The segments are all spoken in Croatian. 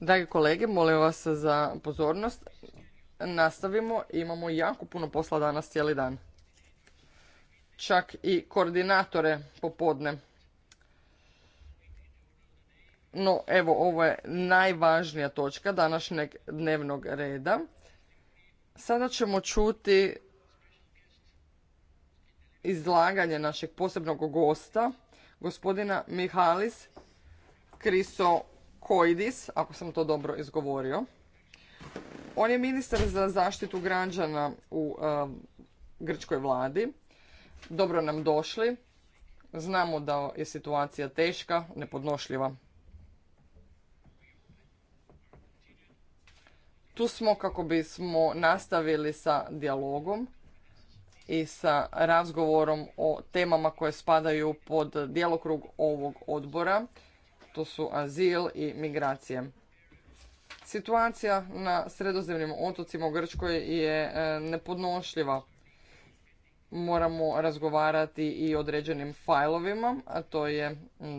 Dragi kolege, molim vas za pozornost. Nastavimo, imamo jako puno posla danas cijeli dan. Čak i koordinatore popodne. No, evo, ovo je najvažnija točka današnjeg dnevnog reda. Sada ćemo čuti izlaganje našeg posebnog gosta, gospodina Mihalis Kriso Koidis, ako sam to dobro izgovorio. On je ministar za zaštitu građana u um, grčkoj vladi. Dobro nam došli. Znamo da je situacija teška, nepodnošljiva. Tu smo kako bismo nastavili sa dijalogom i sa razgovorom o temama koje spadaju pod djelokrug ovog odbora to su azil i migracije. Situacija na sredozemnim otocima u Grčkoj je e, nepodnošljiva. Moramo razgovarati i o određenim fajlovima, a to je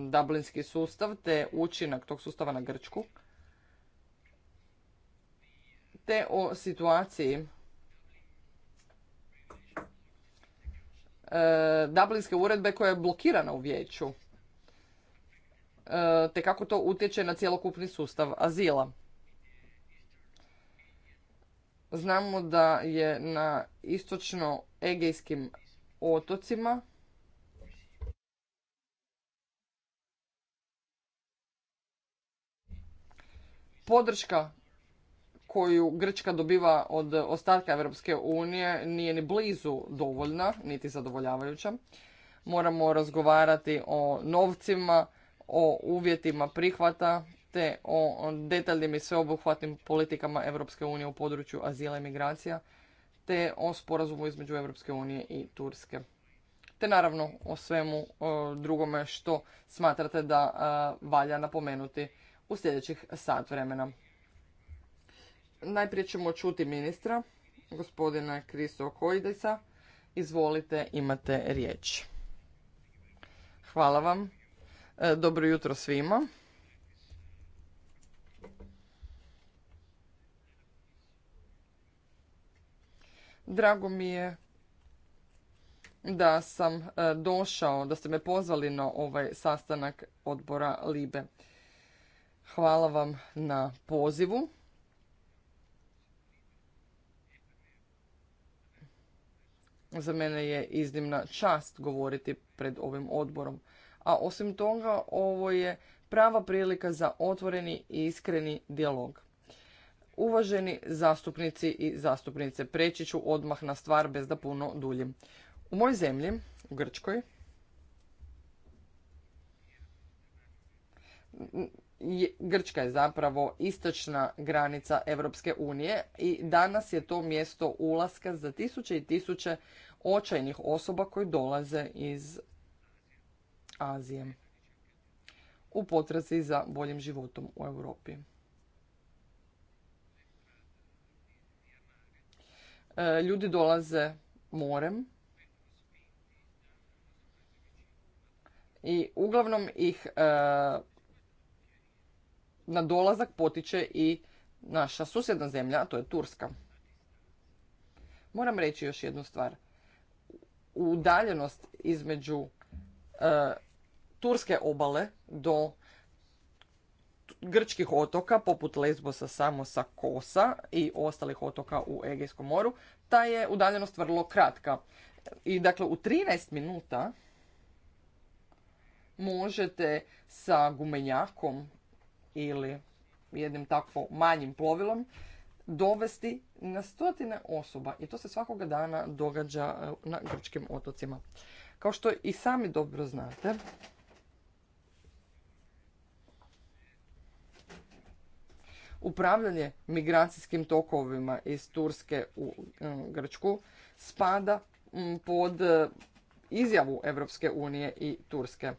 dublinski sustav te učinak tog sustava na Grčku. Te o situaciji e, Dublinske uredbe koja je blokirana u vijeću. E, te kako to utječe na cjelokupni sustav azila. Znamo da je na istočno-egejskim otocima podrška koju Grčka dobiva od ostatka Europske unije nije ni blizu dovoljna, niti zadovoljavajuća. Moramo razgovarati o novcima, o uvjetima prihvata te o detaljnim i sveobuhvatnim politikama Europske unije u području azila i migracija te o sporazumu između Europske unije i Turske. Te naravno o svemu e, drugome što smatrate da e, valja napomenuti u sljedećih sat vremena. Najprije ćemo čuti ministra, gospodina Kristo Kojdesa. Izvolite, imate riječ. Hvala vam. E, dobro jutro svima. Drago mi je da sam e, došao, da ste me pozvali na ovaj sastanak odbora Libe. Hvala vam na pozivu. Za mene je iznimna čast govoriti pred ovim odborom a osim toga ovo je prava prilika za otvoreni i iskreni dijalog. Uvaženi zastupnici i zastupnice, preći ću odmah na stvar bez da puno duljim. U mojoj zemlji, u Grčkoj, Grčka je zapravo istočna granica Europske unije i danas je to mjesto ulaska za tisuće i tisuće očajnih osoba koji dolaze iz Azije u potrazi za boljim životom u Europi. E, ljudi dolaze morem i uglavnom ih e, na dolazak potiče i naša susjedna zemlja, a to je Turska. Moram reći još jednu stvar. Udaljenost između e, turske obale do grčkih otoka poput Lesbosa, Samosa, Kosa i ostalih otoka u Egejskom moru, ta je udaljenost vrlo kratka. I dakle u 13 minuta možete sa gumenjakom ili jednim takvo manjim plovilom dovesti na stotine osoba i to se svakoga dana događa e, na grčkim otocima. Kao što i sami dobro znate, upravljanje migracijskim tokovima iz Turske u e, Grčku spada pod e, izjavu Europske unije i Turske.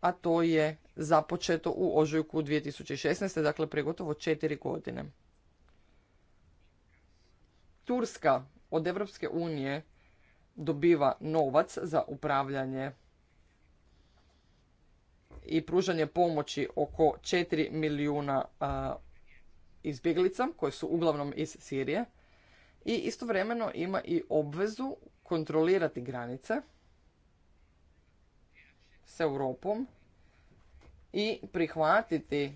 A to je započeto u ožujku 2016. dakle prije gotovo četiri godine. Turska od Europske unije dobiva novac za upravljanje i pružanje pomoći oko 4 milijuna izbjeglica koje su uglavnom iz Sirije i istovremeno ima i obvezu kontrolirati granice s Europom i prihvatiti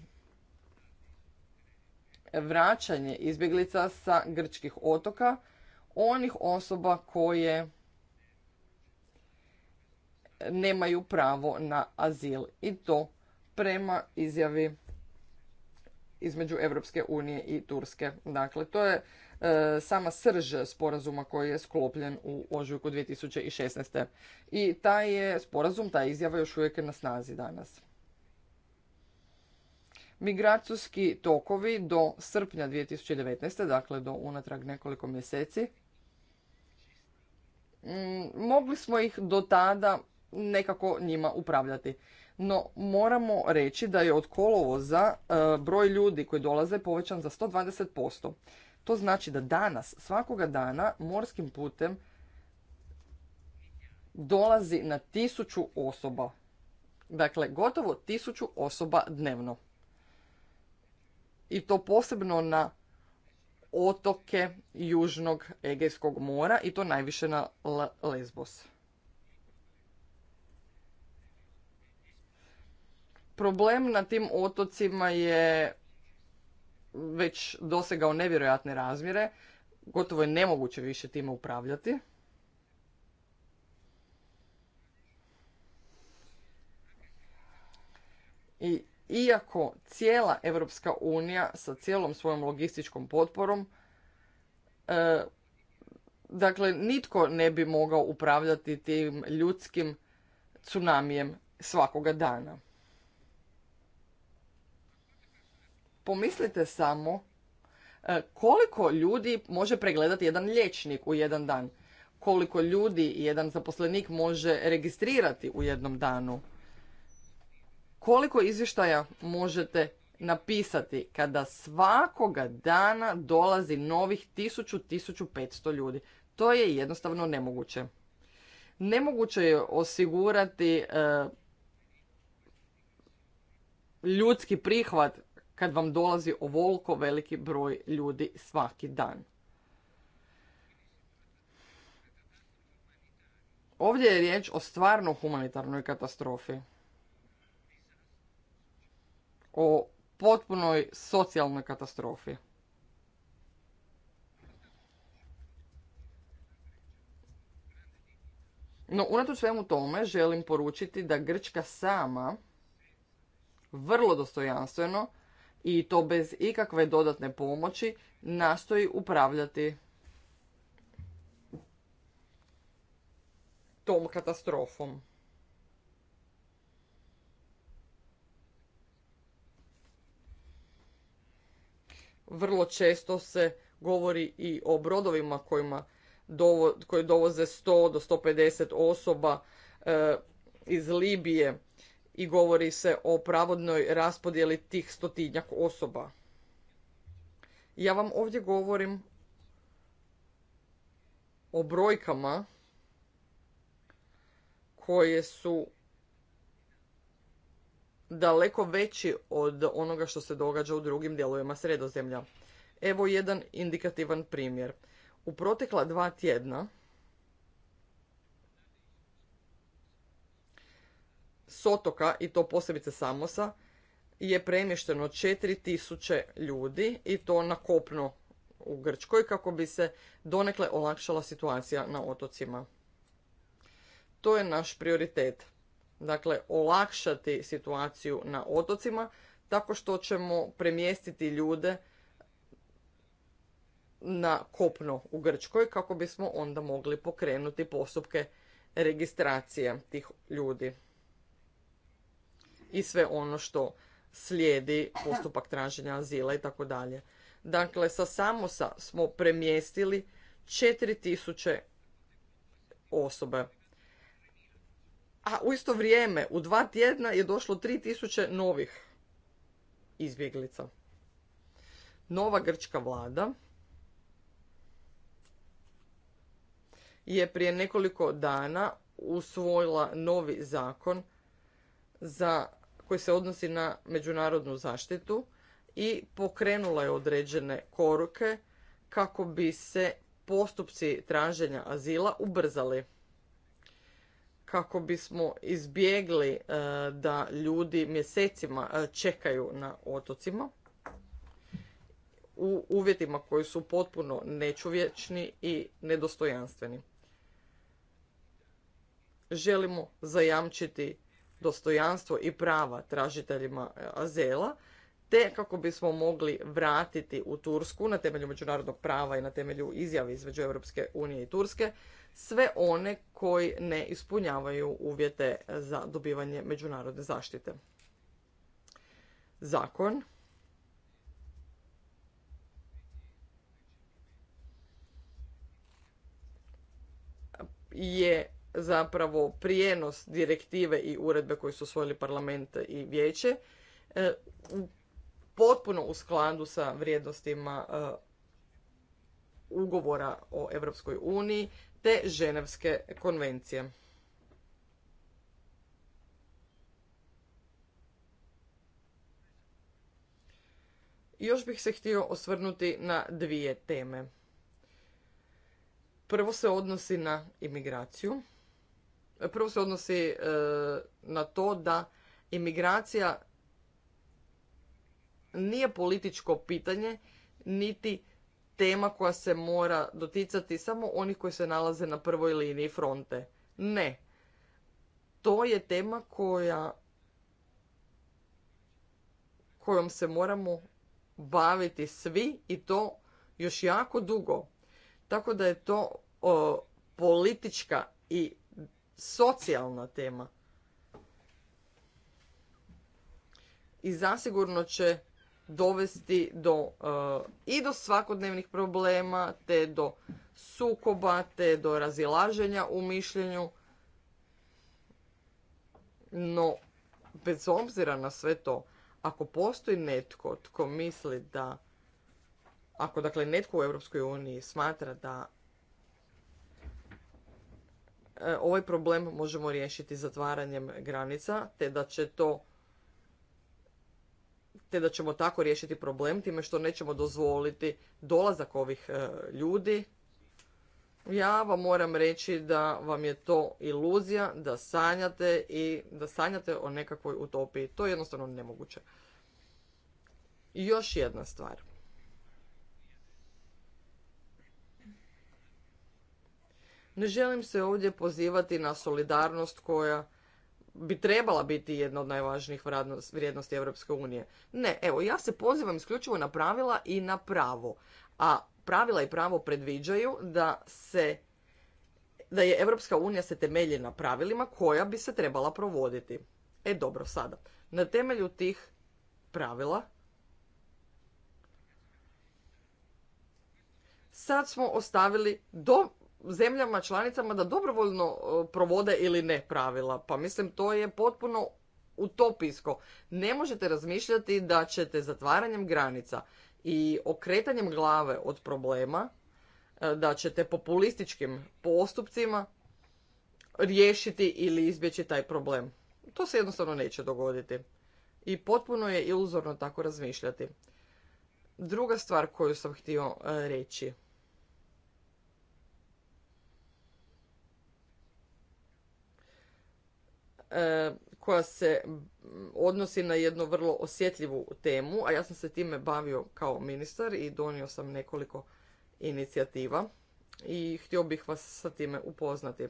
vraćanje izbjeglica sa grčkih otoka onih osoba koje nemaju pravo na azil i to prema izjavi između Europske unije i Turske. Dakle, to je e, sama srž sporazuma koji je sklopljen u ožujku 2016. I taj je sporazum, ta izjava još uvijek je na snazi danas. Migracijski tokovi do srpnja 2019. dakle do unatrag nekoliko mjeseci, mm, mogli smo ih do tada nekako njima upravljati no moramo reći da je od kolovoza e, broj ljudi koji dolaze povećan za 120%. To znači da danas, svakoga dana, morskim putem dolazi na tisuću osoba. Dakle, gotovo tisuću osoba dnevno. I to posebno na otoke Južnog Egejskog mora i to najviše na Lesbos. problem na tim otocima je već dosegao nevjerojatne razmjere. Gotovo je nemoguće više time upravljati. I iako cijela Europska unija sa cijelom svojom logističkom potporom e, dakle nitko ne bi mogao upravljati tim ljudskim tsunamijem svakoga dana. Pomislite samo e, koliko ljudi može pregledati jedan liječnik u jedan dan, koliko ljudi jedan zaposlenik može registrirati u jednom danu, koliko izvještaja možete napisati kada svakoga dana dolazi novih 1000-1500 ljudi. To je jednostavno nemoguće. Nemoguće je osigurati e, ljudski prihvat kad vam dolazi ovoliko veliki broj ljudi svaki dan. Ovdje je riječ o stvarno humanitarnoj katastrofi. O potpunoj socijalnoj katastrofi. No, unatoč svemu tome želim poručiti da Grčka sama vrlo dostojanstveno i to bez ikakve dodatne pomoći nastoji upravljati tom katastrofom. Vrlo često se govori i o brodovima kojima koji dovoze 100 do 150 osoba e, iz Libije i govori se o pravodnoj raspodjeli tih stotinjak osoba. Ja vam ovdje govorim o brojkama koje su daleko veći od onoga što se događa u drugim dijelovima sredozemlja. Evo jedan indikativan primjer. U protekla dva tjedna s otoka i to posebice Samosa je premješteno 4000 ljudi i to na kopno u Grčkoj kako bi se donekle olakšala situacija na otocima. To je naš prioritet. Dakle, olakšati situaciju na otocima tako što ćemo premjestiti ljude na kopno u Grčkoj kako bismo onda mogli pokrenuti postupke registracije tih ljudi i sve ono što slijedi postupak traženja azila i tako dalje. Dakle, sa Samosa smo premjestili 4000 osobe. A u isto vrijeme, u dva tjedna je došlo 3000 novih izbjeglica. Nova grčka vlada je prije nekoliko dana usvojila novi zakon za koji se odnosi na međunarodnu zaštitu i pokrenula je određene koruke kako bi se postupci traženja azila ubrzali kako bismo izbjegli e, da ljudi mjesecima e, čekaju na otocima u uvjetima koji su potpuno nečovječni i nedostojanstveni. Želimo zajamčiti dostojanstvo i prava tražiteljima e, azela, te kako bismo mogli vratiti u Tursku na temelju međunarodnog prava i na temelju izjave između Europske unije i Turske sve one koji ne ispunjavaju uvjete za dobivanje međunarodne zaštite. Zakon je zapravo prijenos direktive i uredbe koje su osvojili parlament i vijeće e, potpuno u skladu sa vrijednostima e, ugovora o Europskoj uniji te Ženevske konvencije. Još bih se htio osvrnuti na dvije teme. Prvo se odnosi na imigraciju. Prvo se odnosi e, na to da imigracija nije političko pitanje, niti tema koja se mora doticati samo onih koji se nalaze na prvoj liniji fronte. Ne. To je tema koja kojom se moramo baviti svi i to još jako dugo. Tako da je to politička i socijalna tema. I zasigurno će dovesti do eh, i do svakodnevnih problema, te do sukoba, te do razilaženja u mišljenju. No, bez obzira na sve to, ako postoji netko tko misli da, ako dakle netko u Europskoj uniji smatra da E, ovaj problem možemo riješiti zatvaranjem granica, te da će to te da ćemo tako riješiti problem time što nećemo dozvoliti dolazak ovih e, ljudi. Ja vam moram reći da vam je to iluzija, da sanjate i da sanjate o nekakvoj utopiji. To je jednostavno nemoguće. I još jedna stvar. Ne želim se ovdje pozivati na solidarnost koja bi trebala biti jedna od najvažnijih vrijednosti Europske unije. Ne, evo, ja se pozivam isključivo na pravila i na pravo. A pravila i pravo predviđaju da se da je Europska unija se temelji na pravilima koja bi se trebala provoditi. E dobro, sada. Na temelju tih pravila sad smo ostavili do zemljama članicama da dobrovoljno e, provode ili ne pravila. Pa mislim to je potpuno utopijsko. Ne možete razmišljati da ćete zatvaranjem granica i okretanjem glave od problema, e, da ćete populističkim postupcima riješiti ili izbjeći taj problem. To se jednostavno neće dogoditi. I potpuno je iluzorno tako razmišljati. Druga stvar koju sam htio e, reći. E, koja se odnosi na jednu vrlo osjetljivu temu, a ja sam se time bavio kao ministar i donio sam nekoliko inicijativa i htio bih vas sa time upoznati.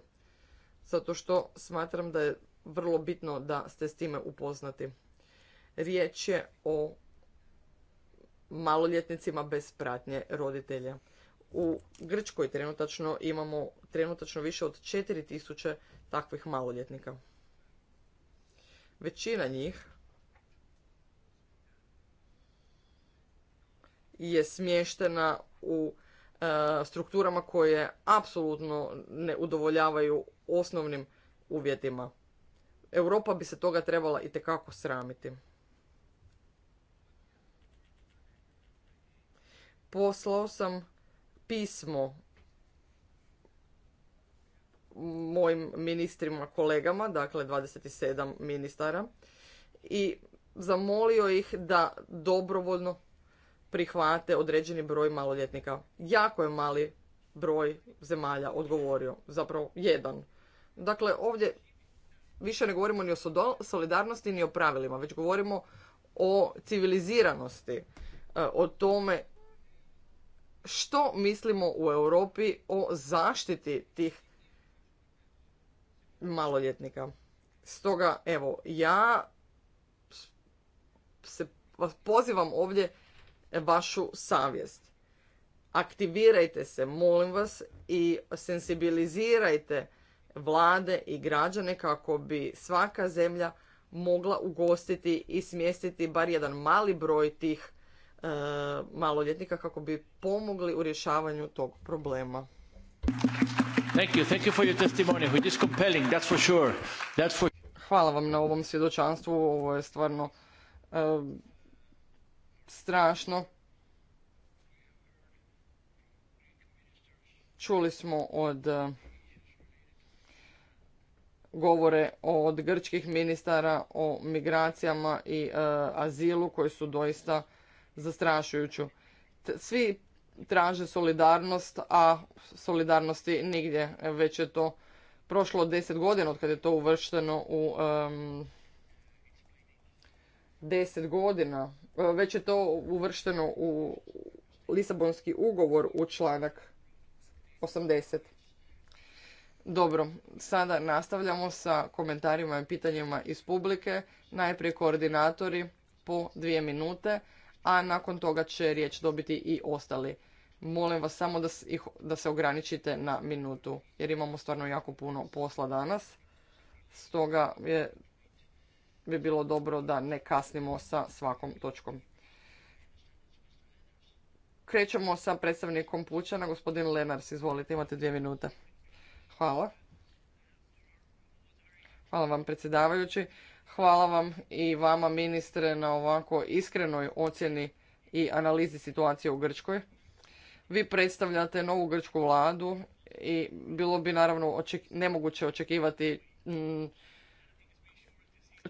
Zato što smatram da je vrlo bitno da ste s time upoznati. Riječ je o maloljetnicima bez pratnje roditelja. U Grčkoj trenutačno imamo trenutačno više od 4000 takvih maloljetnika. Većina njih je smještena u e, strukturama koje apsolutno ne udovoljavaju osnovnim uvjetima. Europa bi se toga trebala i itekako sramiti. Poslao sam pismo mojim ministrima kolegama, dakle 27 ministara i zamolio ih da dobrovoljno prihvate određeni broj maloljetnika. Jako je mali broj zemalja odgovorio, zapravo jedan. Dakle, ovdje više ne govorimo ni o solidarnosti ni o pravilima, već govorimo o civiliziranosti, e, o tome što mislimo u Europi o zaštiti tih maloljetnika. Stoga, evo, ja se pozivam ovdje vašu savjest. Aktivirajte se, molim vas, i sensibilizirajte vlade i građane kako bi svaka zemlja mogla ugostiti i smjestiti bar jedan mali broj tih e, maloljetnika kako bi pomogli u rješavanju tog problema. Hvala vam na ovom svjedočanstvu, ovo je stvarno strašno. Čuli smo od govore od grčkih ministara o migracijama i e, azilu koji su doista zastrašujuću. Svi traže solidarnost, a solidarnosti nigdje. Već je to prošlo deset godina od kad je to uvršteno u deset godina. Već je to uvršteno u Lisabonski ugovor u članak 80. Dobro, sada nastavljamo sa komentarima i pitanjima iz publike. Najprije koordinatori po dvije minute, a nakon toga će riječ dobiti i ostali. Molim vas samo da, se ograničite na minutu, jer imamo stvarno jako puno posla danas. Stoga bi bilo dobro da ne kasnimo sa svakom točkom. Krećemo sa predstavnikom Pučana, gospodin Lenars, izvolite, imate dvije minute. Hvala. Hvala vam predsjedavajući. Hvala vam i vama ministre na ovako iskrenoj ocjeni i analizi situacije u Grčkoj. Vi predstavljate novu grčku vladu i bilo bi naravno nemoguće očekivati mm,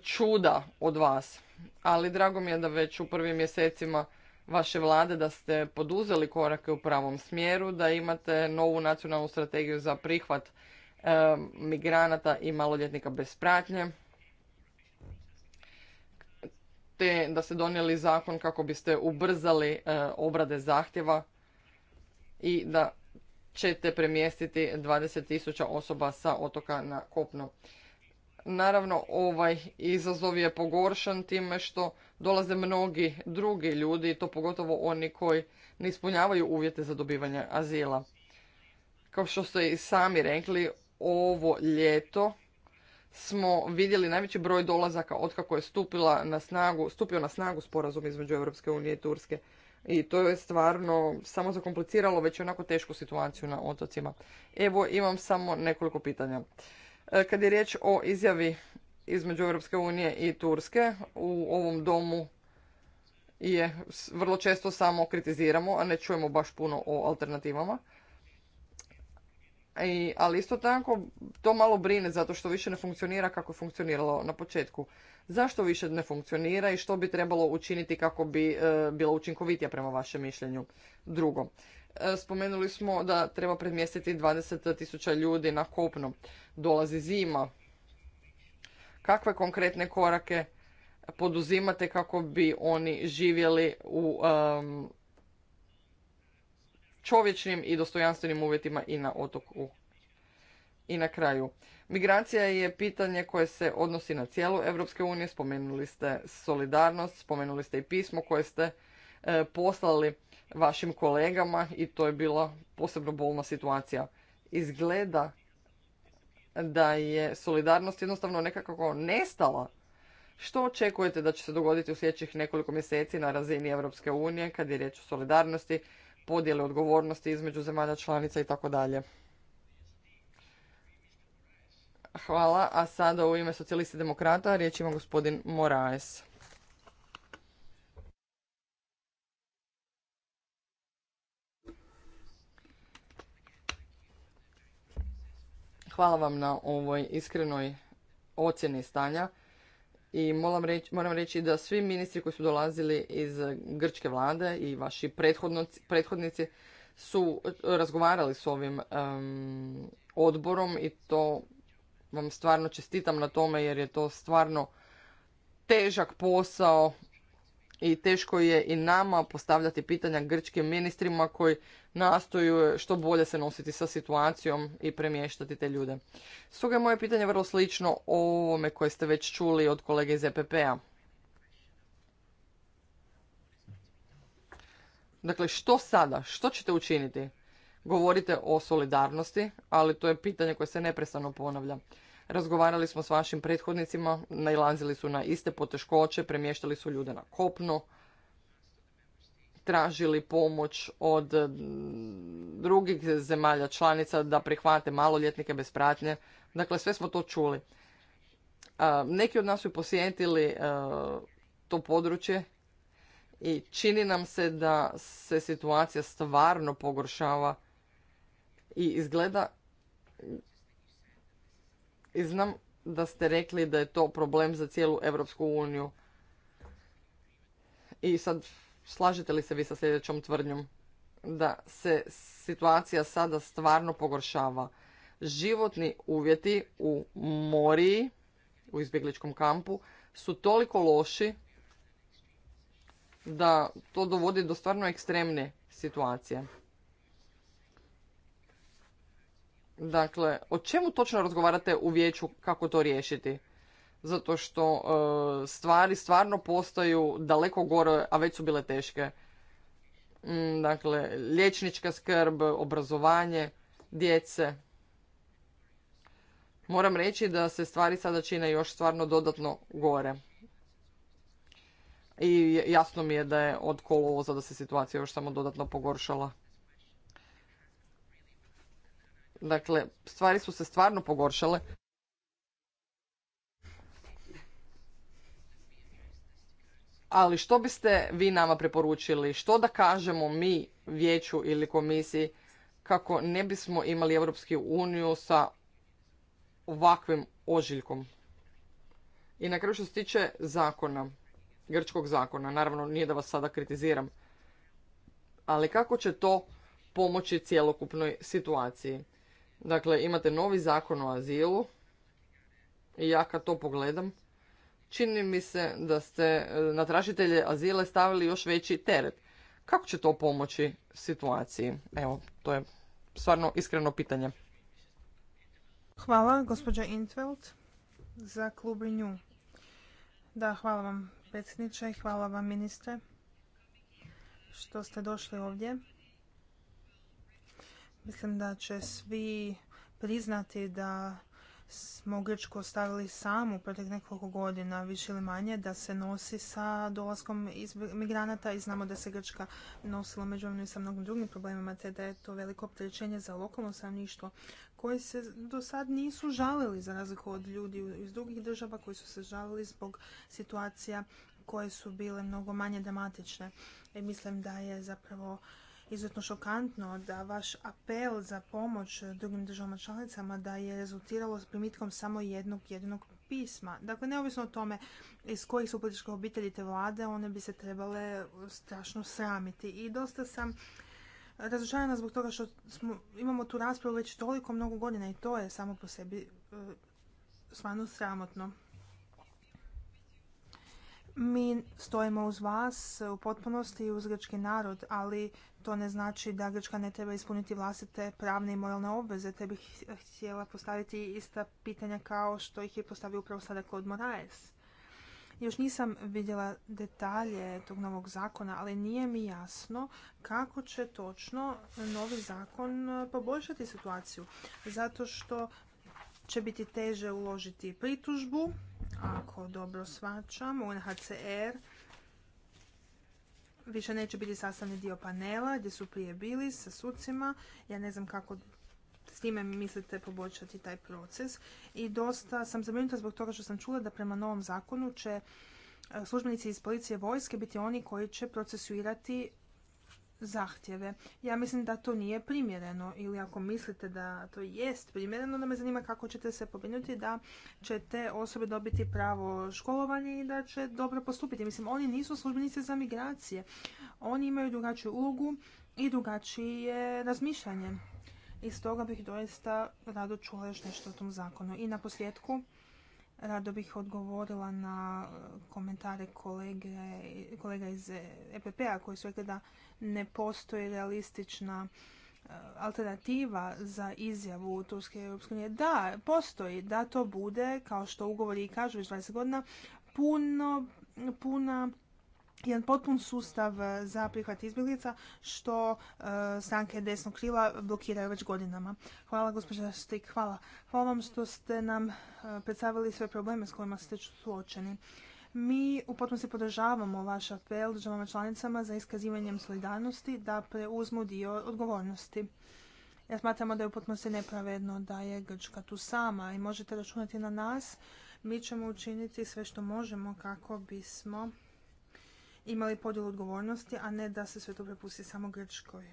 čuda od vas. Ali drago mi je da već u prvim mjesecima vaše vlade da ste poduzeli korake u pravom smjeru, da imate novu nacionalnu strategiju za prihvat e, migranata i maloljetnika bez pratnje, te da ste donijeli zakon kako biste ubrzali e, obrade zahtjeva i da ćete premjestiti 20.000 osoba sa otoka na kopno. Naravno, ovaj izazov je pogoršan time što dolaze mnogi drugi ljudi, to pogotovo oni koji ne ispunjavaju uvjete za dobivanje azila. Kao što ste i sami rekli, ovo ljeto smo vidjeli najveći broj dolazaka otkako je stupila na snagu, stupio na snagu sporazum između Europske unije i Turske i to je stvarno samo zakompliciralo već onako tešku situaciju na otocima. Evo imam samo nekoliko pitanja. E, kad je riječ o izjavi između Europske unije i Turske, u ovom domu je vrlo često samo kritiziramo, a ne čujemo baš puno o alternativama ali isto tako to malo brine zato što više ne funkcionira kako je funkcioniralo na početku. Zašto više ne funkcionira i što bi trebalo učiniti kako bi bilo e, bila učinkovitija prema vašem mišljenju? Drugo, e, spomenuli smo da treba predmjestiti 20.000 ljudi na kopno. Dolazi zima. Kakve konkretne korake poduzimate kako bi oni živjeli u čovječnim i dostojanstvenim uvjetima i na otoku. I na kraju, migracija je pitanje koje se odnosi na cijelu Europske unije, spomenuli ste solidarnost, spomenuli ste i pismo koje ste e, poslali vašim kolegama i to je bila posebno bolna situacija. Izgleda da je solidarnost jednostavno nekako nestala. Što očekujete da će se dogoditi u sljedećih nekoliko mjeseci na razini Europske unije kad je riječ o solidarnosti podjele odgovornosti između zemalja članica i tako dalje. Hvala, a sada u ime socijalista demokrata riječ ima gospodin Moraes. Hvala vam na ovoj iskrenoj ocjeni stanja i moram reći, moram reći da svi ministri koji su dolazili iz grčke vlade i vaši prethodnici su razgovarali s ovim odborom i to vam stvarno čestitam na tome jer je to stvarno težak posao i teško je i nama postavljati pitanja grčkim ministrima koji nastoju što bolje se nositi sa situacijom i premještati te ljude. Stoga je moje pitanje vrlo slično ovome koje ste već čuli od kolege iz EPP-a. Dakle, što sada? Što ćete učiniti? Govorite o solidarnosti, ali to je pitanje koje se neprestano ponavlja. Razgovarali smo s vašim prethodnicima, nailazili su na iste poteškoće, premještali su ljude na kopno, tražili pomoć od drugih zemalja članica da prihvate maloljetnike bez pratnje. Dakle, sve smo to čuli. E, neki od nas su posjetili e, to područje i čini nam se da se situacija stvarno pogoršava i izgleda i znam da ste rekli da je to problem za cijelu Europsku uniju. I sad, slažete li se vi sa sljedećom tvrdnjom? Da se situacija sada stvarno pogoršava. Životni uvjeti u Moriji, u izbjegličkom kampu, su toliko loši da to dovodi do stvarno ekstremne situacije. Dakle, o čemu točno razgovarate u vijeću kako to riješiti? Zato što e, stvari stvarno postaju daleko gore, a već su bile teške. Mm, dakle, liječnička skrb, obrazovanje djece. Moram reći da se stvari sada čine još stvarno dodatno gore. I jasno mi je da je od kolovoza da se situacija još samo dodatno pogoršala. Dakle, stvari su se stvarno pogoršale. Ali što biste vi nama preporučili? Što da kažemo mi vijeću ili komisiji kako ne bismo imali Europsku uniju sa ovakvim ožiljkom? I na kraju što se tiče zakona, grčkog zakona, naravno nije da vas sada kritiziram, ali kako će to pomoći cjelokupnoj situaciji? Dakle, imate novi zakon o azilu i ja kad to pogledam, čini mi se da ste e, na tražitelje azile stavili još veći teret. Kako će to pomoći situaciji? Evo, to je stvarno iskreno pitanje. Hvala, gospođa Intveld, za klub Da, hvala vam predsjedniče hvala vam ministre što ste došli ovdje Mislim da će svi priznati da smo Grčku ostavili samu protek nekoliko godina, više ili manje, da se nosi sa dolaskom migranata i znamo da se Grčka nosila međuvremenu i sa mnogim drugim problemima, te da je to veliko opterećenje za lokalno stanovništvo koji se do sad nisu žalili za razliku od ljudi iz drugih država koji su se žalili zbog situacija koje su bile mnogo manje dramatične. I mislim da je zapravo izuzetno šokantno da vaš apel za pomoć drugim državama članicama da je rezultiralo s primitkom samo jednog jedinog pisma. Dakle, neovisno o tome iz kojih su političke obitelji te vlade, one bi se trebale strašno sramiti. I dosta sam razočarana zbog toga što imamo tu raspravu već toliko mnogo godina i to je samo po sebi e, stvarno sramotno. Mi stojimo uz vas u potpunosti i uz grčki narod, ali to ne znači da Grčka ne treba ispuniti vlastite pravne i moralne obveze, te bih htjela postaviti ista pitanja kao što ih je postavio upravo sada kod Moraes. Još nisam vidjela detalje tog novog zakona, ali nije mi jasno kako će točno novi zakon poboljšati situaciju. Zato što će biti teže uložiti pritužbu, ako dobro svačam, UNHCR više neće biti sastavni dio panela gdje su prije bili sa sucima. Ja ne znam kako s time mislite poboljšati taj proces. I dosta sam zabrinuta zbog toga što sam čula da prema novom zakonu će e, službenici iz policije vojske biti oni koji će procesuirati zahtjeve. Ja mislim da to nije primjereno ili ako mislite da to jest primjereno, da me zanima kako ćete se pobrinuti da će te osobe dobiti pravo školovanje i da će dobro postupiti. Mislim, oni nisu službenici za migracije. Oni imaju drugačiju ulogu i drugačije razmišljanje. I stoga bih doista rado čula još nešto o tom zakonu. I na posljedku, Rado bih odgovorila na eh, komentare kolege, kolega iz EPP-a koji su rekli da ne postoji realistična eh, alternativa za izjavu Turske i Europske unije. Da, postoji da to bude, kao što ugovori i kažu iz 20 godina, puno, puna jedan potpun sustav e, za prihvat izbjeglica što e, stranke desnog krila blokiraju već godinama. Hvala gospođa Štik, hvala. Hvala vam što ste nam e, predstavili sve probleme s kojima ste suočeni. Mi u potpunosti podržavamo vaš apel državama članicama za iskazivanjem solidarnosti da preuzmu dio odgovornosti. Ja smatramo da je u potpunosti nepravedno da je Grčka tu sama i možete računati na nas. Mi ćemo učiniti sve što možemo kako bismo imali podjelu odgovornosti, a ne da se sve to prepusti samo Grčkoj.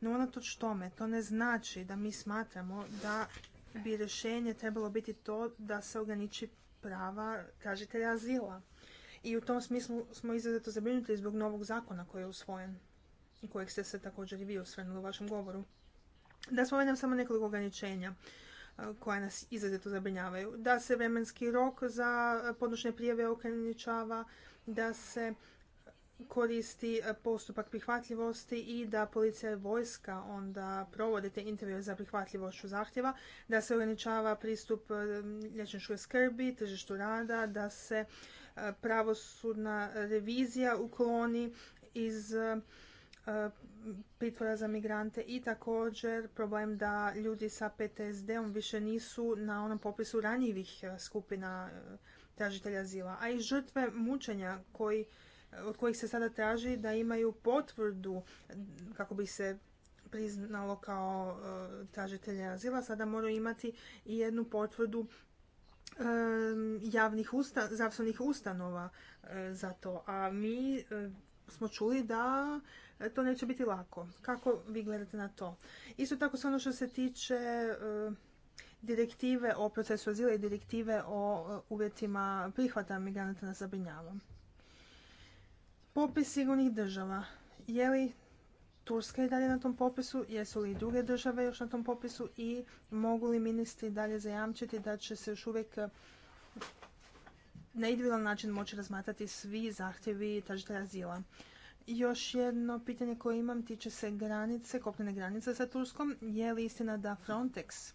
No unatoč tome, to ne znači da mi smatramo da bi rješenje trebalo biti to da se ograniči prava tražitelja azila. I u tom smislu smo izrazito zabrinuti zbog novog zakona koji je usvojen i kojeg ste se također i vi osvrnuli u vašem govoru. Da spomenem samo nekoliko ograničenja e, koja nas izrazito zabrinjavaju. Da se vremenski rok za podnošenje prijave ograničava, da se koristi e, postupak prihvatljivosti i da policija i vojska onda provode te intervjue za prihvatljivošću zahtjeva, da se ograničava pristup e, lječničkoj skrbi, tržištu rada, da se e, pravosudna revizija ukloni iz pritvora za migrante i također problem da ljudi sa PTSD-om više nisu na onom popisu ranjivih skupina tražitelja azila, a i žrtve mučenja koji od kojih se sada traži da imaju potvrdu kako bi se priznalo kao e, tražitelje azila, sada moraju imati i jednu potvrdu e, javnih usta, zdravstvenih ustanova e, za to. A mi smo čuli da to neće biti lako. Kako vi gledate na to? Isto tako se ono što se tiče direktive o procesu azila i direktive o uvjetima prihvata migranata na zabrinjavom. Popis sigurnih država. Je li Turska i dalje na tom popisu? Jesu li i druge države još na tom popisu? I mogu li ministri dalje zajamčiti da će se još uvijek eh, na individualan način moći razmatrati svi zahtjevi tražitelja azila? Još jedno pitanje koje imam tiče se granice, kopnene granice sa Turskom. Je li istina da Frontex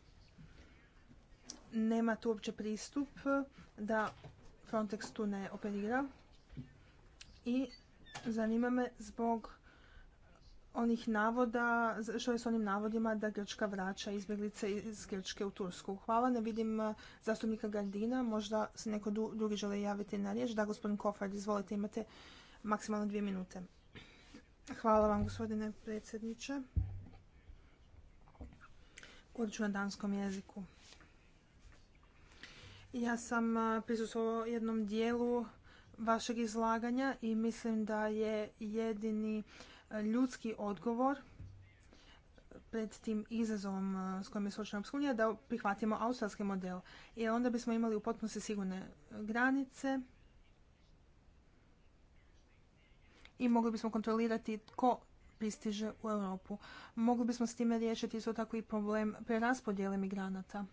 nema tu uopće pristup, da Frontex tu ne operira? I Zanima me zbog onih navoda, što je s onim navodima da Grčka vraća izbjeglice iz Grčke u Tursku. Hvala, ne vidim eh, zastupnika Gardina, možda se neko drugi želi javiti na riječ. Da, gospodin Kofar, izvolite, imate maksimalno dvije minute. Hvala vam, gospodine predsjedniče. Govorit ću na danskom jeziku. Ja sam eh, prisustvovao jednom dijelu vašeg izlaganja i mislim da je jedini e, ljudski odgovor e, pred tim izazovom e, s kojim je suočena Europska da prihvatimo australski model. I onda bismo imali u potpunosti sigurne granice i mogli bismo kontrolirati tko pristiže u Europu. Mogli bismo s time riješiti isto tako i problem preraspodjele migranata.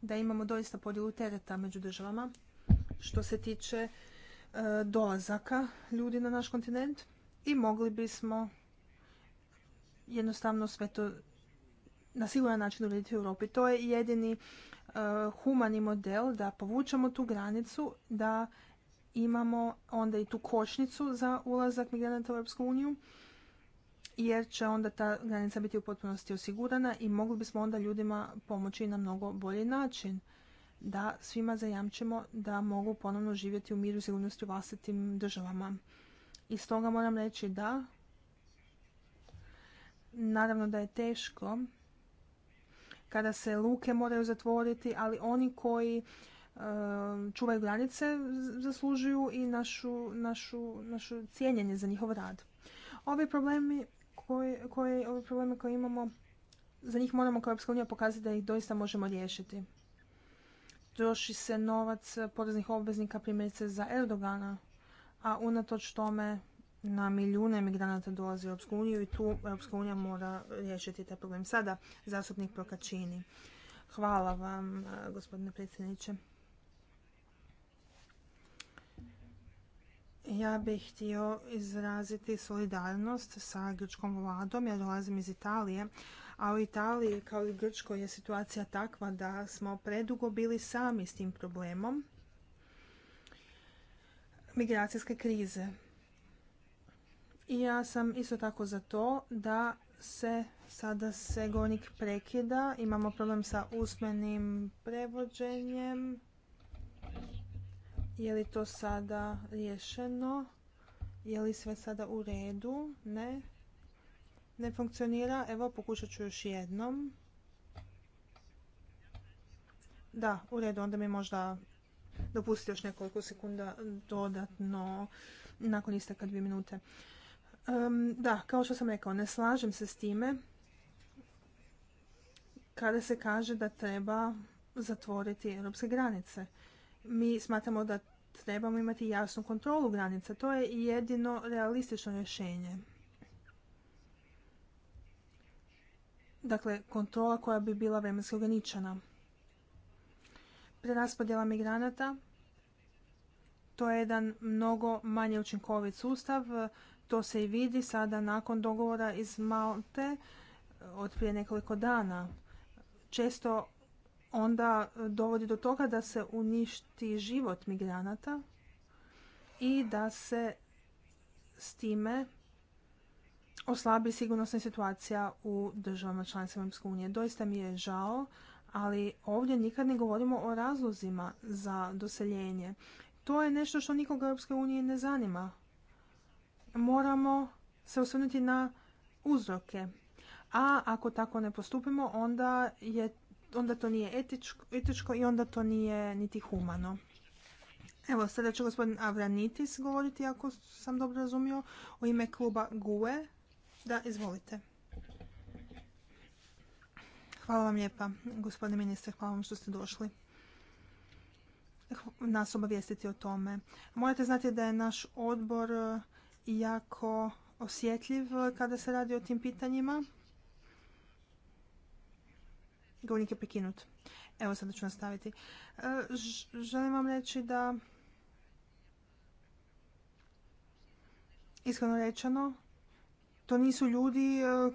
Da imamo doista podjelu tereta među državama što se tiče e, dolazaka ljudi na naš kontinent i mogli bismo jednostavno sve to na siguran način urediti u Europi. To je jedini e, humani model da povučemo tu granicu, da imamo onda i tu kočnicu za ulazak migranata u Europsku uniju, jer će onda ta granica biti u potpunosti osigurana i mogli bismo onda ljudima pomoći na mnogo bolji način da svima zajamčimo da mogu ponovno živjeti u miru i sigurnosti u vlastitim državama. I stoga moram reći da naravno da je teško kada se luke moraju zatvoriti, ali oni koji e, čuvaju granice zaslužuju i našu, cijenjenje za njihov rad. Ovi problemi ove probleme koje imamo, za njih moramo kao Europska unija pokazati da ih doista možemo riješiti troši se novac poreznih obveznika primjerice za Erdogana, a unatoč tome na milijune migranata dolazi u Europsku uniju i tu Europska unija mora riješiti taj problem. Sada zastupnik Prokačini. Hvala vam, e, gospodine predsjedniče. Ja bih htio izraziti solidarnost sa grčkom vladom. Ja dolazim iz Italije, a u Italiji kao i u Grčkoj je situacija takva da smo predugo bili sami s tim problemom migracijske krize. I ja sam isto tako za to da se sada se gonik prekida. Imamo problem sa usmenim prevođenjem. Je li to sada riješeno? Je li sve sada u redu? Ne ne funkcionira. Evo, pokušat ću još jednom. Da, u redu, onda mi možda dopustite još nekoliko sekunda dodatno nakon isteka dvije minute. da, kao što sam rekao, ne slažem se s time kada se kaže da treba zatvoriti europske granice. Mi smatramo da trebamo imati jasnu kontrolu granica. To je jedino realistično rješenje. Dakle, kontrola koja bi bila vremenski ograničena. Preraspodjela migranata, to je jedan mnogo manje učinkovit sustav. To se i vidi sada nakon dogovora iz Malte od prije nekoliko dana. Često onda dovodi do toga da se uništi život migranata i da se s time oslabi sigurnosna situacija u državama članicama EU. unije. Doista mi je žao, ali ovdje nikad ne govorimo o razlozima za doseljenje. To je nešto što nikoga u ne zanima. Moramo se osvrnuti na uzroke. A ako tako ne postupimo, onda, je, onda to nije etičko, etičko i onda to nije niti humano. Evo, sada će gospodin Avranitis govoriti, ako sam dobro razumio, u ime kluba GUE. Da, izvolite. Hvala vam lijepa, gospodine ministre, hvala vam što ste došli nas obavijestiti o tome. Morate znati da je naš odbor e, jako osjetljiv e, kada se radi o tim pitanjima. Govornik je prekinut. Evo sada ću nastaviti. E, želim vam reći da iskreno rečeno to nisu ljudi e,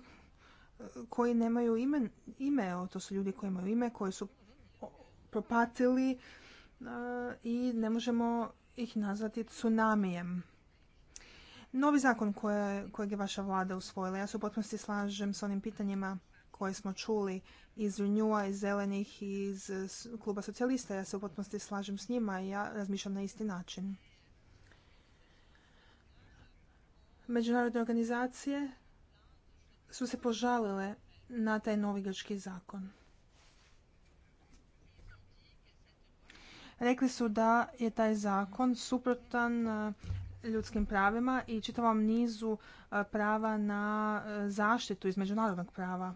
koji nemaju ime, ime, to su ljudi koji imaju ime, koji su propatili e, i ne možemo ih nazvati tsunamijem. Novi zakon koje, kojeg je vaša vlada usvojila, ja se u potpunosti slažem s onim pitanjima koje smo čuli iz Renewa, iz Zelenih iz Kluba socijalista. Ja se u potpunosti slažem s njima i ja razmišljam na isti način. međunarodne organizacije su se požalile na taj novi grčki zakon. Rekli su da je taj zakon suprotan e, ljudskim pravima i čitavom nizu e, prava na e, zaštitu iz međunarodnog prava.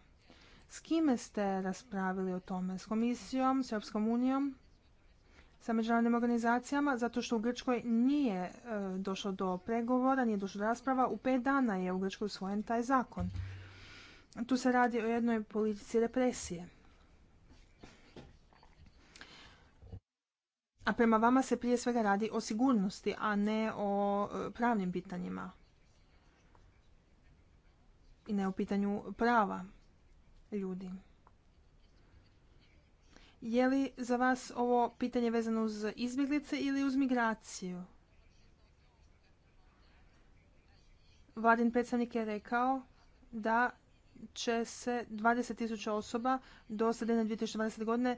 S kime ste raspravili o tome? S komisijom, s Europskom unijom? sa međunarodnim organizacijama zato što u Grčkoj nije e, došlo do pregovora, nije došlo do rasprava. U pet dana je u Grčkoj usvojen taj zakon. Tu se radi o jednoj politici represije. A prema vama se prije svega radi o sigurnosti, a ne o e, pravnim pitanjima. I ne o pitanju prava ljudi. Je li za vas ovo pitanje vezano uz izbjeglice ili uz migraciju? Vladin predstavnik je rekao da će se 20.000 osoba do sredine 2020. godine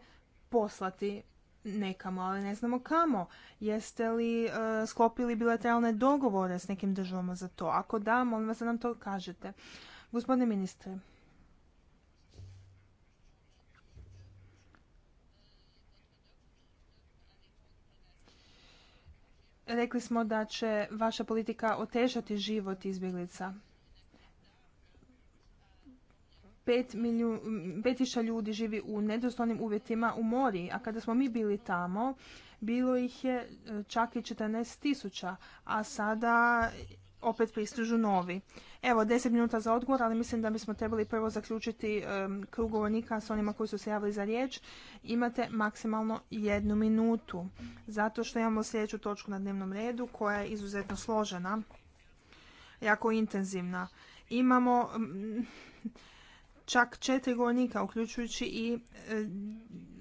poslati nekamo, ali ne znamo kamo. Jeste li e, sklopili bilateralne dogovore s nekim državama za to? Ako da, molim vas da nam to kažete. Gospodine ministre, Rekli smo da će vaša politika otežati život izbjeglica. tisuća ljudi živi u nedostojnim uvjetima u mori, a kada smo mi bili tamo, bilo ih je e, čak i 14.000, tisuća, a sada opet pristižu novi. Evo, deset minuta za odgovor, ali mislim da bismo trebali prvo zaključiti krug govornika s onima koji su se javili za riječ. Imate maksimalno jednu minutu, zato što imamo sljedeću točku na dnevnom redu koja je izuzetno složena, jako intenzivna. Imamo čak četiri govornika, uključujući i e,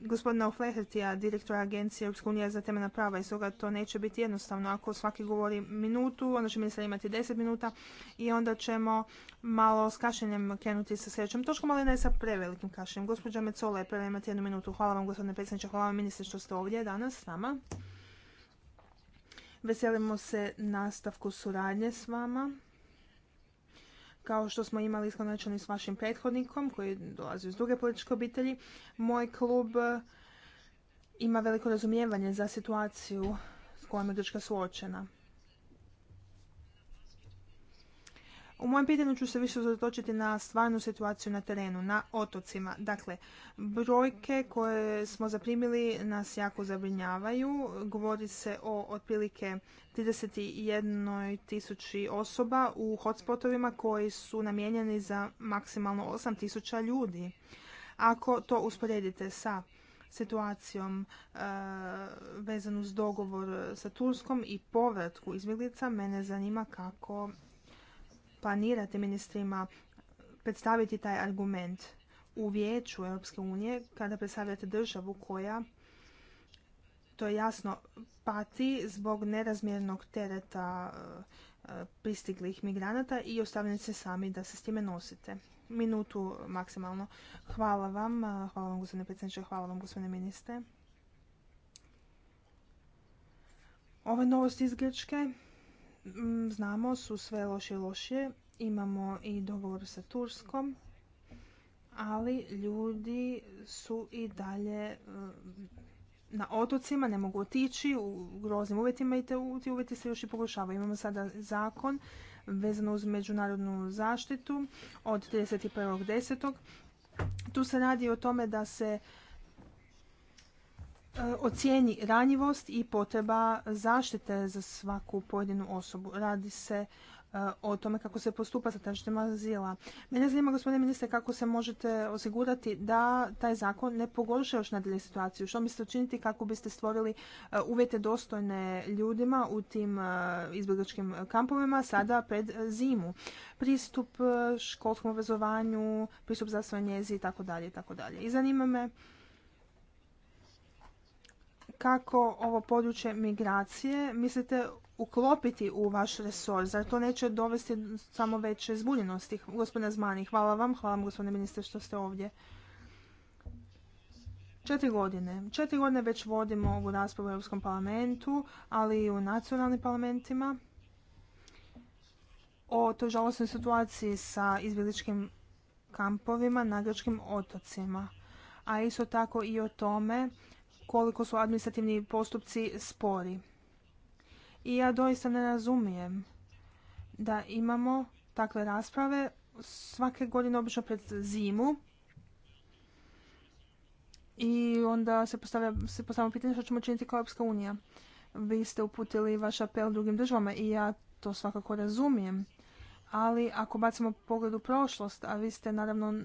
gospodina Oflehertija, direktora Agencije Europske unije za temena prava i stoga to neće biti jednostavno. Ako svaki govori minutu, onda će ministar imati deset minuta i onda ćemo malo s kašenjem krenuti sa sljedećom točkom, ali ne sa prevelikim kašenjem. Gospođa Mecola je prva imati jednu minutu. Hvala vam gospodine predsjedniče, hvala vam ministre što ste ovdje danas s nama. Veselimo se nastavku suradnje s vama kao što smo imali i s vašim prethodnikom koji dolazi iz druge političke obitelji, moj klub e, ima veliko razumijevanje za situaciju s kojom je Grčka suočena. U mojem pitanju ću se više zatočiti na stvarnu situaciju na terenu, na otocima. Dakle, brojke koje smo zaprimili nas jako zabrinjavaju. Govori se o otprilike 31.000 osoba u hotspotovima koji su namijenjeni za maksimalno 8.000 ljudi. Ako to usporedite sa situacijom e, vezanu s dogovor sa Turskom i povratku izbjeglica, mene zanima kako planirate ministrima predstaviti taj argument u vijeću Europske unije kada predstavljate državu koja to je jasno pati zbog nerazmjernog tereta e, pristiglih migranata i ostavljate se sami da se s time nosite. Minutu maksimalno. Hvala vam. E, hvala vam gospodine predsjedniče, hvala vam gospodine ministre. Ove novosti iz Grčke Mm, znamo su sve loše i lošije. Imamo i dogovor sa Turskom, ali ljudi su i dalje mm, na otocima, ne mogu otići u groznim uvjetima i te, uvjeti se još i pogoršavaju. Imamo sada zakon vezano uz međunarodnu zaštitu od 31.10. Tu se radi o tome da se ocijeni ranjivost i potreba zaštite za svaku pojedinu osobu. Radi se e, o tome kako se postupa sa tražitima azila. Mene zanima, gospodine ministre, kako se možete osigurati da taj zakon ne pogorša još nadalje situaciju. Što mislite učiniti kako biste stvorili e, uvjete dostojne ljudima u tim e, izbjegličkim kampovima sada pred zimu? Pristup školskom obrazovanju, pristup zdravstvenoj njezi i tako dalje i tako dalje. I zanima me kako ovo područje migracije mislite uklopiti u vaš resor? Zar to neće dovesti samo veće zbunjenosti? Gospodina Zmani, hvala vam. Hvala vam, gospodine ministre, što ste ovdje. Četiri godine. Četiri godine već vodimo ovu raspravu u Europskom parlamentu, ali i u nacionalnim parlamentima o toj žalostnoj situaciji sa izbjegličkim kampovima na grčkim otocima. A isto tako i o tome koliko su administrativni postupci spori. I ja doista ne razumijem da imamo takve rasprave svake godine obično pred zimu i onda se postavlja, se pitanje što ćemo činiti kao Europska unija. Vi ste uputili vaš apel drugim državama i ja to svakako razumijem. Ali ako bacimo pogled u prošlost, a vi ste naravno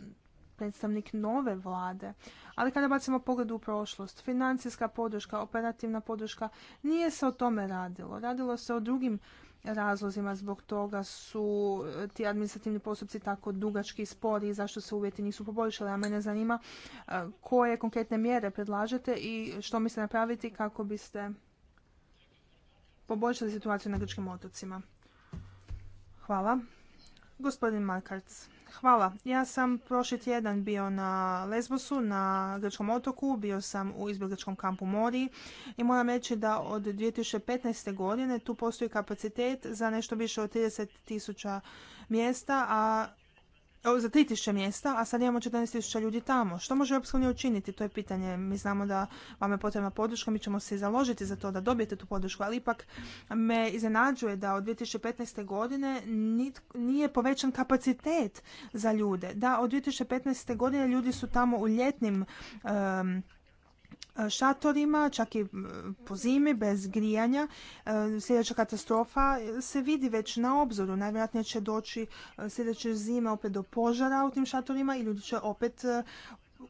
predstavnik nove vlade. Ali kada bacimo pogled u prošlost, financijska podrška, operativna podrška, nije se o tome radilo. Radilo se o drugim razlozima zbog toga su e, ti administrativni postupci tako dugački i spori i zašto se uvjeti nisu poboljšali. A mene zanima e, koje konkretne mjere predlažete i što mislite napraviti kako biste poboljšali situaciju na grčkim otocima. Hvala. Gospodin Markarc, Hvala. Ja sam prošli tjedan bio na Lesbosu, na grčkom otoku, bio sam u izbjegličkom kampu Mori i moram reći da od 2015. godine tu postoji kapacitet za nešto više od 30 tisuća mjesta, a za 3000 mjesta, a sad imamo 14.000 ljudi tamo. Što može Europska učiniti? To je pitanje. Mi znamo da vam je potrebna podrška, mi ćemo se založiti za to da dobijete tu podršku, ali ipak me iznenađuje da od 2015. godine nije povećan kapacitet za ljude. Da, od 2015. godine ljudi su tamo u ljetnim um, E, šatorima, čak i po zimi, bez grijanja. E, sljedeća katastrofa e, se vidi već na obzoru. Najvjerojatnije će doći sljedeće zime opet do požara u tim šatorima i ljudi će opet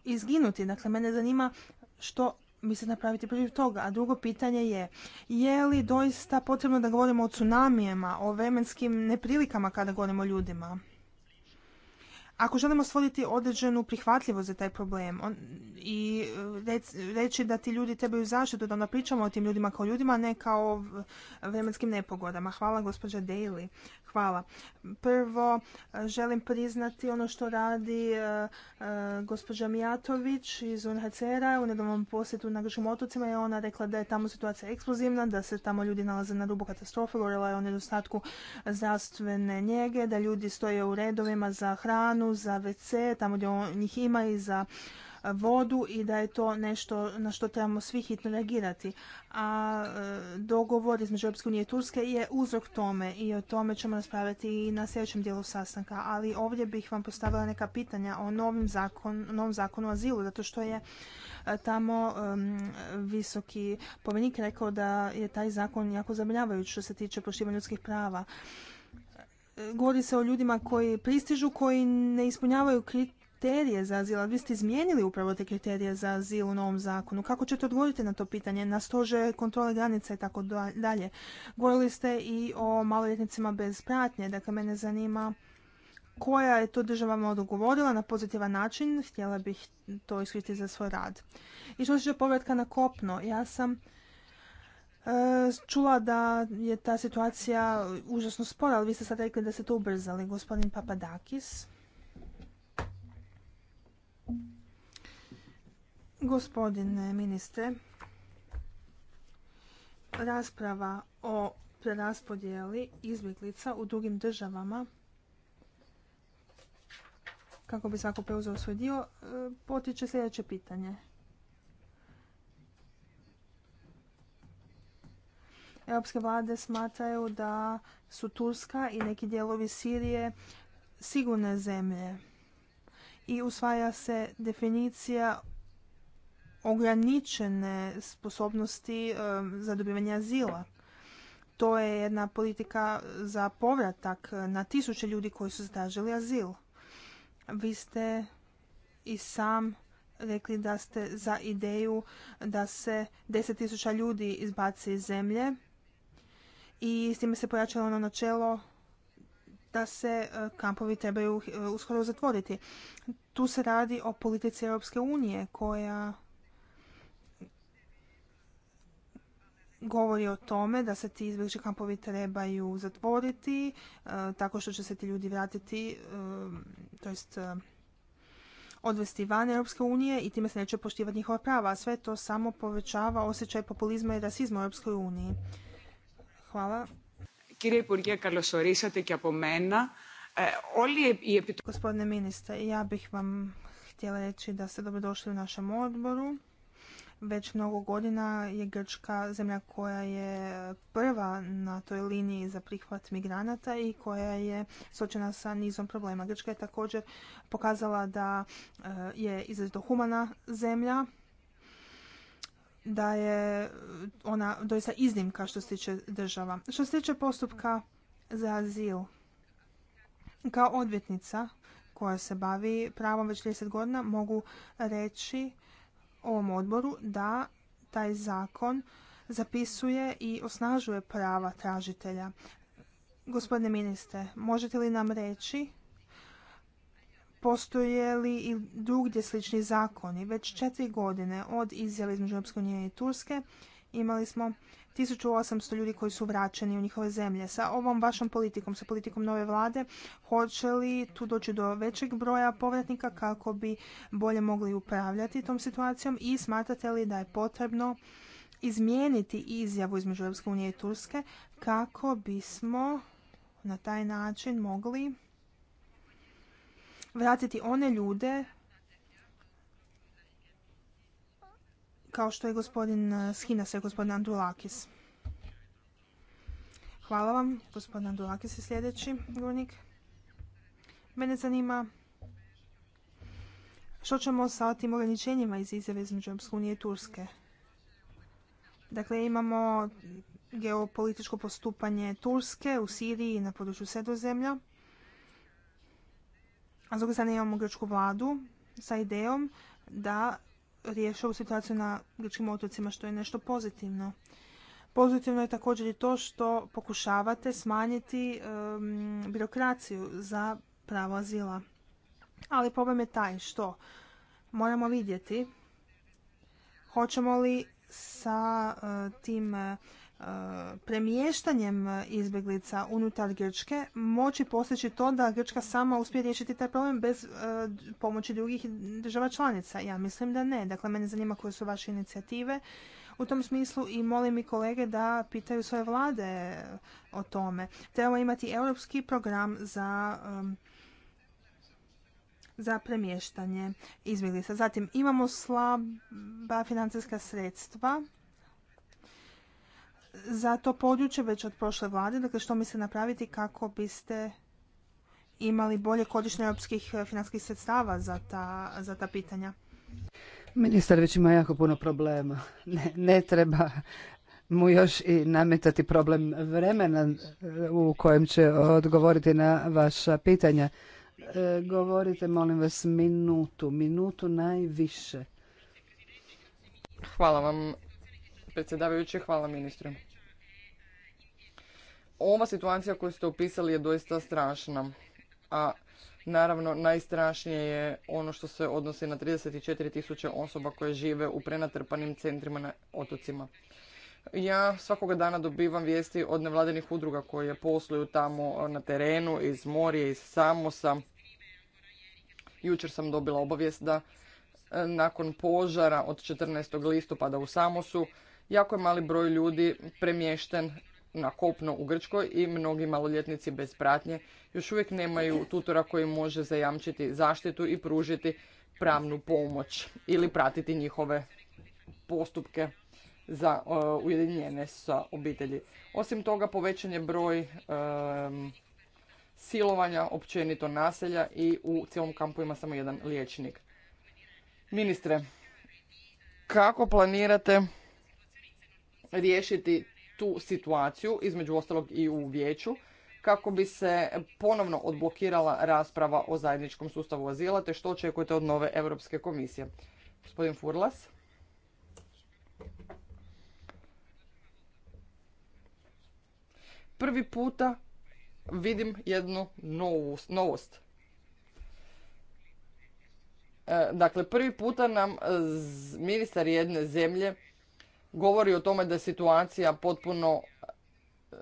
izginuti. Dakle, mene zanima što se napraviti protiv toga. A drugo pitanje je, je li doista potrebno da govorimo o tsunamijama, o vremenskim neprilikama kada govorimo o ljudima? ako želimo stvoriti određenu prihvatljivost za taj problem on, i e, reći da ti ljudi trebaju zaštitu, da onda pričamo o tim ljudima kao ljudima, a ne kao vremenskim nepogodama. Hvala gospođa Daly Hvala. Prvo, e, želim priznati ono što radi e, e, gospođa Mijatović iz UNHCR-a. U nedavnom posjetu na gršim otocima je ona rekla da je tamo situacija eksplozivna, da se tamo ljudi nalaze na rubu katastrofe. Govorila je o nedostatku zdravstvene njege, da ljudi stoje u redovima za hranu, za WC, tamo gdje njih ima i za vodu i da je to nešto na što trebamo svi hitno reagirati. A e, dogovor između Europske unije i Turske je uzrok tome i o tome ćemo raspravljati i na sljedećem dijelu sastanka. Ali ovdje bih vam postavila neka pitanja o novim zakon, novom zakonu o azilu, zato što je e, tamo visoki pomenik rekao da je taj zakon jako zabrinjavajući što se tiče poštivanja ljudskih prava e, govori se o ljudima koji pristižu, koji ne ispunjavaju kriterije za azil, vi ste izmijenili upravo te kriterije za azil u novom zakonu. Kako ćete odgovoriti na to pitanje, na stože kontrole granica i tako dalje? Govorili ste i o maloljetnicima bez pratnje, dakle mene zanima koja je to država odgovorila na pozitivan način, htjela bih to iskriti za svoj rad. I što se povratka na kopno, ja sam e, čula da je ta situacija užasno spora, ali vi ste sad rekli da ste to ubrzali. Gospodin Papadakis. Gospodine ministre, rasprava o preraspodjeli izbjeglica u drugim državama kako bi svako preuzeo svoj dio, e, potiče sljedeće pitanje. Europske vlade smatraju da su Turska i neki dijelovi Sirije sigurne zemlje i usvaja se definicija ograničene sposobnosti za dobivanje azila. To je jedna politika za povratak na tisuće ljudi koji su zatražili azil. Vi ste i sam rekli da ste za ideju da se tisuća ljudi izbaci iz zemlje i s time se pojačalo na ono načelo da se e, kampovi trebaju e, uskoro zatvoriti. Tu se radi o politici Europske unije koja govori o tome da se ti izbjeglički kampovi trebaju zatvoriti e, tako što će se ti ljudi vratiti, e, to jest e, odvesti van Europske unije i time se neće poštivati njihova prava. sve to samo povećava osjećaj populizma i rasizma u Europskoj uniji. Hvala. Gospodine ministre, ja bih vam htjela reći da ste dobrodošli u našem odboru. Već mnogo godina je Grčka zemlja koja je prva na toj liniji za prihvat migranata i koja je sočena sa nizom problema. Grčka je također pokazala da eh, je izrazito humana zemlja, da je ona doista iznimka što se tiče država. Što se tiče postupka za azil, kao odvjetnica koja se bavi pravom već 30 godina mogu reći ovom odboru da taj zakon zapisuje i osnažuje prava tražitelja. Gospodine ministre, možete li nam reći postoje li i drugdje slični zakoni? Već četiri godine od izjave između Europske unije i Turske imali smo 1800 ljudi koji su vraćeni u njihove zemlje. Sa ovom vašom politikom, sa politikom nove vlade, hoće li tu doći do većeg broja povratnika kako bi bolje mogli upravljati tom situacijom i smatrate li da je potrebno izmijeniti izjavu između Europske unije i Turske kako bismo na taj način mogli vratiti one ljude kao što je gospodin eh, Skinas i gospodin Andulakis. Hvala vam. Gospodin Andulakis je sljedeći govornik. Mene zanima što ćemo sa tim ograničenjima iz izjave između Europske unije i Turske. Dakle, imamo geopolitičko postupanje Turske u Siriji i na području sredozemlja. A zbog strane imamo grčku vladu sa idejom da riješi ovu situaciju na grčkim otocima, što je nešto pozitivno. Pozitivno je također i to što pokušavate smanjiti birokraciju za pravo azila. Ali problem je taj što moramo vidjeti hoćemo li sa eh, tim eh, E, premještanjem izbjeglica unutar Grčke moći postići to da Grčka sama uspije riješiti taj problem bez e, pomoći drugih država članica? Ja mislim da ne. Dakle, mene zanima koje su vaše inicijative u tom smislu i molim i kolege da pitaju svoje vlade o tome. Treba imati europski program za za premještanje izbjeglica. Zatim imamo slaba financijska sredstva za to područje već od prošle vlade, dakle što se napraviti kako biste imali bolje kodišnje europskih eh, financijskih sredstava za ta, za ta pitanja? Ministar već ima jako puno problema. Ne, ne treba mu još i nametati problem vremena eh, u kojem će odgovoriti na vaša pitanja. Eh, govorite, molim vas, minutu, minutu najviše. Hvala vam predsjedavajući, hvala ministru. Ova situacija koju ste opisali je doista strašna, a naravno najstrašnije je ono što se odnosi na 34 tisuće osoba koje žive u prenatrpanim centrima na otocima. Ja svakoga dana dobivam vijesti od nevladinih udruga koje posluju tamo na terenu, iz morje iz Samosa. Jučer sam dobila obavijest da e, nakon požara od 14. listopada u Samosu Jako je mali broj ljudi premješten na kopno u Grčkoj i mnogi maloljetnici bez pratnje još uvijek nemaju tutora koji može zajamčiti zaštitu i pružiti pravnu pomoć ili pratiti njihove postupke za uh, ujedinjene sa obitelji. Osim toga povećan je broj silovanja, općenito naselja i u cijelom kampu ima samo jedan liječnik. Ministre, kako planirate riješiti tu situaciju, između ostalog i u vijeću, kako bi se ponovno odblokirala rasprava o zajedničkom sustavu azila, te što očekujete od nove Europske komisije. Gospodin Furlas. Prvi puta vidim jednu novost. E, dakle, prvi puta nam ministar jedne zemlje govori o tome da je situacija potpuno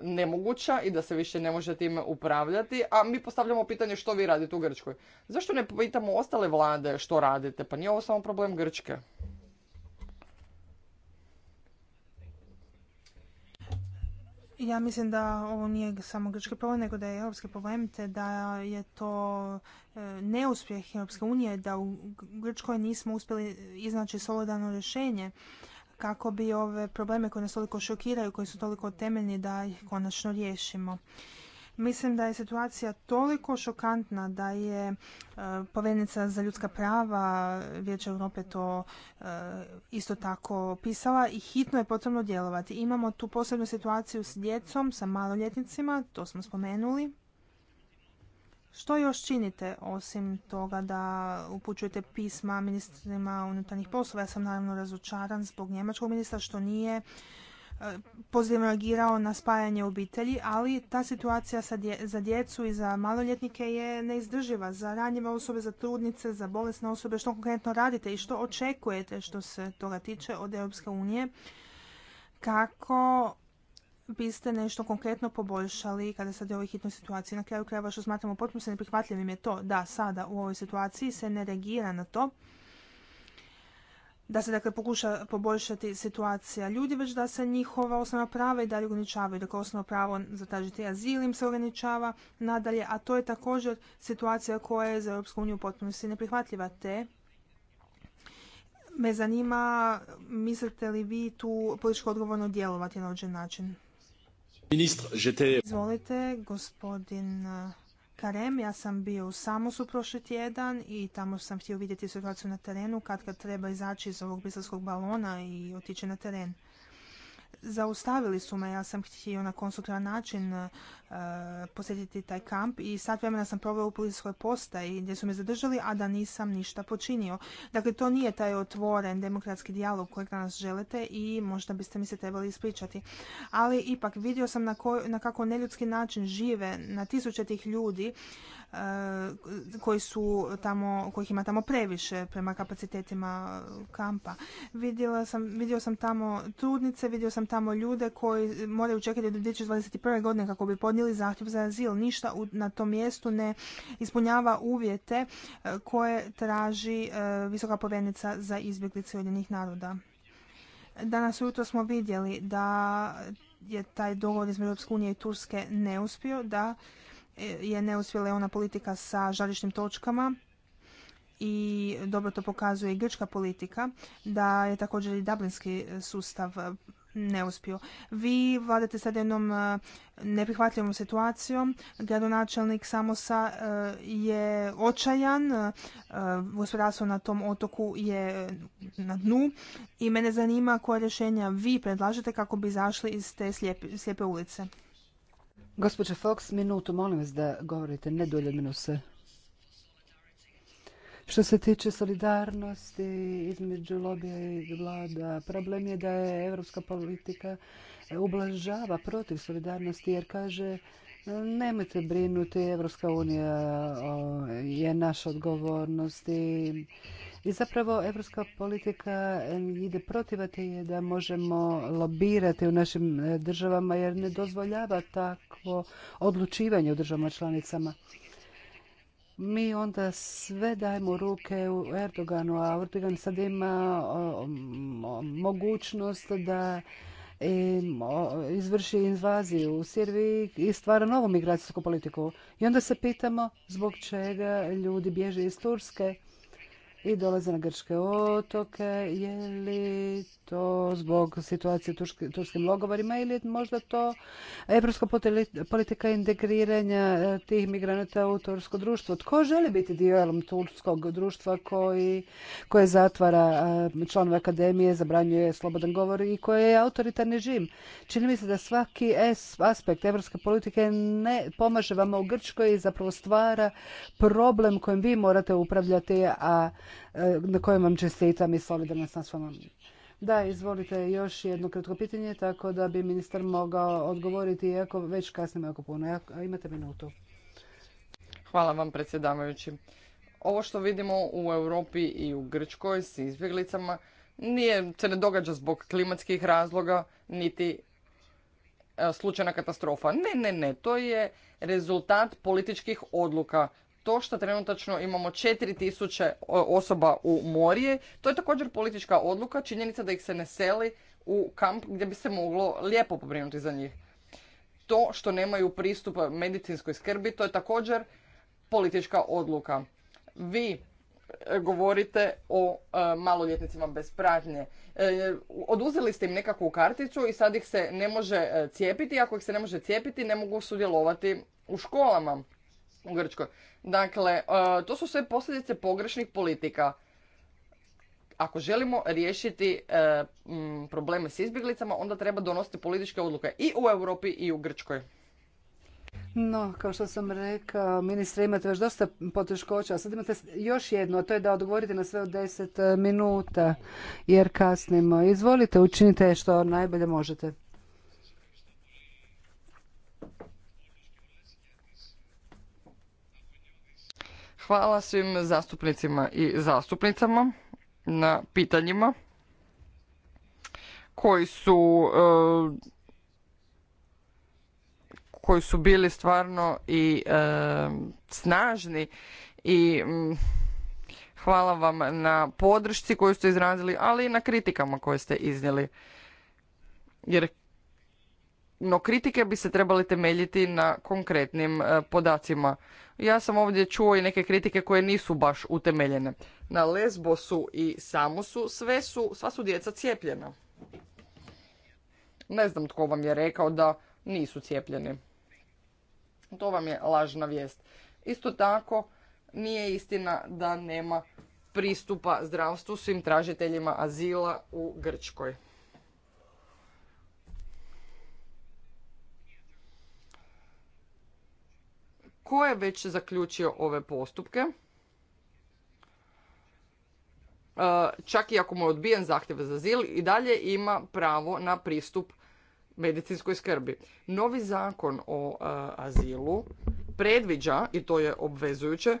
nemoguća i da se više ne može time upravljati, a mi postavljamo pitanje što vi radite u Grčkoj. Zašto ne pitamo ostale vlade što radite? Pa nije ovo samo problem Grčke. Ja mislim da ovo nije samo grčki problem, nego da je europski problem, te da je to e, neuspjeh Europske unije, da u Grčkoj nismo uspjeli iznaći solidarno rješenje kako bi ove probleme koje nas toliko šokiraju, koji su toliko temeljni da ih konačno riješimo. Mislim da je situacija toliko šokantna da je e, povjerenica povednica za ljudska prava Vijeća Europe to e, isto tako pisala i hitno je potrebno djelovati. Imamo tu posebnu situaciju s djecom, sa maloljetnicima, to smo spomenuli. Što još činite osim toga da upućujete pisma ministrima unutarnjih poslova? Ja sam naravno razočaran zbog njemačkog ministra što nije e, pozitivno reagirao na spajanje obitelji, ali ta situacija za djecu i za maloljetnike je neizdrživa. Za ranjive osobe, za trudnice, za bolesne osobe, što konkretno radite i što očekujete što se toga tiče od Europske unije kako biste nešto konkretno poboljšali kada se je o ovoj hitnoj situaciji. Na kraju krajeva što smatramo potpuno se neprihvatljivim je to da sada u ovoj situaciji se ne reagira na to da se dakle pokuša poboljšati situacija ljudi, već da se njihova osnovna prava i dalje ograničavaju. Dakle, osnovno pravo zatražiti azil im se ograničava nadalje, a to je također situacija koja je za Europsku uniju potpuno neprihvatljiva, te me zanima mislite li vi tu političko odgovorno djelovati na određen način? Izvolite, gospodin uh, Karem, ja sam bio u Samosu prošli tjedan i tamo sam htio vidjeti situaciju na terenu kad kad treba izaći iz ovog briselskog balona i otići na teren. Zaustavili su me, ja sam htio na konstruktivan način uh, Eh, posjetiti taj kamp i sat vremena sam proveo u policijskoj postaji gdje su me zadržali, a da nisam ništa počinio. Dakle, to nije taj otvoren demokratski dijalog kojeg danas želite i možda biste mi se trebali ispričati. Ali ipak vidio sam na, na kako neljudski način žive na tisuće tih ljudi eh, koji su tamo, kojih ima tamo previše prema kapacitetima kampa. sam, vidio sam tamo trudnice, vidio sam tamo ljude koji moraju čekati do 2021. godine kako bi podnijeli ili zahtjev za azil. Ništa na tom mjestu ne ispunjava uvjete e, koje traži e, visoka povjerenica za izbjeglice Ujedinjenih naroda. Danas ujutro smo vidjeli da je taj dogovor između Europske unije i Turske neuspio, da e, je neuspjela ona politika sa žarišnim točkama i dobro to pokazuje i grčka politika, da je također i dublinski sustav neuspio. Vi vladate sad jednom e, neprihvatljivom situacijom. Gradonačelnik Samosa e, je očajan. E, gospodarstvo na tom otoku je na dnu. I mene zanima koje rješenja vi predlažete kako bi izašli iz te slijepe, ulice. Gospođa Fox, minutu, molim vas da govorite, ne dulje minuse. Što se tiče solidarnosti između lobija i vlada, problem je da je evropska politika ublažava protiv solidarnosti jer kaže nemojte brinuti, Evropska unija je naša odgovornost i zapravo evropska politika ide protiv je da možemo lobirati u našim e, državama jer ne dozvoljava takvo odlučivanje u državama članicama mi onda sve dajemo ruke u Erdoganu, a Erdogan sad ima mogućnost da izvrši invaziju u Siriji i stvara novu migracijsku politiku. I onda se pitamo zbog čega ljudi bježe iz Turske i dolaze na grčke otoke, je li to zbog situacije u turskim logovorima ili možda to evropska politika integriranja e, tih migranata u tursko društvo. Tko želi biti dijelom turskog društva koji, koje zatvara e, članove akademije, zabranjuje slobodan govor i koje je autoritarni žim? Čini mi se da svaki aspekt evropske politike ne pomaže vama u Grčkoj i zapravo stvara problem kojim vi morate upravljati, a e, na kojem vam čestitam i solidarno sam s vama. Da, izvolite još jedno kratko pitanje, tako da bi ministar mogao odgovoriti, iako već kasnije jako puno. Imate minutu. Hvala vam, predsjedavajući. Ovo što vidimo u Europi i u Grčkoj s izbjeglicama nije, se ne događa zbog klimatskih razloga, niti e, slučajna katastrofa. Ne, ne, ne, to je rezultat političkih odluka to što trenutačno imamo 4000 osoba u morije, to je također politička odluka, činjenica da ih se ne seli u kamp gdje bi se moglo lijepo pobrinuti za njih. To što nemaju pristup medicinskoj skrbi, to je također politička odluka. Vi e, govorite o e, maloljetnicima bez pratnje. E, oduzeli ste im nekakvu karticu i sad ih se ne može cijepiti. Ako ih se ne može cijepiti, ne mogu sudjelovati u školama u Grčkoj. Dakle, e, to su sve posljedice pogrešnih politika. Ako želimo riješiti e, probleme s izbjeglicama, onda treba donositi političke odluke i u Europi i u Grčkoj. No, kao što sam rekao, ministre, imate još dosta poteškoća. Sad imate još jedno, a to je da odgovorite na sve od deset e, minuta, jer kasnimo. Izvolite, učinite što najbolje možete. Hvala svim zastupnicima i zastupnicama na pitanjima koji su e, koji su bili stvarno i e, snažni i hvala vam na podršci koju ste izrazili, ali i na kritikama koje ste iznijeli. Jer no kritike bi se trebali temeljiti na konkretnim e, podacima. Ja sam ovdje čuo i neke kritike koje nisu baš utemeljene. Na Lesbosu i Samosu sve su, sva su djeca cijepljena. Ne znam tko vam je rekao da nisu cijepljeni. To vam je lažna vijest. Isto tako nije istina da nema pristupa zdravstvu svim tražiteljima azila u Grčkoj. ko je već zaključio ove postupke, e, čak i ako mu je odbijen zahtjev za azil, i dalje ima pravo na pristup medicinskoj skrbi. Novi zakon o e, azilu predviđa, i to je obvezujuće, e,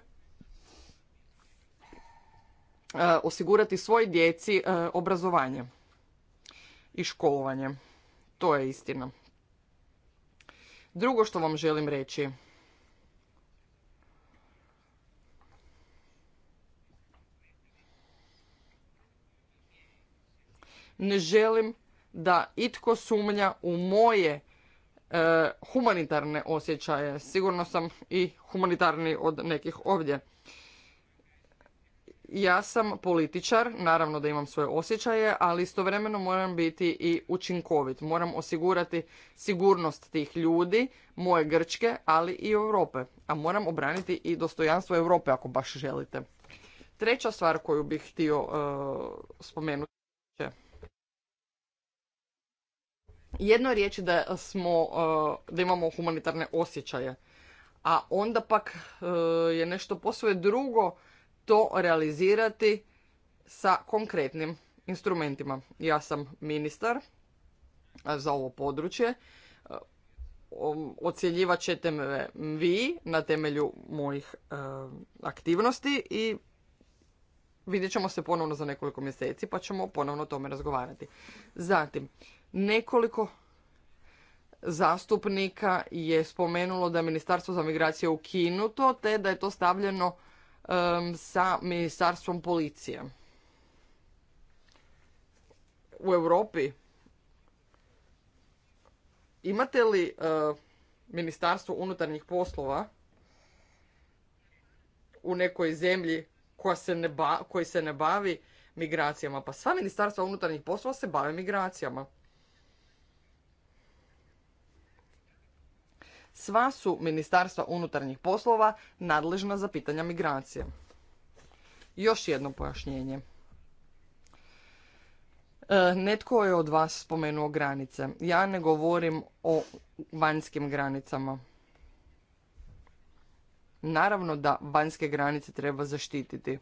osigurati svoj djeci obrazovanje i školovanje. To je istina. Drugo što vam želim reći ne želim da itko sumnja u moje e, humanitarne osjećaje. Sigurno sam i humanitarni od nekih ovdje. Ja sam političar, naravno da imam svoje osjećaje, ali istovremeno moram biti i učinkovit. Moram osigurati sigurnost tih ljudi, moje Grčke, ali i Europe. A moram obraniti i dostojanstvo Europe ako baš želite. Treća stvar koju bih htio e, spomenuti Jedno je da, smo, eh, da imamo humanitarne osjećaje, a onda pak eh, je nešto posve drugo to realizirati sa konkretnim instrumentima. Ja sam ministar eh, za ovo područje. Ocjenjivat ćete me vi na temelju mojih aktivnosti i vidjet ćemo se ponovno za nekoliko mjeseci pa ćemo ponovno o tome razgovarati. Zatim, Nekoliko zastupnika je spomenulo da je Ministarstvo za migracije ukinuto te da je to stavljeno sa Ministarstvom policije. U Europi imate li Ministarstvo unutarnjih poslova u nekoj zemlji koja koji se ne bavi migracijama? Pa sva Ministarstva unutarnjih poslova se bave migracijama. Sva su ministarstva unutarnjih poslova nadležna za pitanja migracije. Još jedno pojašnjenje. E, netko je od vas spomenuo granice. Ja ne govorim o vanjskim granicama. Naravno da vanjske granice treba zaštititi.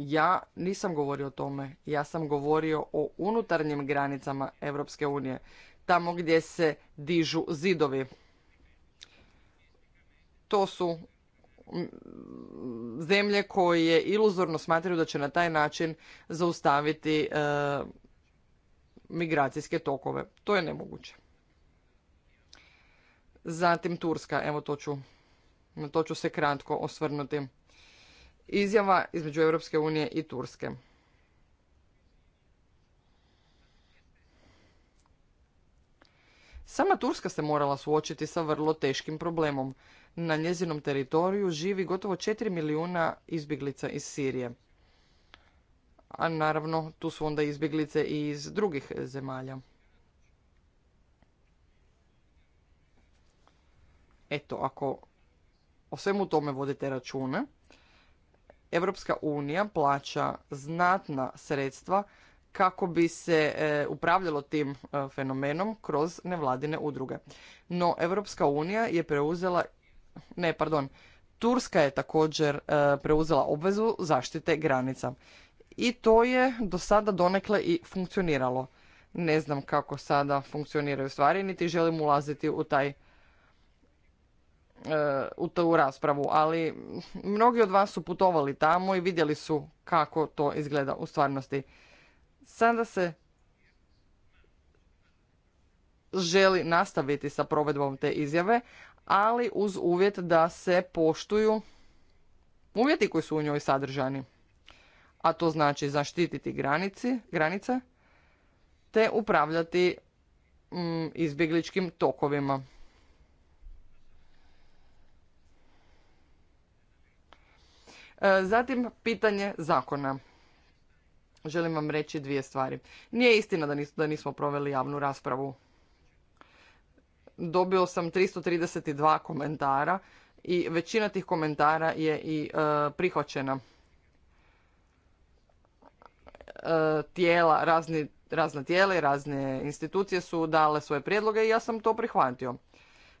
Ja nisam govorio o tome, ja sam govorio o unutarnjim granicama Europske unije, tamo gdje se dižu zidovi. To su zemlje koje iluzorno smatraju da će na taj način zaustaviti e, migracijske tokove. To je nemoguće. Zatim Turska, evo to ću, to ću se kratko osvrnuti izjava između Europske unije i Turske. Sama Turska se morala suočiti sa vrlo teškim problemom. Na njezinom teritoriju živi gotovo 4 milijuna izbjeglica iz Sirije. A naravno, tu su onda izbjeglice i iz drugih zemalja. Eto, ako o svemu tome vodite račune, Europska unija plaća znatna sredstva kako bi se e, upravljalo tim e, fenomenom kroz nevladine udruge. No Europska unija je preuzela ne pardon, Turska je također e, preuzela obvezu zaštite granica. I to je do sada donekle i funkcioniralo. Ne znam kako sada funkcioniraju stvari, niti želim ulaziti u taj E, u tu raspravu, ali mnogi od vas su putovali tamo i vidjeli su kako to izgleda u stvarnosti. Sada se želi nastaviti sa provedbom te izjave, ali uz uvjet da se poštuju uvjeti koji su u njoj sadržani. A to znači zaštititi granici, granice te upravljati mm, izbjegličkim tokovima. E, zatim, pitanje zakona. Želim vam reći dvije stvari. Nije istina da nismo, da nismo proveli javnu raspravu. Dobio sam 332 komentara i većina tih komentara je i e, prihvaćena. E, tijela, razna tijela i razne institucije su dale svoje prijedloge i ja sam to prihvatio.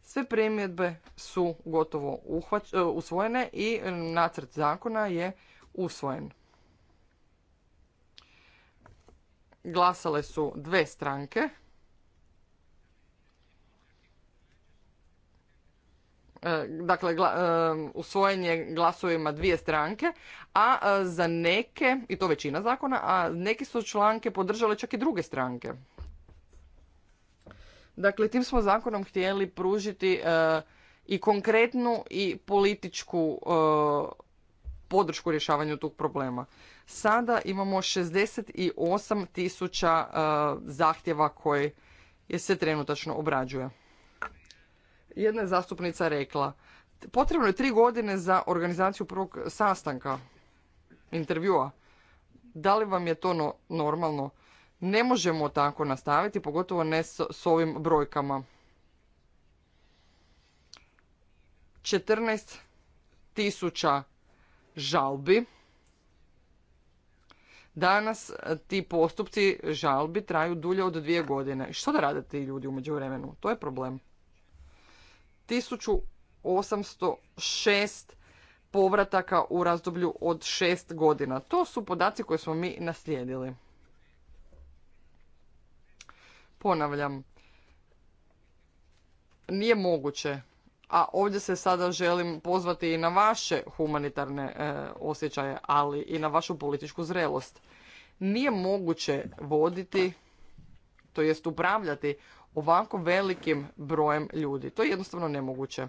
Sve primjedbe su gotovo uhvać, e, usvojene i nacrt zakona je usvojen. Glasale su dve stranke. E, dakle e, usvojen je glasovima dvije stranke, a za neke, i to većina zakona, a neke su članke podržale čak i druge stranke. Dakle, tim smo zakonom htjeli pružiti e, i konkretnu i političku e, podršku rješavanju tog problema. Sada imamo 68 tisuća e, zahtjeva koje se trenutačno obrađuje. Jedna je zastupnica rekla, potrebno je tri godine za organizaciju prvog sastanka, intervjua. Da li vam je to normalno? Ne možemo tako nastaviti, pogotovo ne s, ovim brojkama. 14 žalbi. Danas ti postupci žalbi traju dulje od dvije godine. Što da rade ti ljudi umeđu vremenu? To je problem. 1806 povrataka u razdoblju od šest godina. To su podaci koje smo mi naslijedili. Ponavljam, nije moguće, a ovdje se sada želim pozvati i na vaše humanitarne e, osjećaje, ali i na vašu političku zrelost. Nije moguće voditi, to jest upravljati ovako velikim brojem ljudi. To je jednostavno nemoguće.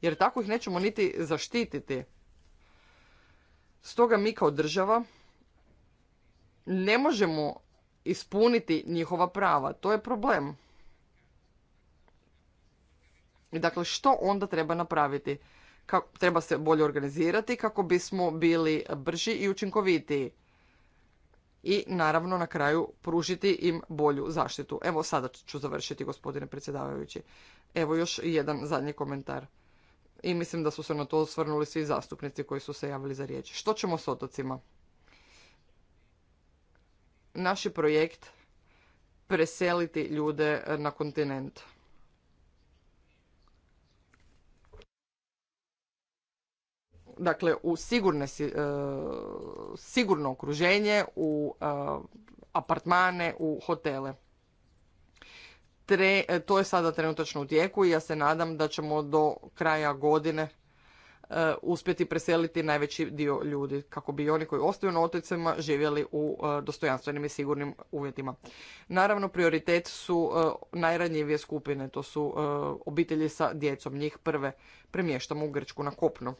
Jer tako ih nećemo niti zaštititi. Stoga mi kao država ne možemo ispuniti njihova prava. To je problem. Dakle, što onda treba napraviti? Kako, treba se bolje organizirati kako bismo bili brži i učinkovitiji. I naravno na kraju pružiti im bolju zaštitu. Evo sada ću završiti gospodine predsjedavajući. Evo još jedan zadnji komentar. I mislim da su se na to osvrnuli svi zastupnici koji su se javili za riječ. Što ćemo s otocima? naš projekt preseliti ljude na kontinent. Dakle, u sigurne, e, sigurno okruženje, u e, apartmane, u hotele. Tre, e, to je sada trenutačno u tijeku i ja se nadam da ćemo do kraja godine E, uspjeti preseliti najveći dio ljudi kako bi oni koji ostaju na otocima živjeli u e, dostojanstvenim i sigurnim uvjetima. Naravno, prioritet su e, najranjivije skupine, to su obitelji sa djecom. Njih prve premještamo u Grčku na Kopnu.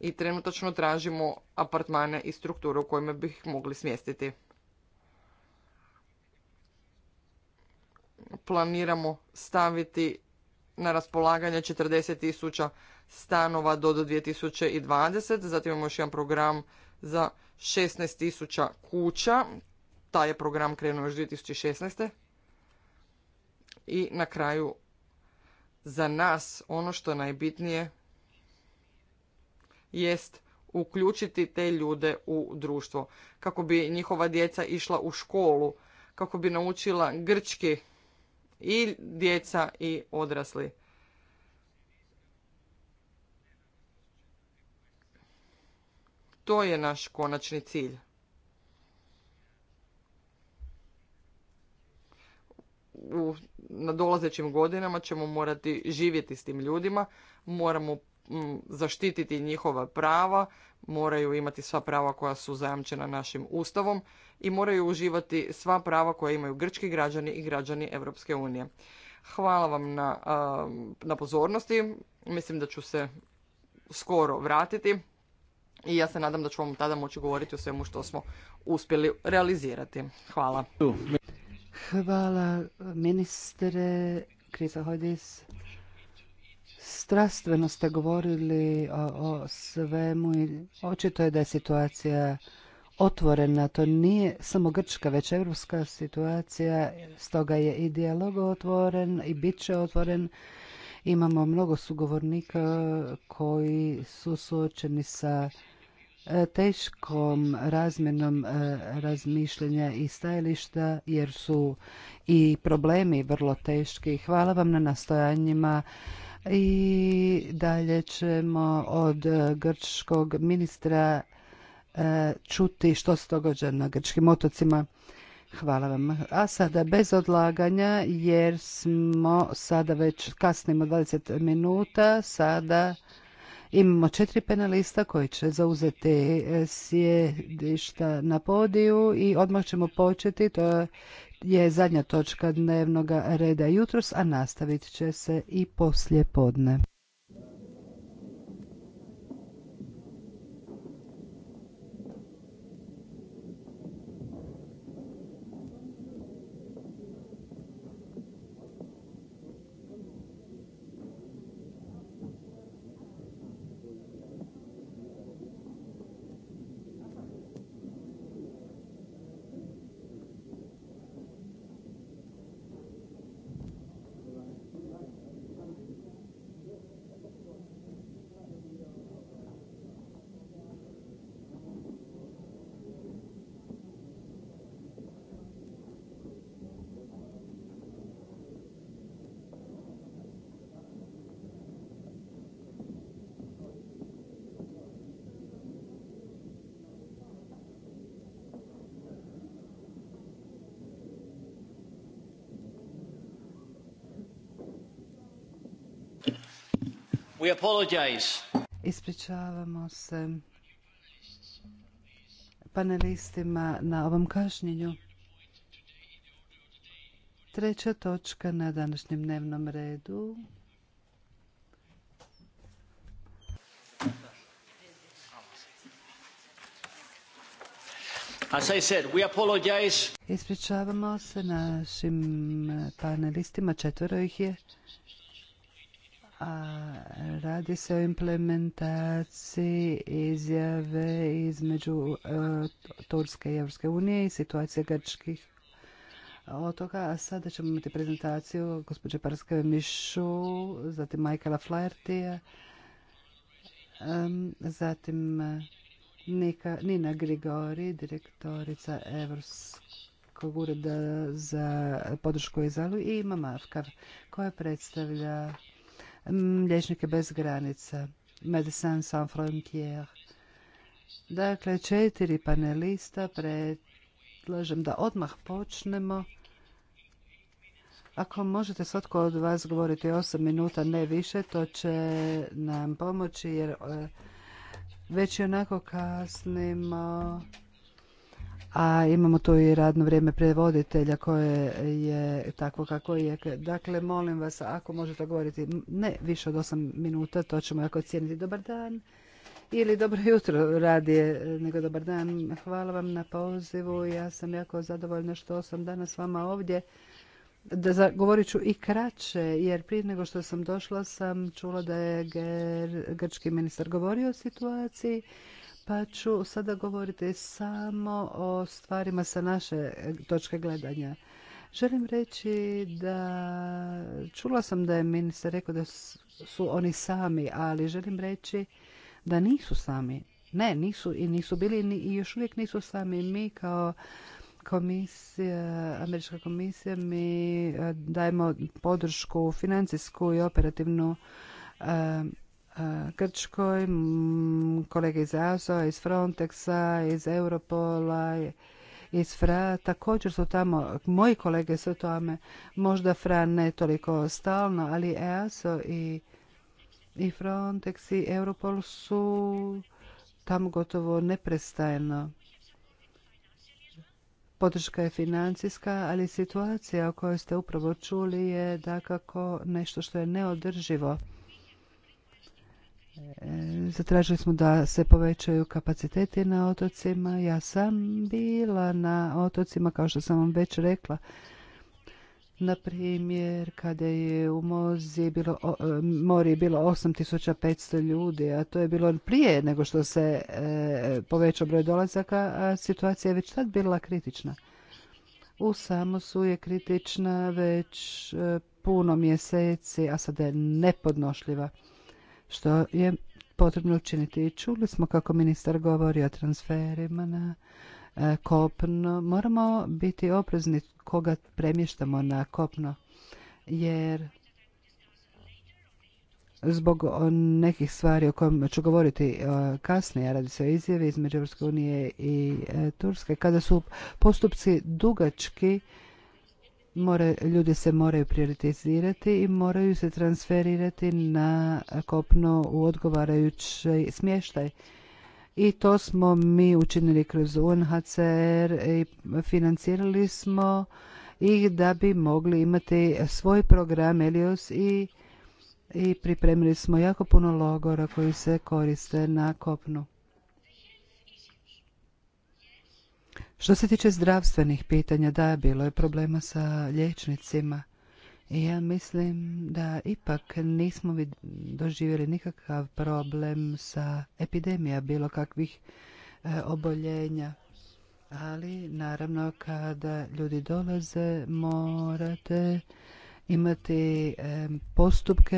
I trenutačno tražimo apartmane i strukturu u kojima bih ih mogli smjestiti. Planiramo staviti na raspolaganje 40 tisuća stanova do, 2020. Zatim imamo još jedan program za 16.000 kuća. Taj je program krenuo još 2016. I na kraju za nas ono što je najbitnije jest uključiti te ljude u društvo kako bi njihova djeca išla u školu kako bi naučila grčki i djeca i odrasli. To je naš konačni cilj. U nadolazećim godinama ćemo morati živjeti s tim ljudima, moramo zaštititi njihova prava, moraju imati sva prava koja su zajamčena našim ustavom i moraju uživati sva prava koja imaju grčki građani i građani Europske unije. Hvala vam na, na pozornosti. Mislim da ću se skoro vratiti i ja se nadam da ću vam tada moći govoriti o svemu što smo uspjeli realizirati. Hvala. Hvala ministre Krisa Hodis. Strastveno ste govorili o, o svemu i očito je da je situacija otvorena. To nije samo grčka, već europska situacija. Stoga je i dijalog otvoren i bit će otvoren. Imamo mnogo sugovornika koji su suočeni sa e, teškom razmjenom e, razmišljenja i stajališta jer su i problemi vrlo teški. Hvala vam na nastojanjima i dalje ćemo od grčkog ministra e, čuti što se događa na grčkim otocima. Hvala vam. A sada bez odlaganja jer smo sada već kasnimo 20 minuta. Sada imamo četiri penalista koji će zauzeti e, sjedišta na podiju i odmah ćemo početi. To je je zadnja točka dnevnog reda jutros, a nastavit će se i poslijepodne. podne. We apologize. Ispričavamo se panelistima na ovom kašnjenju. Treća točka na današnjem dnevnom redu. As I said, we Ispričavamo se našim panelistima, četvero ih je a radi se o implementaciji izjave između e, Turske i Europske unije i situacije grčkih otoka. A sada ćemo imati prezentaciju gospođe Parske Mišu, zatim Michaela Flertija, zatim e, Nina Grigori, direktorica Evropskog ureda za podršku i zalu i ima koja predstavlja Mm, Lječnike bez granica, Medicine Sans Frontières. Dakle, četiri panelista predlažem da odmah počnemo. Ako možete svatko od vas govoriti osam minuta, ne više, to će nam pomoći jer e, već i onako kasnimo a imamo tu i radno vrijeme prevoditelja koje je takvo kako je. Dakle, molim vas, ako možete govoriti ne više od 8 minuta, to ćemo jako cijeniti. Dobar dan ili dobro jutro radije nego dobar dan. Hvala vam na pozivu. Ja sam jako zadovoljna što sam danas s vama ovdje. Da govorit ću i kraće, jer prije nego što sam došla sam čula da je grčki ministar govorio o situaciji pa ću sada govoriti samo o stvarima sa naše točke gledanja. Želim reći da čula sam da je ministar rekao da su oni sami, ali želim reći da nisu sami. Ne, nisu i nisu bili i još uvijek nisu sami. Mi kao komisija, američka komisija, mi eh, dajemo podršku financijsku i operativnu eh, E, Grčkoj, kolege iz EASO, iz Frontexa, iz Europola, iz FRA, također su tamo, moji kolege su tome, možda FRA ne toliko stalno, ali EASO i, i Frontex i Europol su tamo gotovo neprestajno. Podrška je financijska, ali situacija o kojoj ste upravo čuli je dakako nešto što je neodrživo E, zatražili smo da se povećaju kapaciteti na otocima. Ja sam bila na otocima, kao što sam vam već rekla. Na primjer, kada je u Mozi bilo, e, mori bilo 8500 ljudi, a to je bilo prije nego što se e, povećao broj dolazaka, a situacija je već tad bila kritična. U Samosu je kritična već puno mjeseci, a sada je nepodnošljiva što je potrebno učiniti. Čuli smo kako ministar govori o transferima na e, kopno. Moramo biti oprezni koga premještamo na kopno, jer zbog nekih stvari o kojima ću govoriti e, kasnije, radi se o izjavi između Europske unije i e, Turske, kada su postupci dugački, ljudi se moraju prioritizirati i moraju se transferirati na kopno u odgovarajući smještaj. I to smo mi učinili kroz UNHCR i financirali smo ih da bi mogli imati svoj program Elios i, i pripremili smo jako puno logora koji se koriste na kopnu. Što se tiče zdravstvenih pitanja, da, bilo je problema sa liječnicima. I ja mislim da ipak nismo doživjeli nikakav problem sa epidemija bilo kakvih e, oboljenja. Ali naravno kada ljudi dolaze morate imati postupke,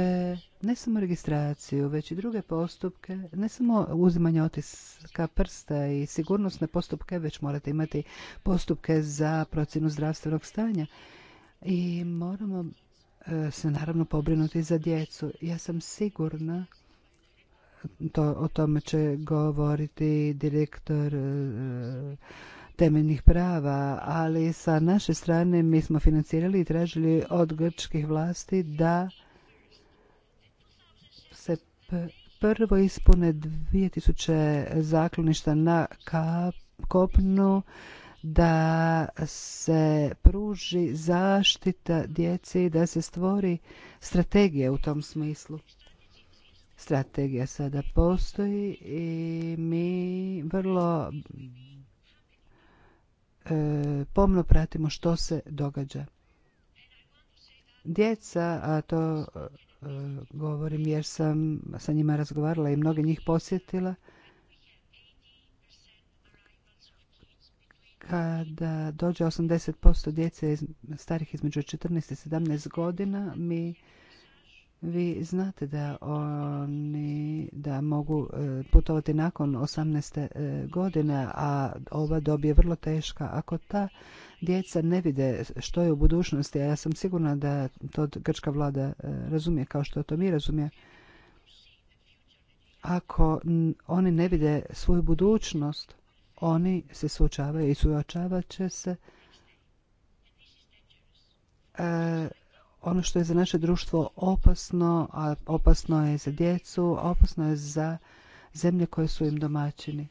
ne samo registraciju, već i druge postupke, ne samo uzimanje otiska prsta i sigurnosne postupke, već morate imati postupke za procjenu zdravstvenog stanja. I moramo e, se naravno pobrinuti za djecu. Ja sam sigurna to, o tome će govoriti direktor e, temeljnih prava, ali sa naše strane mi smo financirali i tražili od grčkih vlasti da se prvo ispune 2000 zakloništa na kopnu, da se pruži zaštita djeci da se stvori strategija u tom smislu. Strategija sada postoji i mi vrlo E, pomno pratimo što se događa. Djeca, a to e, govorim jer sam sa njima razgovarala i mnoge njih posjetila, kada dođe 80% djece starih između 14 i 17 godina, mi vi znate da oni da mogu e, putovati nakon 18. E, godine, a ova dob je vrlo teška. Ako ta djeca ne vide što je u budućnosti, a ja sam sigurna da to grčka vlada e, razumije kao što to mi razumije, ako oni ne vide svoju budućnost, oni se suočavaju i suočavat će se ono što je za naše društvo opasno, a opasno je za djecu, opasno je za zemlje koje su im domaćini.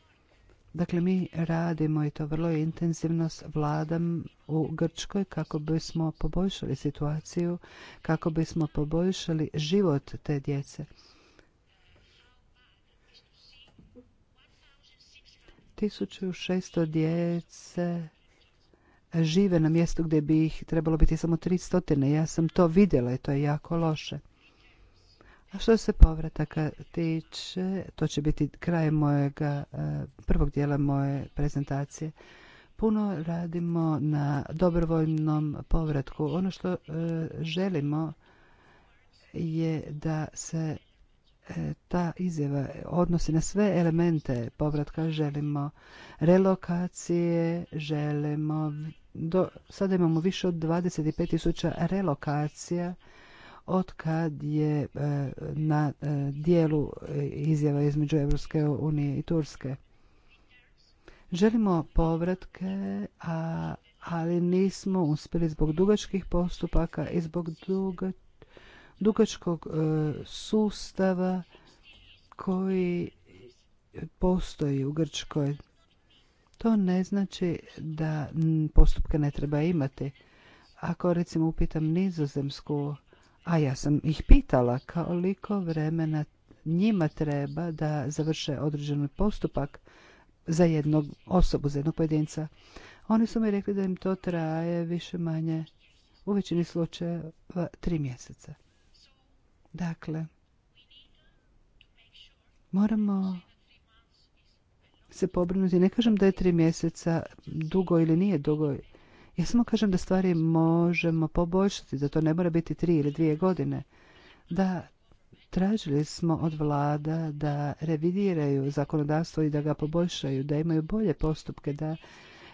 Dakle, mi radimo i to vrlo intenzivno s vladam u Grčkoj kako bismo poboljšali situaciju, kako bismo poboljšali život te djece. 1600 djece žive na mjestu gdje bi ih trebalo biti samo tri stotine. Ja sam to vidjela i to je jako loše. A što se povrataka tiče, to će biti kraj mojega, e, prvog dijela moje prezentacije. Puno radimo na dobrovoljnom povratku. Ono što e, želimo je da se E, ta izjava odnosi na sve elemente povratka. Želimo relokacije, želimo... Do, sada imamo više od 25.000 relokacija od kad je e, na e, dijelu izjava između Evropske unije i Turske. Želimo povratke, a, ali nismo uspjeli zbog dugačkih postupaka i zbog dugačkih dugačkog e, sustava koji postoji u Grčkoj. To ne znači da postupke ne treba imati. Ako recimo upitam nizozemsku, a ja sam ih pitala koliko vremena njima treba da završe određeni postupak za jednog osobu, za jednog pojedinca. Oni su mi rekli da im to traje više manje u većini slučajeva tri mjeseca. Dakle, moramo se pobrinuti. Ne kažem da je tri mjeseca dugo ili nije dugo. Ja samo kažem da stvari možemo poboljšati, da to ne mora biti tri ili dvije godine. Da tražili smo od vlada da revidiraju zakonodavstvo i da ga poboljšaju, da imaju bolje postupke, da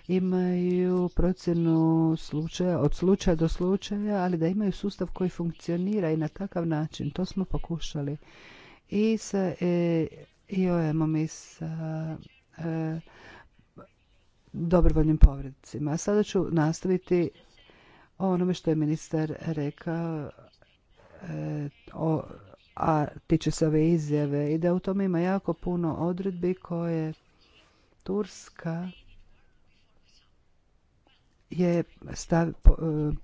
imaju procjenu slučaja, od slučaja do slučaja, ali da imaju sustav koji funkcionira i na takav način. To smo pokušali. I sa e, iom i sa e, dobrovoljnim povredcima. A sada ću nastaviti o onome što je ministar rekao e, o a tiče se ove izjave i da u tome ima jako puno odredbi koje Turska je stav e,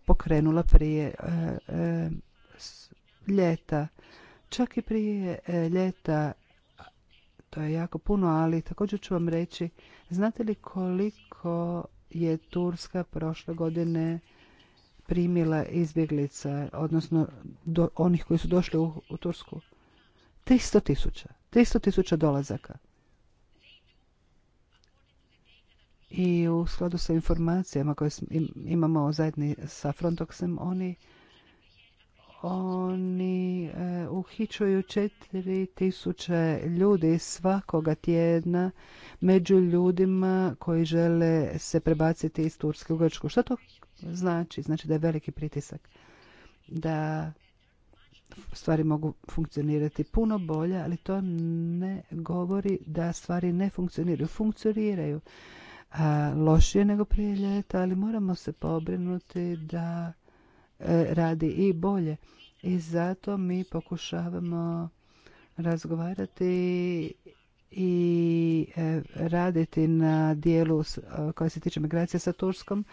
pokrenula prije e, e, ljeta. Čak i prije ljeta, to je jako puno, ali također ću vam reći, znate li koliko je Turska prošle godine primila izbjeglica, odnosno do onih koji su došli u, Tursku? 300 tisuća. 300 tisuća dolazaka. i u skladu sa informacijama koje imamo zajedni sa Frontoxem, oni oni e, 4000 ljudi svakoga tjedna među ljudima koji žele se prebaciti iz Turske u Grčku. Što to znači? Znači da je veliki pritisak. Da stvari mogu funkcionirati puno bolje, ali to ne govori da stvari ne funkcioniraju. Funkcioniraju lošije nego prije ljeta, ali moramo se pobrinuti da e, radi i bolje. I zato mi pokušavamo razgovarati i e, raditi na dijelu e, koja se tiče migracije sa Turskom.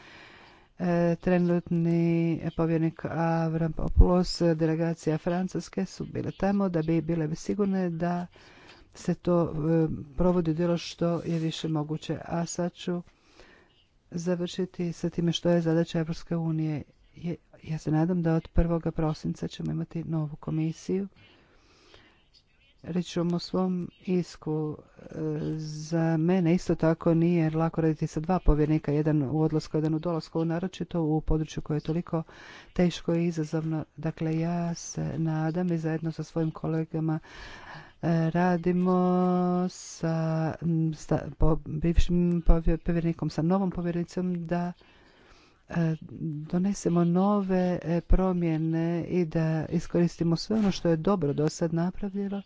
Trenutni povjernik Avram Populos, delegacija Francuske su bile tamo da bi bile sigurne da se to e, provodi djelo što je više moguće. A sad ću završiti sa time što je zadaća Evropske unije. Ja se nadam da od 1. prosinca ćemo imati novu komisiju. Reći ću o svom isku. E, za mene isto tako nije lako raditi sa dva povjernika, jedan u odlasku, jedan u dolasku, naročito u području koje je toliko teško i izazovno. Dakle, ja se nadam i zajedno sa svojim kolegama E, radimo sa bivšim povjerenikom, sa novom povjerenicom da e, donesemo nove e, promjene i da iskoristimo sve ono što je dobro do sad napravljeno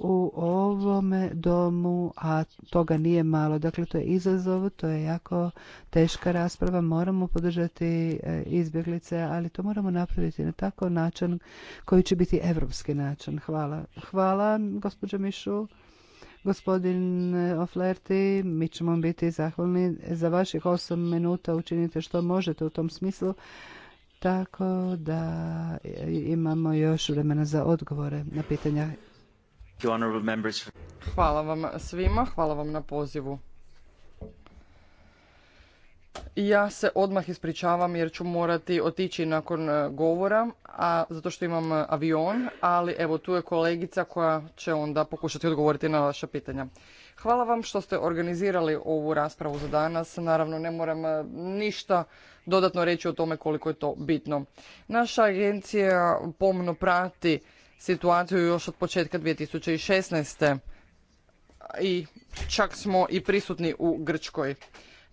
u ovome domu, a toga nije malo. Dakle, to je izazov, to je jako teška rasprava, moramo podržati e, izbjeglice, ali to moramo napraviti na tako način koji će biti evropski način. Hvala. Hvala, gospođo Mišu. Gospodin e, Oflerti, mi ćemo biti zahvalni za vaših osam minuta. Učinite što možete u tom smislu tako da e, imamo još vremena za odgovore na pitanja Hvala vam svima, hvala vam na pozivu. Ja se odmah ispričavam jer ću morati otići nakon e, govora, a zato što imam e, avion, ali evo tu je kolegica koja će onda pokušati odgovoriti na vaša pitanja. Hvala vam što ste organizirali ovu raspravu za danas. Naravno ne moram e, ništa dodatno reći o tome koliko je to bitno. Naša agencija pomno prati situaciju još od početka 2016. i čak smo i prisutni u Grčkoj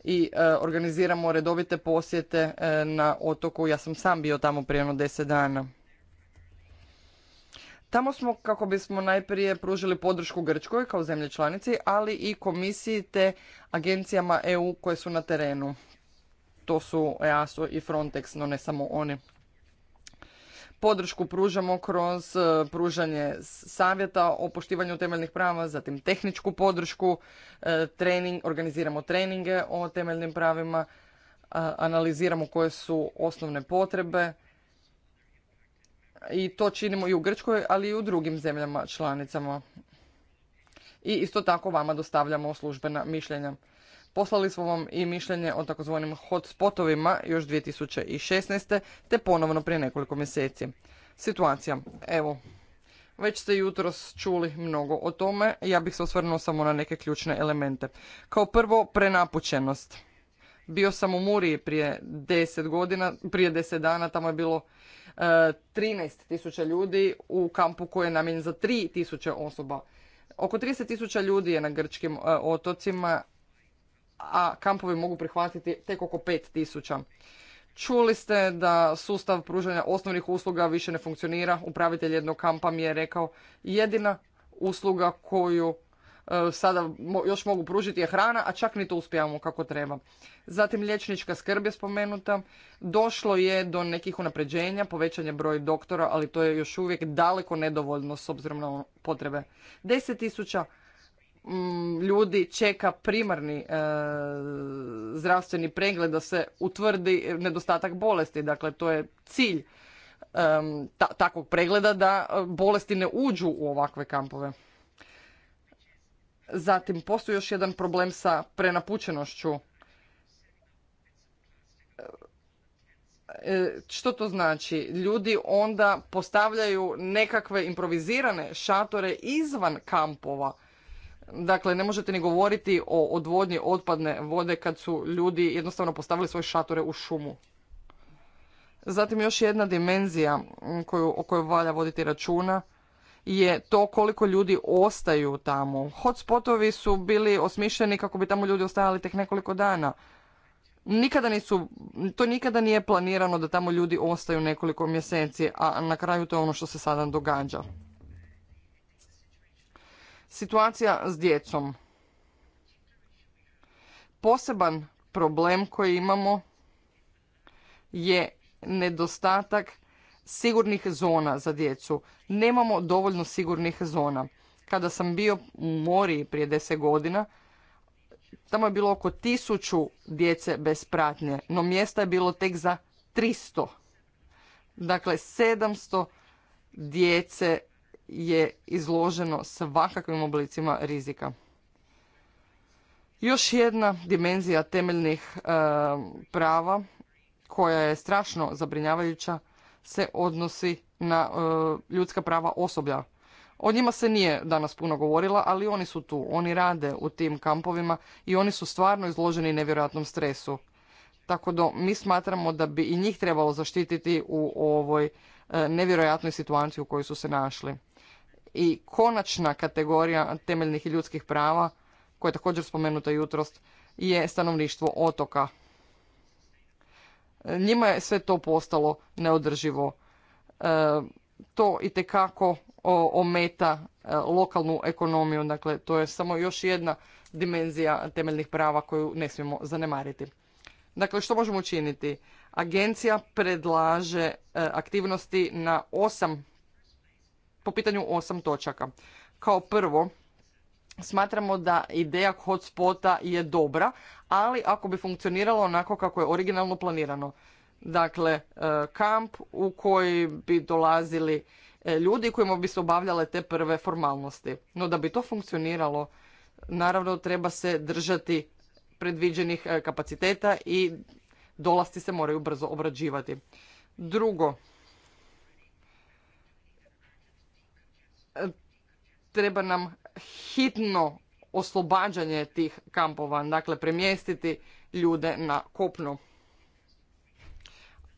i e, organiziramo redovite posjete e, na otoku. Ja sam sam bio tamo prije jedno deset dana. Tamo smo kako bismo najprije pružili podršku Grčkoj kao zemlje članici, ali i komisiji te agencijama EU koje su na terenu. To su EASO i Frontex, no ne samo oni. Podršku pružamo kroz e, pružanje savjeta o poštivanju temeljnih prava, zatim tehničku podršku, e, trening, organiziramo treninge o temeljnim pravima, analiziramo koje su osnovne potrebe i to činimo i u Grčkoj, ali i u drugim zemljama članicama. I isto tako vama dostavljamo službena mišljenja. Poslali smo vam i mišljenje o takozvanim hotspotovima još 2016. te ponovno prije nekoliko mjeseci. Situacija. Evo, već ste jutros čuli mnogo o tome, ja bih se osvrnuo samo na neke ključne elemente. Kao prvo, prenapućenost. Bio sam u Muriji prije 10 godina, prije 10 dana, tamo je bilo e, trinaest ljudi u kampu koji je namijenjen za tri tisuće osoba. Oko trideset ljudi je na grčkim e, otocima a kampovi mogu prihvatiti tek oko 5000. Čuli ste da sustav pružanja osnovnih usluga više ne funkcionira. Upravitelj jednog kampa mi je rekao jedina usluga koju e, sada još mogu pružiti je hrana, a čak ni to uspijamo kako treba. Zatim liječnička skrb je spomenuta. Došlo je do nekih unapređenja, povećanje broja broj doktora, ali to je još uvijek daleko nedovoljno s obzirom na potrebe. tisuća. Mm, ljudi čeka primarni e, zdravstveni pregled da se utvrdi nedostatak bolesti. Dakle, to je cilj e, takvog pregleda da e, bolesti ne uđu u ovakve kampove. Zatim, postoji još jedan problem sa prenapučenošću. E, što to znači? Ljudi onda postavljaju nekakve improvizirane šatore izvan kampova Dakle, ne možete ni govoriti o odvodnji otpadne vode kad su ljudi jednostavno postavili svoje šatore u šumu. Zatim još jedna dimenzija koju, o kojoj valja voditi računa je to koliko ljudi ostaju tamo. Hotspotovi su bili osmišljeni kako bi tamo ljudi ostajali tek nekoliko dana. Nikada nisu, to nikada nije planirano da tamo ljudi ostaju nekoliko mjeseci, a na kraju to je ono što se sada događa. Situacija s djecom. Poseban problem koji imamo je nedostatak sigurnih zona za djecu. Nemamo dovoljno sigurnih zona. Kada sam bio u mori prije deset godina, tamo je bilo oko tisuću djece bez pratnje, no mjesta je bilo tek za 300. Dakle, 700 djece je izloženo svakakvim oblicima rizika. Još jedna dimenzija temeljnih e, prava koja je strašno zabrinjavajuća se odnosi na e, ljudska prava osoblja. O njima se nije danas puno govorila, ali oni su tu, oni rade u tim kampovima i oni su stvarno izloženi nevjerojatnom stresu. Tako da mi smatramo da bi i njih trebalo zaštititi u ovoj e, nevjerojatnoj situaciji u kojoj su se našli i konačna kategorija temeljnih i ljudskih prava, koja je također spomenuta jutros, je stanovništvo otoka. Njima je sve to postalo neodrživo. E, to i tekako ometa e, lokalnu ekonomiju, dakle to je samo još jedna dimenzija temeljnih prava koju ne smijemo zanemariti. Dakle, što možemo učiniti? Agencija predlaže e, aktivnosti na osam po pitanju osam točaka. Kao prvo, smatramo da ideja hotspota je dobra, ali ako bi funkcioniralo onako kako je originalno planirano. Dakle, e, kamp u koji bi dolazili e, ljudi kojima bi se obavljale te prve formalnosti. No da bi to funkcioniralo, naravno treba se držati predviđenih e, kapaciteta i dolasti se moraju brzo obrađivati. Drugo, treba nam hitno oslobađanje tih kampova, dakle premjestiti ljude na kopno.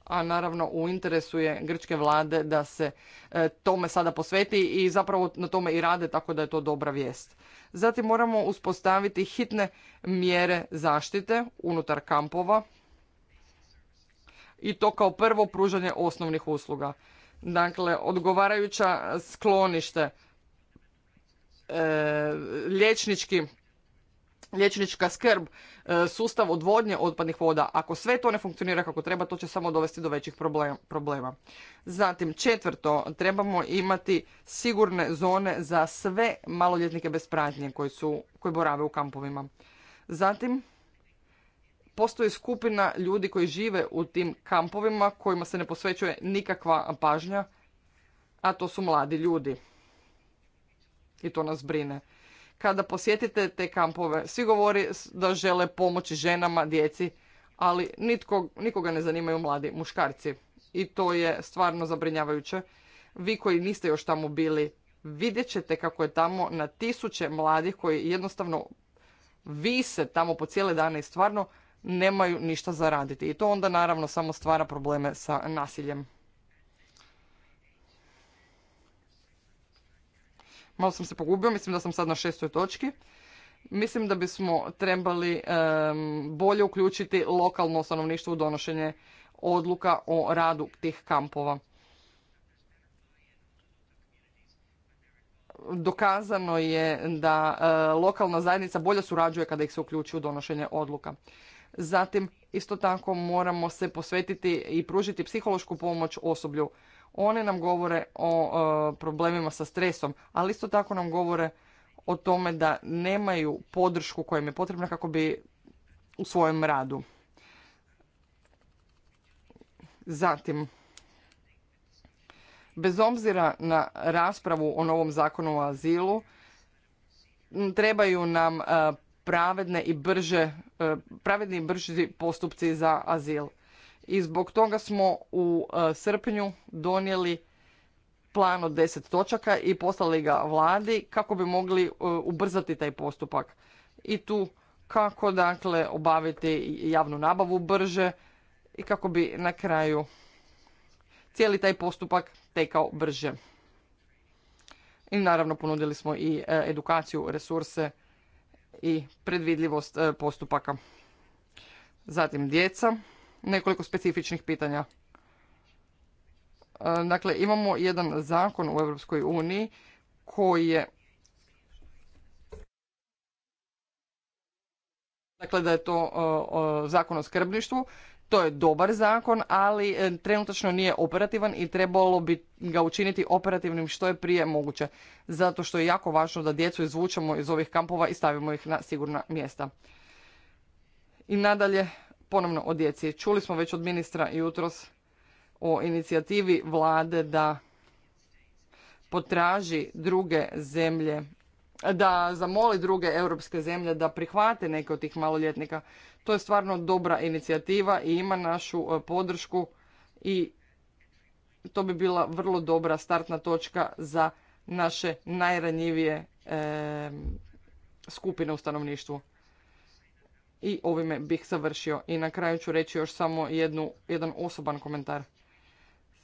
A naravno u interesu je grčke vlade da se e, tome sada posveti i zapravo na tome i rade, tako da je to dobra vijest. Zatim moramo uspostaviti hitne mjere zaštite unutar kampova i to kao prvo pružanje osnovnih usluga dakle odgovarajuća sklonište, e, liječnički liječnička skrb, e, sustav odvodnje otpadnih voda. Ako sve to ne funkcionira kako treba, to će samo dovesti do većih problema. Zatim, četvrto, trebamo imati sigurne zone za sve maloljetnike bez pratnje koji borave u kampovima. Zatim, postoji skupina ljudi koji žive u tim kampovima kojima se ne posvećuje nikakva pažnja, a to su mladi ljudi. I to nas brine. Kada posjetite te kampove, svi govori da žele pomoći ženama, djeci, ali nikoga ne zanimaju mladi muškarci. I to je stvarno zabrinjavajuće. Vi koji niste još tamo bili, vidjet ćete kako je tamo na tisuće mladih koji jednostavno vise tamo po cijele dane i stvarno nemaju ništa zaraditi. I to onda naravno samo stvara probleme sa nasiljem. Malo sam se pogubio, mislim da sam sad na šestoj točki. Mislim da bismo trebali bolje uključiti lokalno stanovništvo u donošenje odluka o radu tih kampova. Dokazano je da e, lokalna zajednica bolje surađuje kada ih se uključi u donošenje odluka. Zatim, isto tako moramo se posvetiti i pružiti psihološku pomoć osoblju. One nam govore o e, problemima sa stresom, ali isto tako nam govore o tome da nemaju podršku koja im je potrebna kako bi u svojem radu. Zatim, bez obzira na raspravu o novom zakonu o azilu, trebaju nam e, pravedne i brže, e, pravedni i brži postupci za azil. I zbog toga smo u e, srpnju donijeli plan od 10 točaka i poslali ga vladi kako bi mogli e, ubrzati taj postupak. I tu kako dakle obaviti javnu nabavu brže i kako bi na kraju cijeli taj postupak tekao brže. I naravno ponudili smo i edukaciju, resurse i predvidljivost e, postupaka. Zatim djeca, nekoliko specifičnih pitanja. E, dakle, imamo jedan zakon u Europskoj uniji koji je Dakle, da je to e, zakon o skrbništvu to je dobar zakon, ali e, trenutačno nije operativan i trebalo bi ga učiniti operativnim što je prije moguće. Zato što je jako važno da djecu izvučemo iz ovih kampova i stavimo ih na sigurna mjesta. I nadalje, ponovno o djeci. Čuli smo već od ministra jutros o inicijativi vlade da potraži druge zemlje da zamoli druge europske zemlje da prihvate neke od tih maloljetnika. To je stvarno dobra inicijativa i ima našu e, podršku i to bi bila vrlo dobra startna točka za naše najranjivije e, skupine u stanovništvu. I ovime bih završio. I na kraju ću reći još samo jednu, jedan osoban komentar.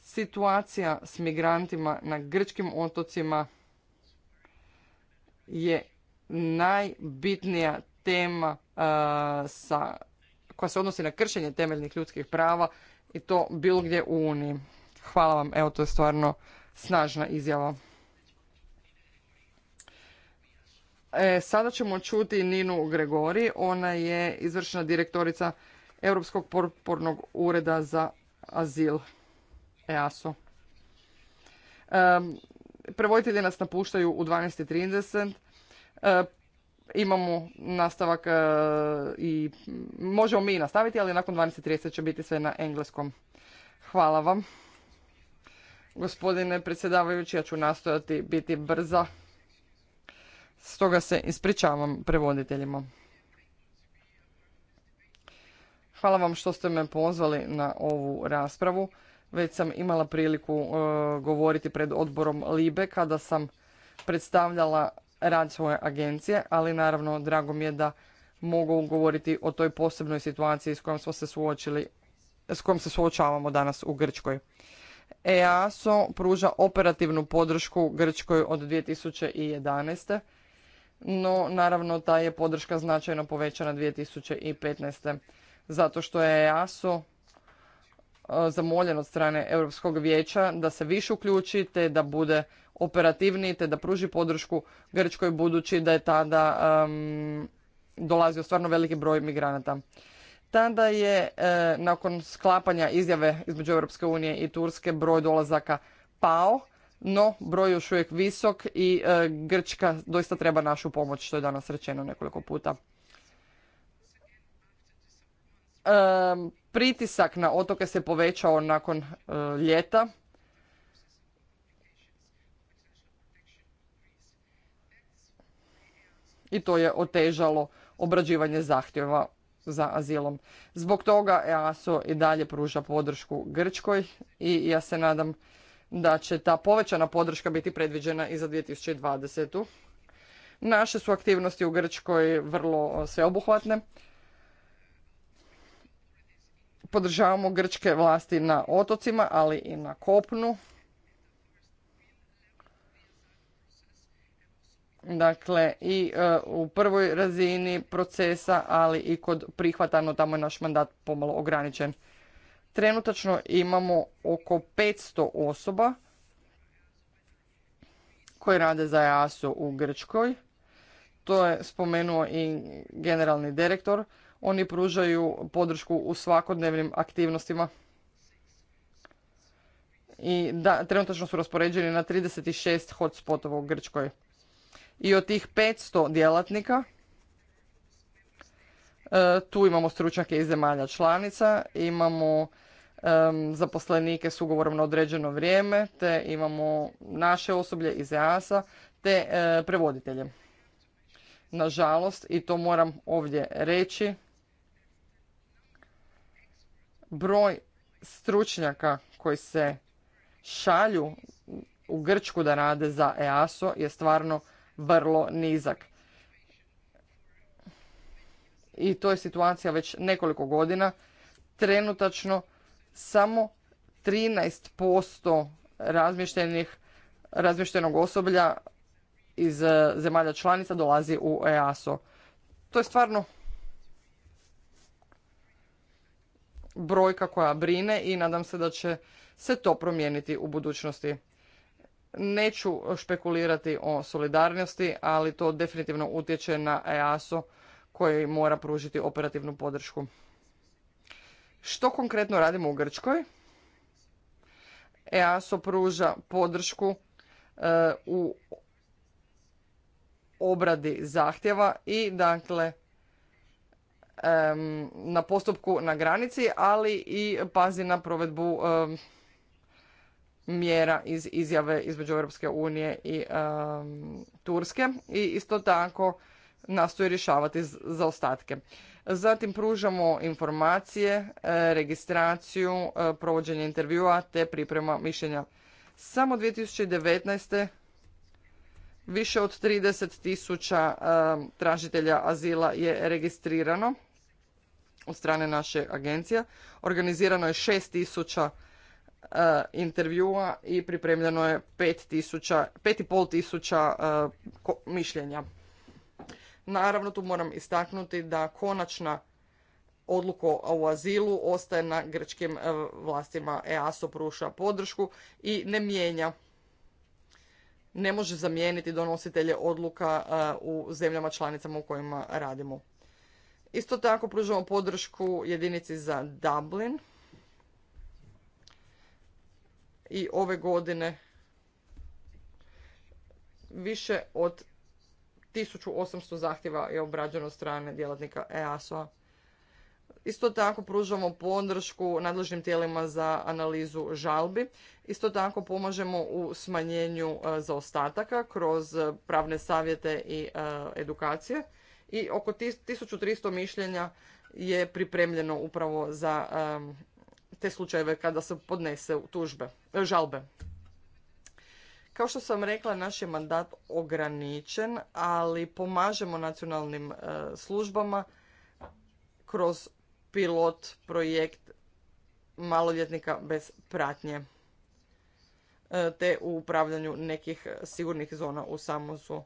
Situacija s migrantima na grčkim otocima je najbitnija tema sa, koja se odnosi na kršenje temeljnih ljudskih prava i to bilo gdje u Uniji. Hvala vam, evo to je stvarno snažna izjava. E, sada ćemo čuti Ninu Gregori, ona je izvršna direktorica Europskog porpornog ureda za azil EASO. E, ehm, nas napuštaju u 12.30. E, ehm, imamo nastavak e, i možemo mi nastaviti, ali nakon 12.30 će biti sve na engleskom. Hvala vam. Gospodine predsjedavajući, ja ću nastojati biti brza. Stoga se ispričavam prevoditeljima. Hvala vam što ste me pozvali na ovu raspravu. Već sam imala priliku e, govoriti pred odborom LIBE kada sam predstavljala rad svoje agencije, ali naravno drago mi je da mogu govoriti o toj posebnoj situaciji s kojom smo se suočili, s kojom se suočavamo danas u Grčkoj. EASO pruža operativnu podršku Grčkoj od 2011. No, naravno, ta je podrška značajno povećana 2015. Zato što je EASO e, zamoljen od strane Europskog vijeća da se više uključi te da bude operativniji te da pruži podršku Grčkoj budući da je tada um, dolazio stvarno veliki broj migranata. Tada je e, nakon sklapanja izjave između Europske unije i Turske broj dolazaka pao, no broj još uvijek visok i e, Grčka doista treba našu pomoć, što je danas rečeno nekoliko puta. pritisak na otoke se povećao nakon e, ljeta i to je otežalo obrađivanje zahtjeva za azilom. Zbog toga EASO i dalje pruža podršku Grčkoj i ja se nadam da će ta povećana podrška biti predviđena i za 2020. Naše su aktivnosti u Grčkoj vrlo e, sveobuhvatne. Podržavamo grčke vlasti na otocima, ali i na kopnu dakle i e, u prvoj razini procesa, ali i kod prihvatano tamo je naš mandat pomalo ograničen. Trenutačno imamo oko 500 osoba koje rade za EASO u Grčkoj. To je spomenuo i generalni direktor. Oni pružaju podršku u svakodnevnim aktivnostima i da, trenutačno su raspoređeni na 36 hotspotova u Grčkoj i od tih 500 djelatnika e, tu imamo stručnjake iz zemalja članica, imamo zaposlenike s ugovorom na određeno vrijeme, te imamo naše osoblje iz EASA, te e, prevoditelje. Nažalost, i to moram ovdje reći, broj stručnjaka koji se šalju u Grčku da rade za EASO je stvarno vrlo nizak. I to je situacija već nekoliko godina. Trenutačno samo 13% razmještenih razmještenog osoblja iz eh, zemalja članica dolazi u EASO. To je stvarno brojka koja brine i nadam se da će se to promijeniti u budućnosti. Neću špekulirati o solidarnosti, ali to definitivno utječe na EASO koji mora pružiti operativnu podršku. Što konkretno radimo u Grčkoj? EASO pruža podršku e, u obradi zahtjeva i dakle na postupku na granici, ali i pazi na provedbu mjera iz izjave između Europske unije i Turske i isto tako nastoji rješavati zaostatke. Zatim pružamo informacije, e, registraciju, e, provođenje intervjua te priprema mišljenja. Samo 2019. više od 30.000 tisuća tražitelja azila je registrirano od strane naše agencije. Organizirano je 6.000 tisuća E, intervjua i pripremljeno je 5,5 tisuća e, mišljenja. Naravno, tu moram istaknuti da konačna odluka o azilu ostaje na grčkim e, vlastima. EASO pruša podršku i ne mijenja. Ne može zamijeniti donositelje odluka u zemljama članicama u kojima radimo. Isto tako pružamo podršku jedinici za Dublin i ove godine više od 1800 zahtjeva je obrađeno strane djelatnika EASO-a. Isto tako pružamo podršku nadležnim tijelima za analizu žalbi. Isto tako pomažemo u smanjenju e, zaostataka kroz pravne savjete i e, edukacije. I oko 1300 mišljenja je pripremljeno upravo za te slučajeve kada se podnese tužbe, e, žalbe. Kao što sam rekla, naš je mandat ograničen, ali pomažemo nacionalnim e, službama kroz pilot projekt maloljetnika bez pratnje e, te u upravljanju nekih sigurnih zona u Samozu.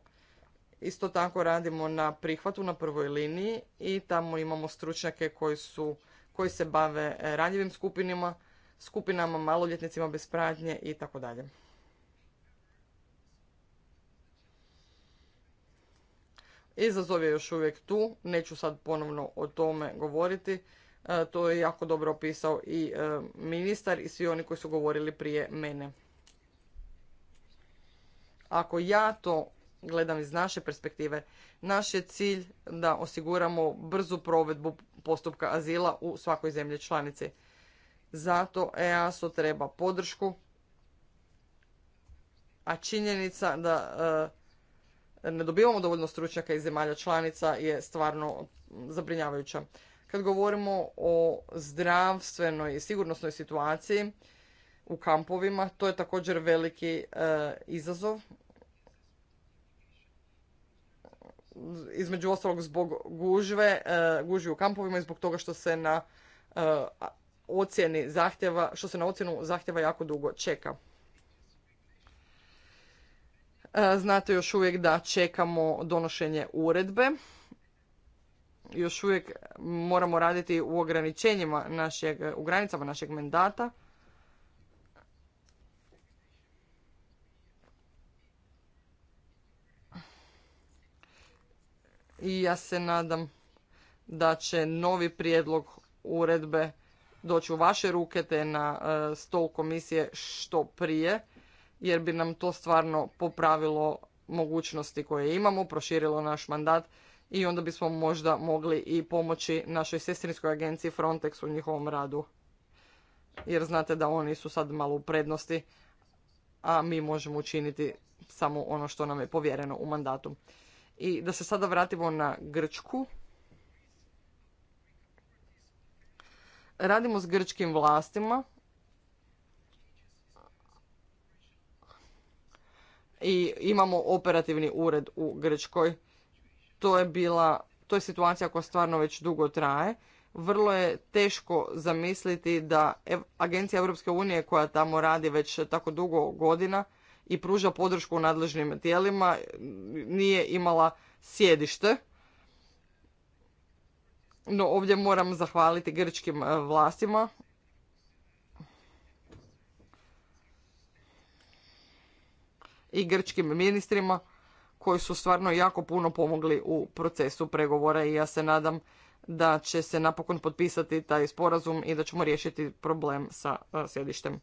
Isto tako radimo na prihvatu na prvoj liniji i tamo imamo stručnjake koji su koji se bave e, ranjivim skupinama, skupinama maloljetnicima bez pratnje i tako dalje. Izazov je još uvijek tu, neću sad ponovno o tome govoriti. E, to je jako dobro opisao i e, ministar i svi oni koji su govorili prije mene. Ako ja to gledam iz naše perspektive, naš je cilj da osiguramo brzu provedbu postupka azila u svakoj zemlji članici. Zato EASO treba podršku, a činjenica da e, ne dobivamo dovoljno stručnjaka iz zemalja članica je stvarno zabrinjavajuća. Kad govorimo o zdravstvenoj i sigurnosnoj situaciji u kampovima, to je također veliki e, izazov između ostalog zbog gužve, e, gužvi u kampovima i zbog toga što se na e, ocjeni zahtjeva, što se na ocjenu zahtjeva jako dugo čeka. E, znate još uvijek da čekamo donošenje uredbe. Još uvijek moramo raditi u ograničenjima našeg, u granicama našeg mandata. i ja se nadam da će novi prijedlog uredbe doći u vaše ruke te na e, stol komisije što prije jer bi nam to stvarno popravilo mogućnosti koje imamo, proširilo naš mandat i onda bismo možda mogli i pomoći našoj sestrinskoj agenciji Frontex u njihovom radu. Jer znate da oni su sad malo u prednosti, a mi možemo učiniti samo ono što nam je povjereno u mandatu. I da se sada vratimo na Grčku. Radimo s grčkim vlastima. I imamo operativni ured u Grčkoj. To je bila, to je situacija koja stvarno već dugo traje. Vrlo je teško zamisliti da Agencija Europske unije koja tamo radi već tako dugo godina i pruža podršku nadležnim tijelima nije imala sjedište. No ovdje moram zahvaliti grčkim e, vlastima i grčkim ministrima koji su stvarno jako puno pomogli u procesu pregovora i ja se nadam da će se napokon potpisati taj sporazum i da ćemo riješiti problem sa e, sjedištem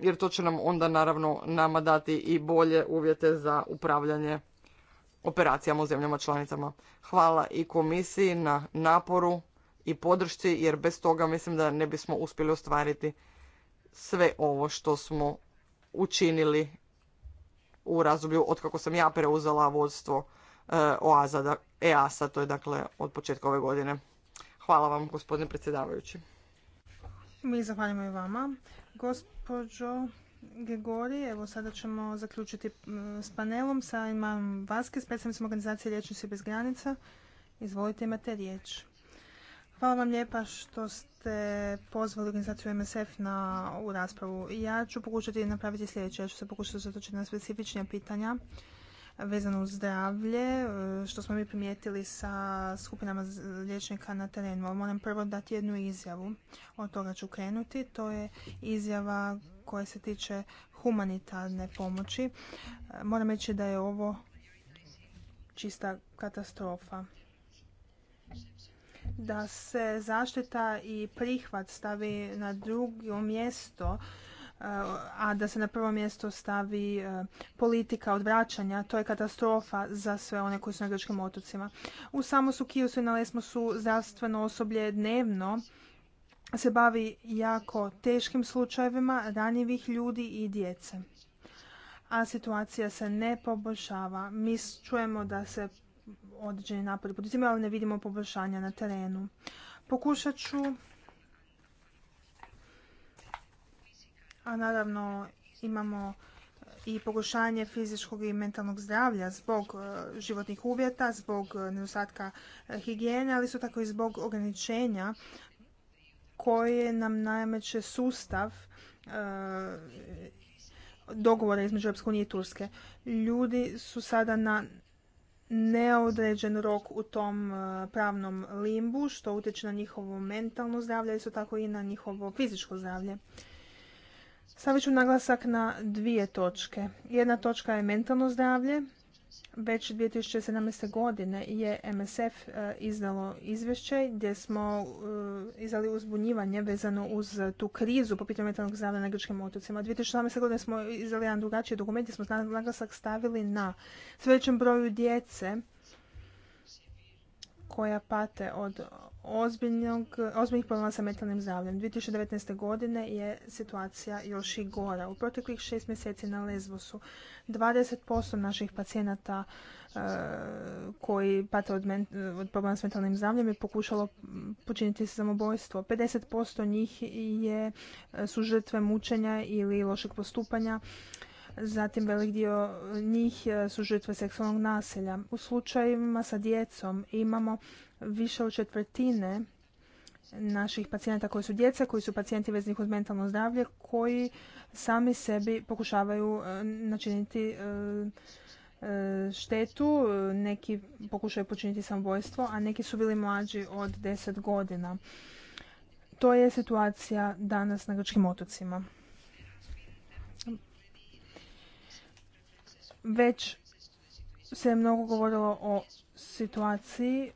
jer to će nam onda naravno nama dati i bolje uvjete za upravljanje operacijama u zemljama članicama. Hvala i komisiji na naporu i podršci jer bez toga mislim da ne bismo uspjeli ostvariti sve ovo što smo učinili u razdoblju od kako sam ja preuzela vodstvo e, oaza EASA, e to je dakle od početka ove godine. Hvala vam gospodine predsjedavajući. Mi zahvaljujemo i vama gospođo Gregori. Evo sada ćemo zaključiti s panelom sa Imam Vaske, predstavnicom organizacije Liječnici bez granica. Izvolite, imate riječ. Hvala vam lijepa što ste pozvali organizaciju MSF na ovu raspravu. Ja ću pokušati napraviti sljedeće. Ja ću se pokušati zatočiti na specifičnija pitanja vezano uz zdravlje, e, što smo mi primijetili sa skupinama liječnika na terenu. Moram prvo dati jednu izjavu, od toga ću krenuti. To je izjava koja se tiče humanitarne pomoći. E, moram reći da je ovo čista katastrofa da se zaštita i prihvat stavi na drugo mjesto Eh, a da se na prvo mjesto stavi eh, politika odvraćanja, to je katastrofa za sve one koji su na grčkim otocima. U Samosu, Kijosu i na su zdravstveno osoblje dnevno se bavi jako teškim slučajevima ranjivih ljudi i djece. A situacija se ne poboljšava. Mi čujemo da se određeni napori poduzimaju, ali ne vidimo poboljšanja na terenu. Pokušat ću a naravno imamo i pogošanje fizičkog i mentalnog zdravlja zbog e, životnih uvjeta, zbog e, nedostatka e, higijene, ali su tako i zbog ograničenja koje nam najmeće sustav dogovora između Europske unije i Turske. Ljudi su sada na neodređen rok u tom pravnom limbu, što utječe na njihovo mentalno zdravlje, su tako i na njihovo fizičko zdravlje. Stavit ću naglasak na dvije točke. Jedna točka je mentalno zdravlje. Već 2017. godine je MSF e, izdalo izvješće gdje smo e, izdali uzbunjivanje vezano uz tu krizu po pitanju mentalnog zdravlja na grčkim otocima. 2017. godine smo izdali jedan drugačiji dokument gdje smo naglasak stavili na sve većem broju djece koja pate od ozbiljnih problema sa metalnim zdravljem. 2019. godine je situacija još i gora. U proteklih šest mjeseci na Lesbosu 20% naših pacijenata e, koji pate od, problema sa metalnim zdravljem je pokušalo počiniti samobojstvo. 50% njih je, e, su žrtve mučenja ili lošeg postupanja. Zatim velik dio njih e, su žrtve seksualnog nasilja. U slučajevima sa djecom imamo više od četvrtine naših pacijenata koji su djeca, koji su pacijenti veznih uz mentalno zdravlje, koji sami sebi pokušavaju e, načiniti e, e, štetu, neki pokušaju počiniti samobojstvo, a neki su bili mlađi od 10 godina. To je situacija danas na grčkim otocima. Već se je mnogo govorilo o situaciji e,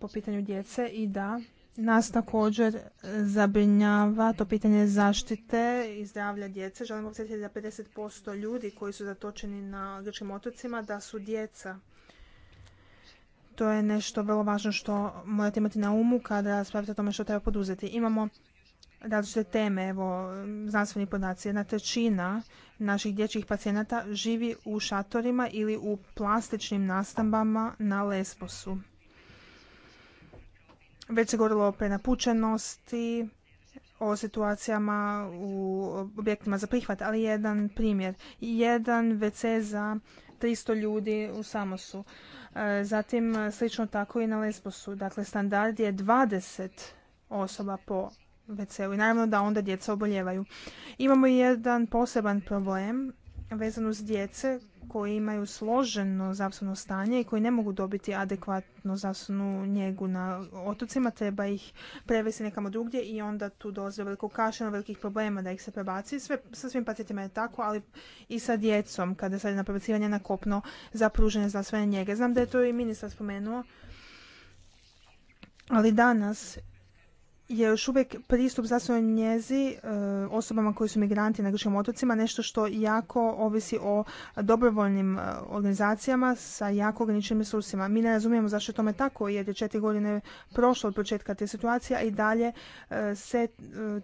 po pitanju djece i da nas također zabrinjava to pitanje zaštite i zdravlja djece. Želimo podsjetiti da 50% ljudi koji su zatočeni na grčkim otocima da su djeca. To je nešto vrlo važno što morate imati na umu kada spravite o tome što treba poduzeti. Imamo različite teme. Evo, znanstveni podaci, jedna trećina naših dječjih pacijenata živi u šatorima ili u plastičnim nastambama na Lesbosu. Već se govorilo o prenapučenosti, o situacijama u objektima za prihvat, ali jedan primjer. Jedan WC za 300 ljudi u Samosu. E, zatim e, slično tako i na Lesbosu. Dakle, standard je 20 osoba po wc i naravno da onda djeca oboljevaju. Imamo i jedan poseban problem vezan uz djece koji imaju složeno zdravstveno stanje i koji ne mogu dobiti adekvatno zdravstvenu njegu na otocima, treba ih prevesti nekamo drugdje i onda tu dolazi do velikog velikih problema da ih se prebaci. Sve, sa svim pacijentima je tako, ali i sa djecom kada se na prebacivanje na kopno za pružanje zdravstvene njege. Znam da je to i ministar spomenuo, ali danas je još uvijek pristup zdravstvenoj njezi e, osobama koji su migranti na grčkim otocima nešto što jako ovisi o dobrovoljnim e, organizacijama sa jako ograničenim resursima. Mi ne razumijemo zašto je tome tako jer je četiri godine prošlo od početka te situacije, i dalje e, se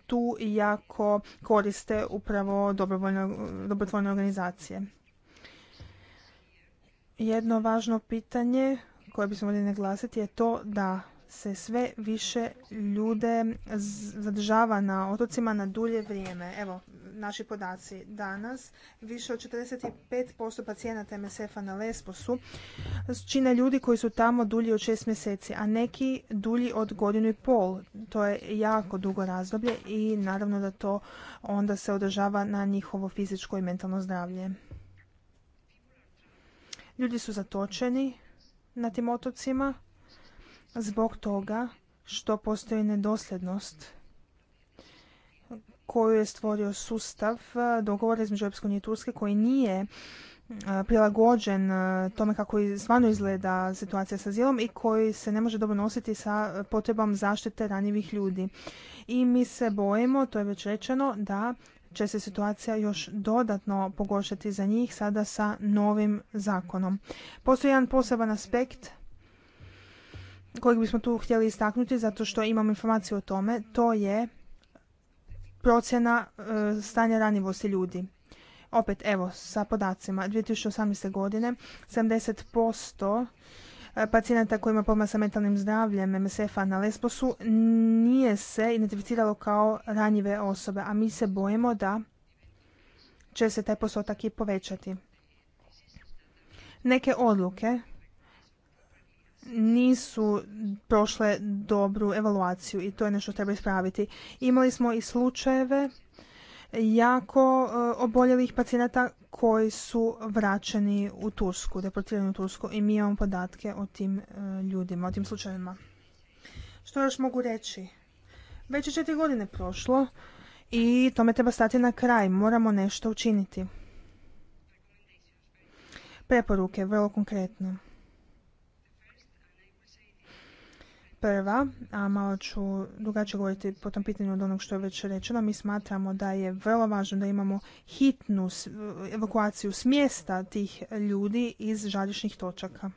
tu jako koriste upravo dobrovoljne organizacije. Jedno važno pitanje koje bismo mogli naglasiti je to da se sve više ljude zadržava na otocima na dulje vrijeme. Evo, naši podaci danas. Više od 45% pacijenata MSF-a na Lesbosu čine ljudi koji su tamo dulji od 6 mjeseci, a neki dulji od godinu i pol. To je jako dugo razdoblje i naravno da to onda se održava na njihovo fizičko i mentalno zdravlje. Ljudi su zatočeni na tim otocima zbog toga što postoji nedosljednost koju je stvorio sustav e, dogovora između Europske unije i Turske koji nije e, prilagođen e, tome kako stvarno izgleda situacija sa zilom i koji se ne može dobro nositi sa potrebom zaštite ranjivih ljudi. I mi se bojimo, to je već rečeno, da će se situacija još dodatno pogoršati za njih sada sa novim zakonom. Postoji jedan poseban aspekt kojeg bismo tu htjeli istaknuti zato što imamo informaciju o tome, to je procjena e, stanja ranjivosti ljudi. Opet, evo, sa podacima, 2018. godine 70% e, pacijenata koji ima problema sa mentalnim zdravljem MSF-a na Lesbosu nije se identificiralo kao ranjive osobe, a mi se bojimo da će se taj postotak i povećati. Neke odluke nisu prošle dobru evaluaciju i to je nešto treba ispraviti. Imali smo i slučajeve jako e, oboljelih pacijenata koji su vraćeni u Tursku, deportirani u Tursku i mi imamo podatke o tim e, ljudima, o tim slučajevima. Što još mogu reći? Već je četiri godine prošlo i tome treba stati na kraj. Moramo nešto učiniti. Preporuke, vrlo konkretno. Prva, a malo ću drugačije govoriti po tom pitanju od onog što je već rečeno, mi smatramo da je vrlo važno da imamo hitnu evakuaciju smjesta tih ljudi iz žališnih točaka.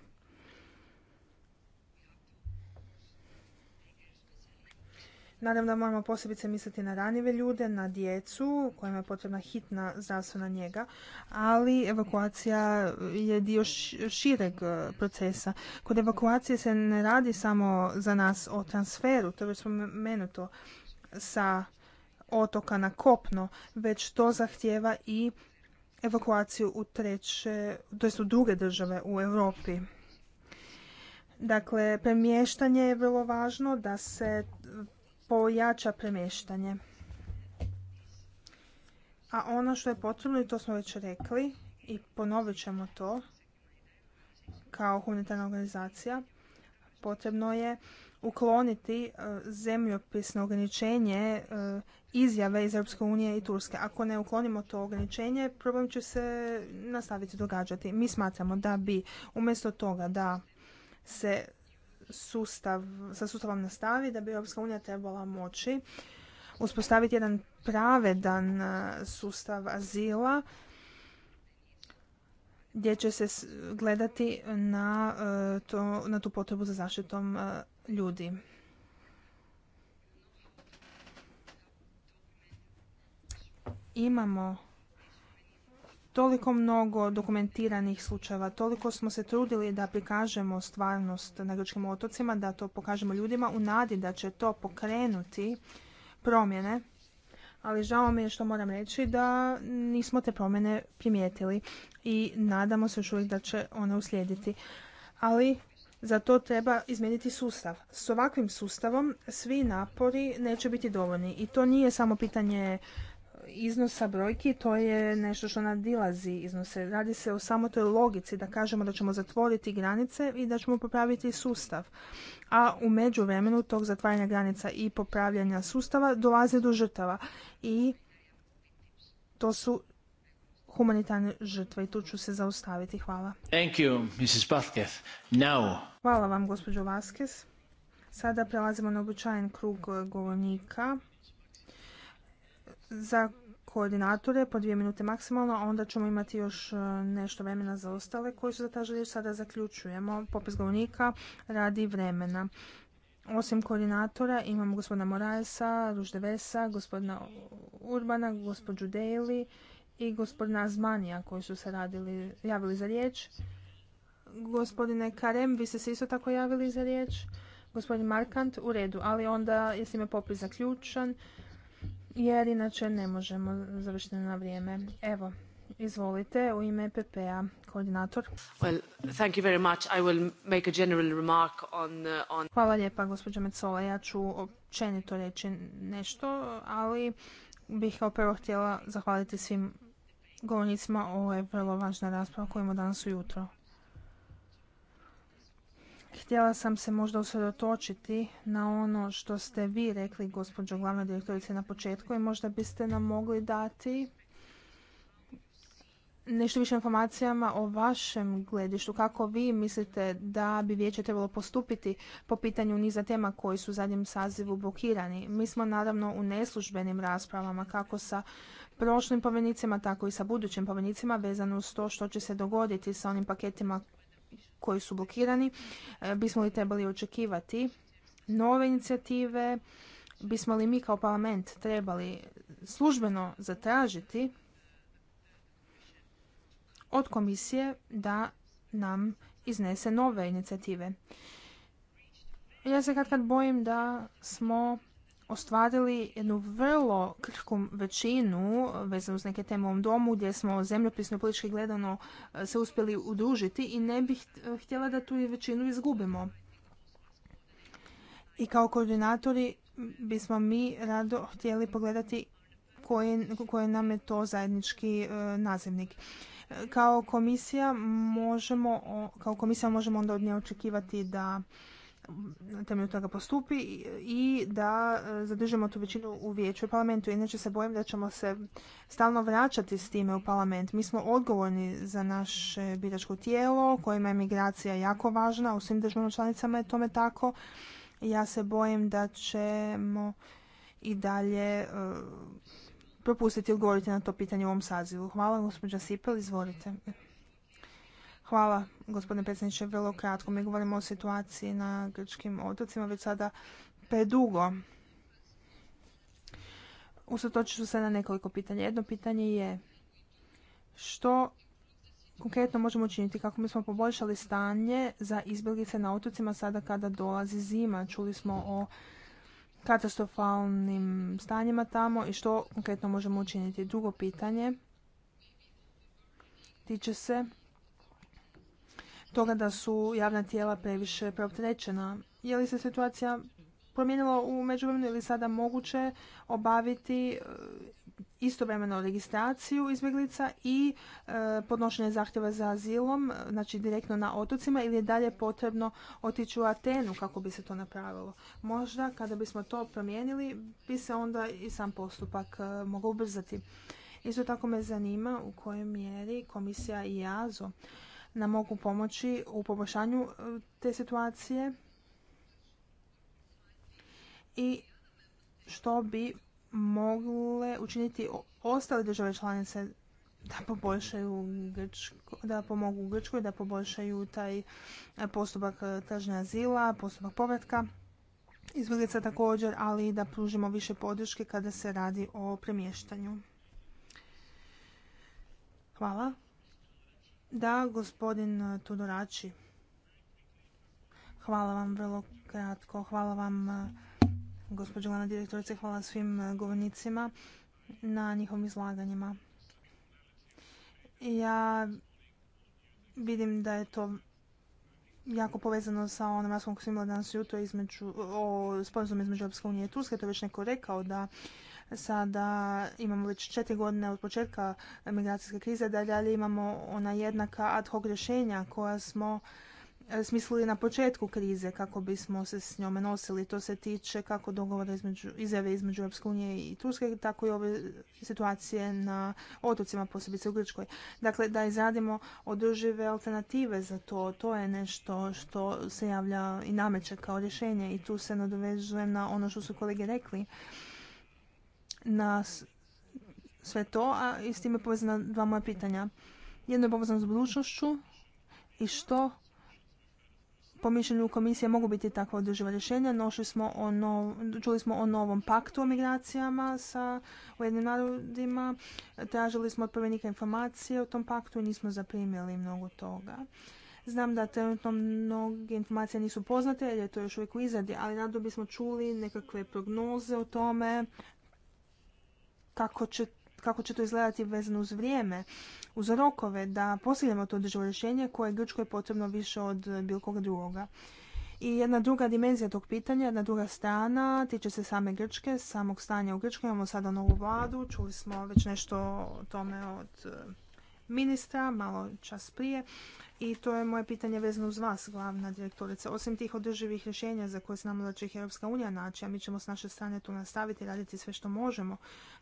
Naravno da moramo posebice misliti na ranive ljude, na djecu kojima je potrebna hitna zdravstvena njega, ali evakuacija je dio šireg e, procesa. Kod evakuacije se ne radi samo za nas o transferu, to je već spomenuto sa otoka na kopno, već to zahtjeva i evakuaciju u treće, to u druge države u Europi. Dakle, premještanje je vrlo važno da se pojača premještanje. A ono što je potrebno, i to smo već rekli, i ponovit ćemo to kao humanitarna organizacija, potrebno je ukloniti e, zemljopisno ograničenje e, izjave iz Europske unije i Turske. Ako ne uklonimo to ograničenje, problem će se nastaviti događati. Mi smatramo da bi umjesto toga da se sustav, sa sustavom nastavi, da bi Europska unija trebala moći uspostaviti jedan pravedan e, sustav azila gdje će se gledati na, e, to, na tu potrebu za zaštitom e, ljudi. Imamo toliko mnogo dokumentiranih slučajeva, toliko smo se trudili da prikažemo stvarnost na grčkim otocima, da to pokažemo ljudima u nadi da će to pokrenuti promjene. Ali žao mi je što moram reći da nismo te promjene primijetili i nadamo se još uvijek da će one uslijediti. Ali za to treba izmijeniti sustav. S ovakvim sustavom svi napori neće biti dovoljni i to nije samo pitanje iznosa brojki, to je nešto što nadilazi iznose. Radi se o samo toj logici da kažemo da ćemo zatvoriti granice i da ćemo popraviti sustav. A u međuvremenu tog zatvaranja granica i popravljanja sustava dolaze do žrtava. I to su humanitarne žrtve i tu ću se zaustaviti. Hvala. Hvala vam, gospođo Vasquez. Sada prelazimo na običajen krug govornika za koordinatore po dvije minute maksimalno, a onda ćemo imati još e, nešto vremena za ostale koji su zatražili Sada zaključujemo popis govornika radi vremena. Osim koordinatora imamo gospodina Moraesa, Ruždevesa, gospodina Urbana, gospođu Daly i gospodina Azmanija koji su se radili, javili za riječ. Gospodine Karem, vi ste se isto tako javili za riječ. Gospodin Markant, u redu, ali onda je s popis zaključan jer inače ne možemo završiti na vrijeme. Evo, izvolite u ime PPA koordinator. Well, Hvala lijepa, gospođa Mecola. Ja ću općenito reći nešto, ali bih kao prvo htjela zahvaliti svim govornicima. Ovo je vrlo važna rasprava koju imamo danas ujutro. Htjela sam se možda usredotočiti na ono što ste vi rekli, gospođo glavna direktorice, na početku i možda biste nam mogli dati nešto više informacijama o vašem gledištu. Kako vi mislite da bi vijeće trebalo postupiti po pitanju niza tema koji su u zadnjem sazivu blokirani? Mi smo naravno u neslužbenim raspravama kako sa prošlim povenicima tako i sa budućim povenicima vezano uz to što će se dogoditi sa onim paketima koji su blokirani, e, bismo li trebali očekivati nove inicijative, bismo li mi kao parlament trebali službeno zatražiti od komisije da nam iznese nove inicijative. Ja se kad kad bojim da smo ostvarili jednu vrlo krhku većinu vezano uz neke teme u ovom domu gdje smo zemljopisno politički gledano e, se uspjeli udružiti i ne bih e, htjela da tu većinu izgubimo. I kao koordinatori bismo mi rado htjeli pogledati koji, nam je to zajednički e, nazivnik. Kao komisija možemo, kao komisija možemo onda od nje očekivati da na temelju toga postupi i da e, zadržimo tu većinu u vijeću i parlamentu. Inače se bojim da ćemo se stalno vraćati s time u parlament. Mi smo odgovorni za naše biračko tijelo kojima je migracija jako važna. U svim državnim članicama je tome tako. Ja se bojim da ćemo i dalje e, propustiti odgovoriti na to pitanje u ovom sazivu. Hvala gospođa Sipel, izvolite. Hvala, gospodine predsjedniče. Vrlo kratko. Mi govorimo o situaciji na grčkim otocima već sada predugo. Usatočit ću se na nekoliko pitanja. Jedno pitanje je što konkretno možemo učiniti kako bismo poboljšali stanje za izbjeglice na otocima sada kada dolazi zima. Čuli smo o katastrofalnim stanjima tamo i što konkretno možemo učiniti. Drugo pitanje tiče se toga da su javna tijela previše preopterećena. Je li se situacija promijenila u međuvremenu ili sada moguće obaviti e, istovremeno registraciju izbjeglica i e, podnošenje zahtjeva za azilom, znači direktno na otocima ili je dalje potrebno otići u Atenu kako bi se to napravilo. Možda kada bismo to promijenili bi se onda i sam postupak e, mogao ubrzati. Isto tako me zanima u kojoj mjeri komisija i jazo nam mogu pomoći u poboljšanju e, te situacije i što bi mogle učiniti ostale države članice da poboljšaju Grčko, da pomogu Grčkoj, da poboljšaju taj e, postupak e, tražnja azila, postupak povratka izbjeglica također, ali i da pružimo više podrške kada se radi o premještanju. Hvala. Da, gospodin e, Tudorači. Hvala vam vrlo kratko. Hvala vam, e, gospođo glavna direktorice, hvala svim e, govornicima na njihovim izlaganjima. Ja vidim da je to jako povezano sa onom raskom koji smo imali danas jutro između, o sporazumu između Europske unije i Turske. To je već neko rekao da Sada imamo već četiri godine od početka migracijske krize, da dalje imamo ona jednaka ad hoc rješenja koja smo e, smislili na početku krize kako bismo se s njome nosili. To se tiče kako dogovora između, izjave između Europske unije i Turske, tako i ove situacije na otocima, posebice u Grčkoj. Dakle, da izradimo održive alternative za to. To je nešto što se javlja i nameće kao rješenje i tu se nadovezujem na ono što su kolege rekli na sve to, a i s time povezana dva moja pitanja. Jedno je povezano s budućnošću i što po mišljenju komisije mogu biti takva održiva rješenja. Nošli smo o čuli smo o novom paktu o migracijama sa Ujedinim narodima. Tražili smo od prvenika informacije o tom paktu i nismo zaprimili mnogo toga. Znam da trenutno mnoge informacije nisu poznate jer je to još uvijek u izradi, ali rado bismo čuli nekakve prognoze o tome kako će, kako će to izgledati vezano uz vrijeme, uz rokove, da postignemo to održivo rješenje koje je potrebno više od bilo koga drugoga. I jedna druga dimenzija tog pitanja, jedna druga strana, tiče se same Grčke, samog stanja u Grčkoj. Imamo sada novu vladu, čuli smo već nešto o tome od ministra malo čas prije i to je moje pitanje vezano uz vas, glavna direktorica. Osim tih održivih rješenja za koje znamo da će ih Europska unija naći, a mi ćemo s naše strane tu nastaviti raditi sve što možemo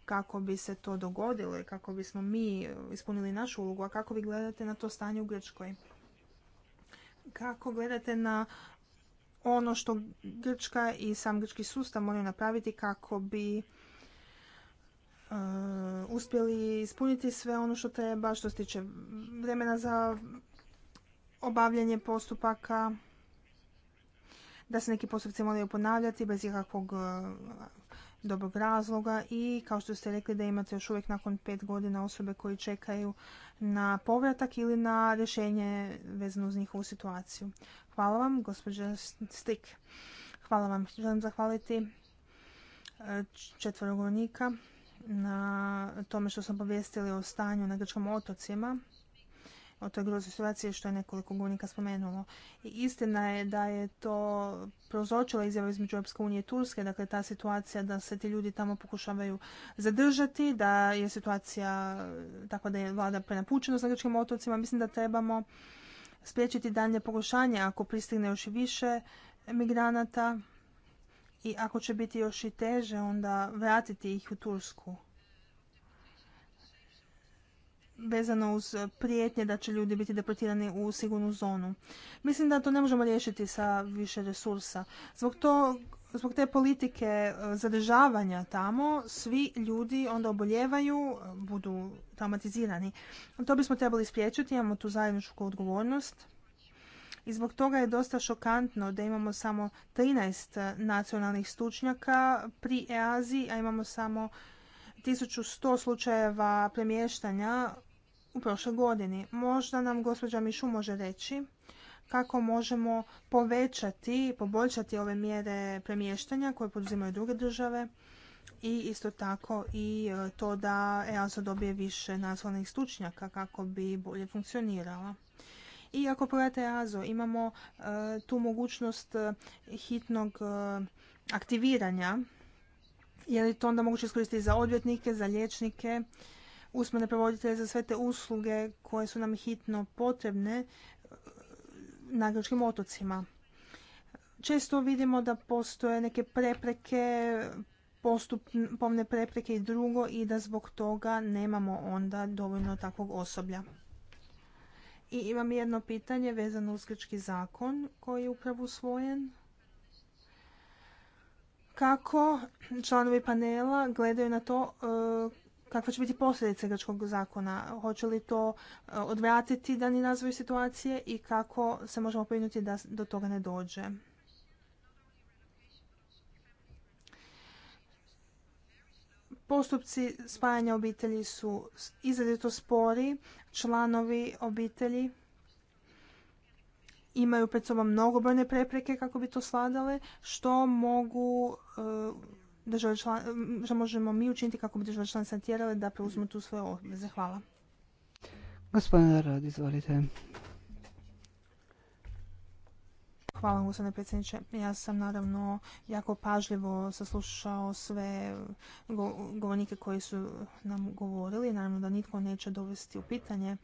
kako bi se to dogodilo i kako bismo mi ispunili našu ulogu, a kako vi gledate na to stanje u Grčkoj? Kako gledate na ono što Grčka i sam grčki sustav moraju napraviti kako bi uspjeli ispuniti sve ono što treba što se tiče vremena za obavljanje postupaka, da se neki postupci moraju ponavljati bez ikakvog dobrog razloga i kao što ste rekli da imate još uvijek nakon pet godina osobe koji čekaju na povratak ili na rješenje vezano uz njihovu situaciju. Hvala vam, gospođa Stik. Hvala vam. Želim zahvaliti e, četvorogovornika na tome što sam povijestili o stanju na grčkom otocima, o toj grozi situaciji što je nekoliko govornika spomenulo. I istina je da je to prozočila izjava između Europske unije i Turske, dakle ta situacija da se ti ljudi tamo pokušavaju zadržati, da je situacija tako da je vlada prenapučena sa grčkim otocima. Mislim da trebamo spriječiti dalje pokušanje ako pristigne još i više migranata i ako će biti još i teže, onda vratiti ih u Tursku. Vezano uz prijetnje da će ljudi biti deportirani u sigurnu zonu. Mislim da to ne možemo riješiti sa više resursa. Zbog, to, zbog te politike e, zadržavanja tamo, svi ljudi onda oboljevaju, e, budu traumatizirani. To bismo trebali spriječiti, imamo tu zajedničku odgovornost i zbog toga je dosta šokantno da imamo samo 13 nacionalnih stručnjaka pri EAZI, a imamo samo 1100 slučajeva premještanja u prošloj godini. Možda nam gospođa Mišu može reći kako možemo povećati, poboljšati ove mjere premještanja koje poduzimaju druge države i isto tako i e, to da EASO dobije više nacionalnih stručnjaka kako bi bolje funkcionirala. I ako pogledate AZO, imamo e, tu mogućnost e, hitnog e, aktiviranja. Je li to onda moguće iskoristiti za odvjetnike, za liječnike, usmene provoditelje za sve te usluge koje su nam hitno potrebne na grčkim otocima? Često vidimo da postoje neke prepreke, postupovne prepreke i drugo i da zbog toga nemamo onda dovoljno takvog osoblja. I imam jedno pitanje vezano uz grčki zakon koji je upravo usvojen. Kako članovi panela gledaju na to e, kakva će biti posljedice grčkog zakona? Hoće li to e, odvratiti dani nazvaju situacije i kako se možemo povinuti da do toga ne dođe? Postupci spajanja obitelji su izrazito spori, članovi obitelji imaju pred sobom mnogobrojne prepreke kako bi to sladale, što mogu eh, države možemo mi učiniti kako bi države članice natjerale da preuzmu tu svoje obveze. Hvala. Gospodin Rod, izvolite. Hvala vam, gospodine predsjedniče. Ja sam naravno jako pažljivo saslušao sve govornike koji su nam govorili. Naravno da nitko neće dovesti u pitanje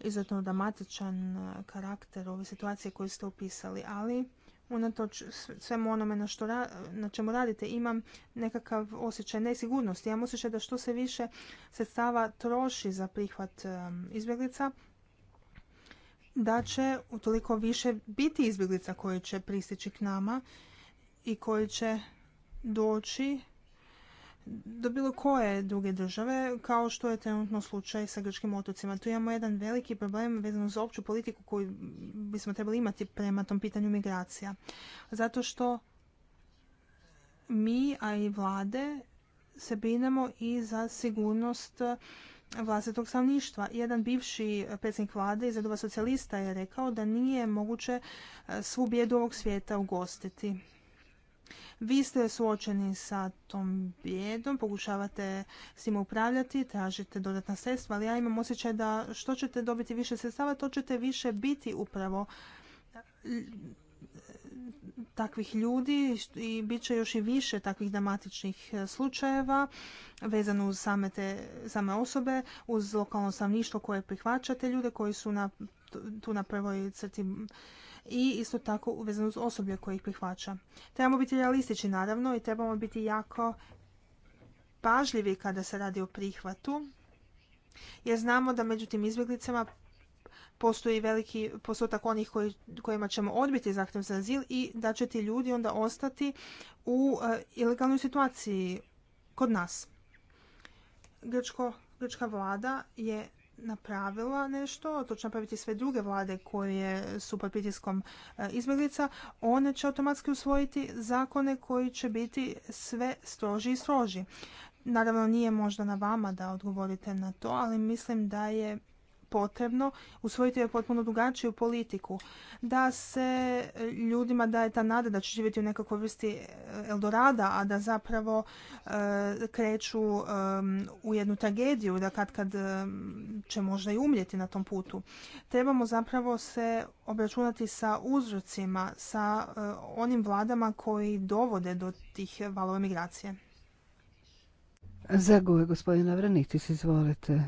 izuzetno dramatičan karakter ove situacije koju ste opisali, ali unatoč svemu onome na, što na čemu radite imam nekakav osjećaj nesigurnosti. Ja imam osjećaj da što se više sredstava troši za prihvat izbjeglica, da će utoliko više biti izbjeglica koje će pristići k nama i koji će doći do bilo koje druge države, kao što je trenutno slučaj sa grčkim otocima. Tu imamo jedan veliki problem vezano za opću politiku koju bismo trebali imati prema tom pitanju migracija. Zato što mi, a i vlade, se brinemo i za sigurnost vlastitog stanovništva. Jedan bivši eh, predsjednik vlade iz redova socijalista je rekao da nije moguće eh, svu bijedu ovog svijeta ugostiti. Vi ste suočeni sa tom bijedom, pokušavate s njima upravljati, tražite dodatna sredstva, ali ja imam osjećaj da što ćete dobiti više sredstava, to ćete više biti upravo takvih ljudi i bit će još i više takvih dramatičnih e, slučajeva vezano uz same, te, same osobe, uz lokalno stanovništvo koje prihvaća te ljude koji su na, tu na prvoj crti i isto tako vezano uz osoblje koje ih prihvaća. Trebamo biti realistični naravno i trebamo biti jako pažljivi kada se radi o prihvatu jer znamo da među tim izbjeglicama postoji veliki postotak onih kojima ćemo odbiti zahtjev za azil i da će ti ljudi onda ostati u eh, ilegalnoj situaciji kod nas. Grčko, grčka vlada je napravila nešto, to će napraviti sve druge vlade koje su pod pritiskom eh, izbjeglica, one će automatski usvojiti zakone koji će biti sve stroži i stroži. Naravno nije možda na vama da odgovorite na to, ali mislim da je potrebno usvojiti potpuno drugačiju politiku, da se ljudima daje ta nada da će živjeti u nekakvoj vrsti e, Eldorada, a da zapravo e, kreću u jednu tragediju, da kad kad će možda i umljeti na tom putu. Trebamo zapravo se obračunati sa uzrocima, sa e, onim vladama koji dovode do tih valova migracije. Za gospodina Vranitis, izvolite.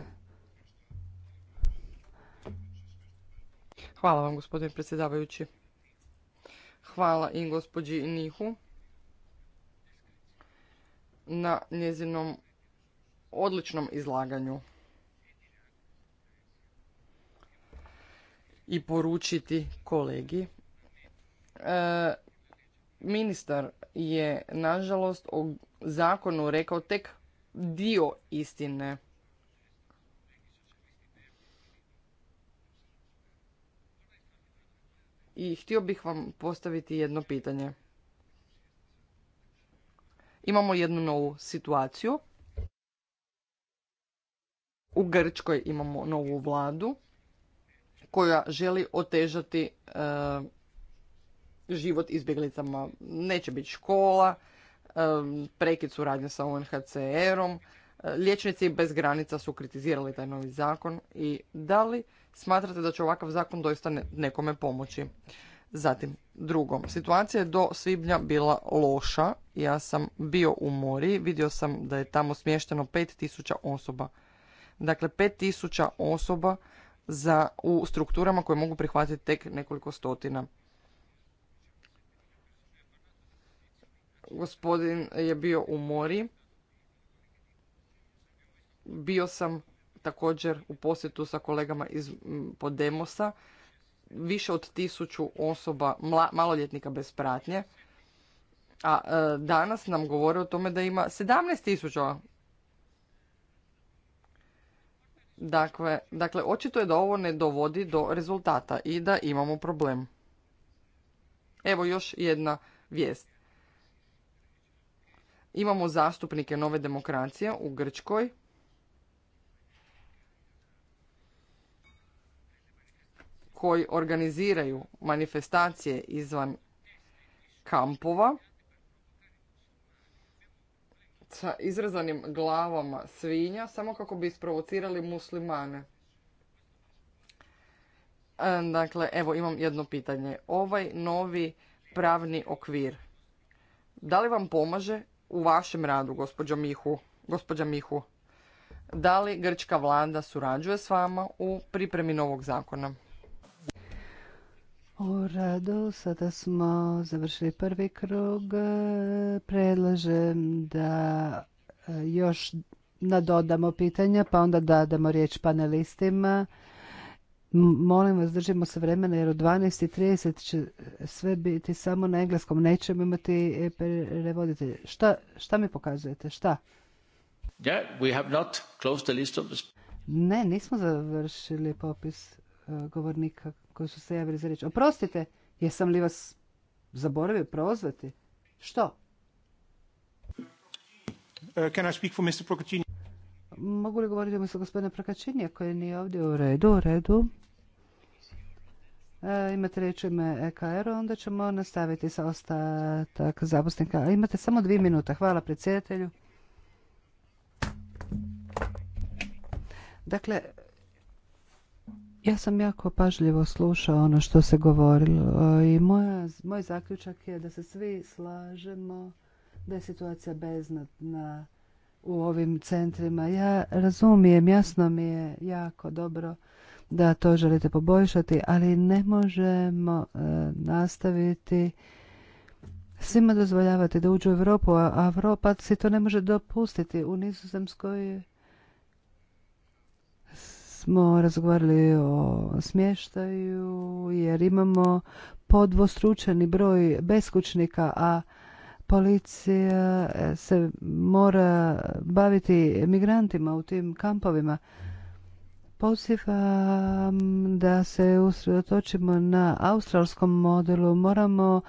Hvala vam gospodine predsjedavajući. Hvala i gospođi Nihu na njezinom odličnom izlaganju. i poručiti kolegi. E, ministar je, nažalost, o zakonu rekao tek dio istine. i htio bih vam postaviti jedno pitanje. Imamo jednu novu situaciju. U Grčkoj imamo novu vladu koja želi otežati e, život izbjeglicama. Neće biti škola, e, prekid suradnje sa UNHCR-om, Liječnici bez granica su kritizirali taj novi zakon i da li smatrate da će ovakav zakon doista nekome pomoći? Zatim, drugo, situacija je do svibnja bila loša. Ja sam bio u mori, vidio sam da je tamo smješteno 5000 osoba. Dakle, 5000 osoba za, u strukturama koje mogu prihvatiti tek nekoliko stotina. Gospodin je bio u mori bio sam također u posjetu sa kolegama iz Podemosa, više od tisuću osoba, mla, maloljetnika bez pratnje, a e, danas nam govore o tome da ima 17 tisuća. Dakle, dakle, očito je da ovo ne dovodi do rezultata i da imamo problem. Evo još jedna vijest. Imamo zastupnike Nove demokracije u Grčkoj, koji organiziraju manifestacije izvan kampova sa izrezanim glavama svinja samo kako bi isprovocirali muslimane. E, dakle, evo imam jedno pitanje. Ovaj novi pravni okvir, da li vam pomaže u vašem radu, gospođo Gospođa Mihu, da li grčka vlada surađuje s vama u pripremi novog zakona? u radu. Sada smo završili prvi krug. Predlažem da e, još nadodamo pitanja, pa onda dadamo riječ panelistima. Molim vas, držimo se vremena jer u 12.30 će sve biti samo na engleskom. Nećemo imati e prevoditelje. Šta, šta mi pokazujete? Šta? Ne, nismo završili popis e, govornika koji su se javili za riječ. Oprostite, jesam li vas zaboravio prozvati? Što? Uh, Mogu li govoriti umjesto gospodina Prokačinija koji nije ovdje u redu? U redu. E, imate riječ ime EKR, onda ćemo nastaviti sa ostatak zapustnika. Imate samo dvije minuta. Hvala predsjedatelju. Dakle, ja sam jako pažljivo slušao ono što se govorilo e, i moj zaključak je da se svi slažemo da je situacija beznadna u ovim centrima. Ja razumijem, jasno mi je jako dobro da to želite poboljšati, ali ne možemo e, nastaviti svima dozvoljavati da uđu u Europu, a Europa si to ne može dopustiti. U Nizozemskoj smo razgovarali o smještaju jer imamo podvostručeni broj beskućnika, a policija se mora baviti migrantima u tim kampovima. Pozivam da se usredotočimo na australskom modelu. Moramo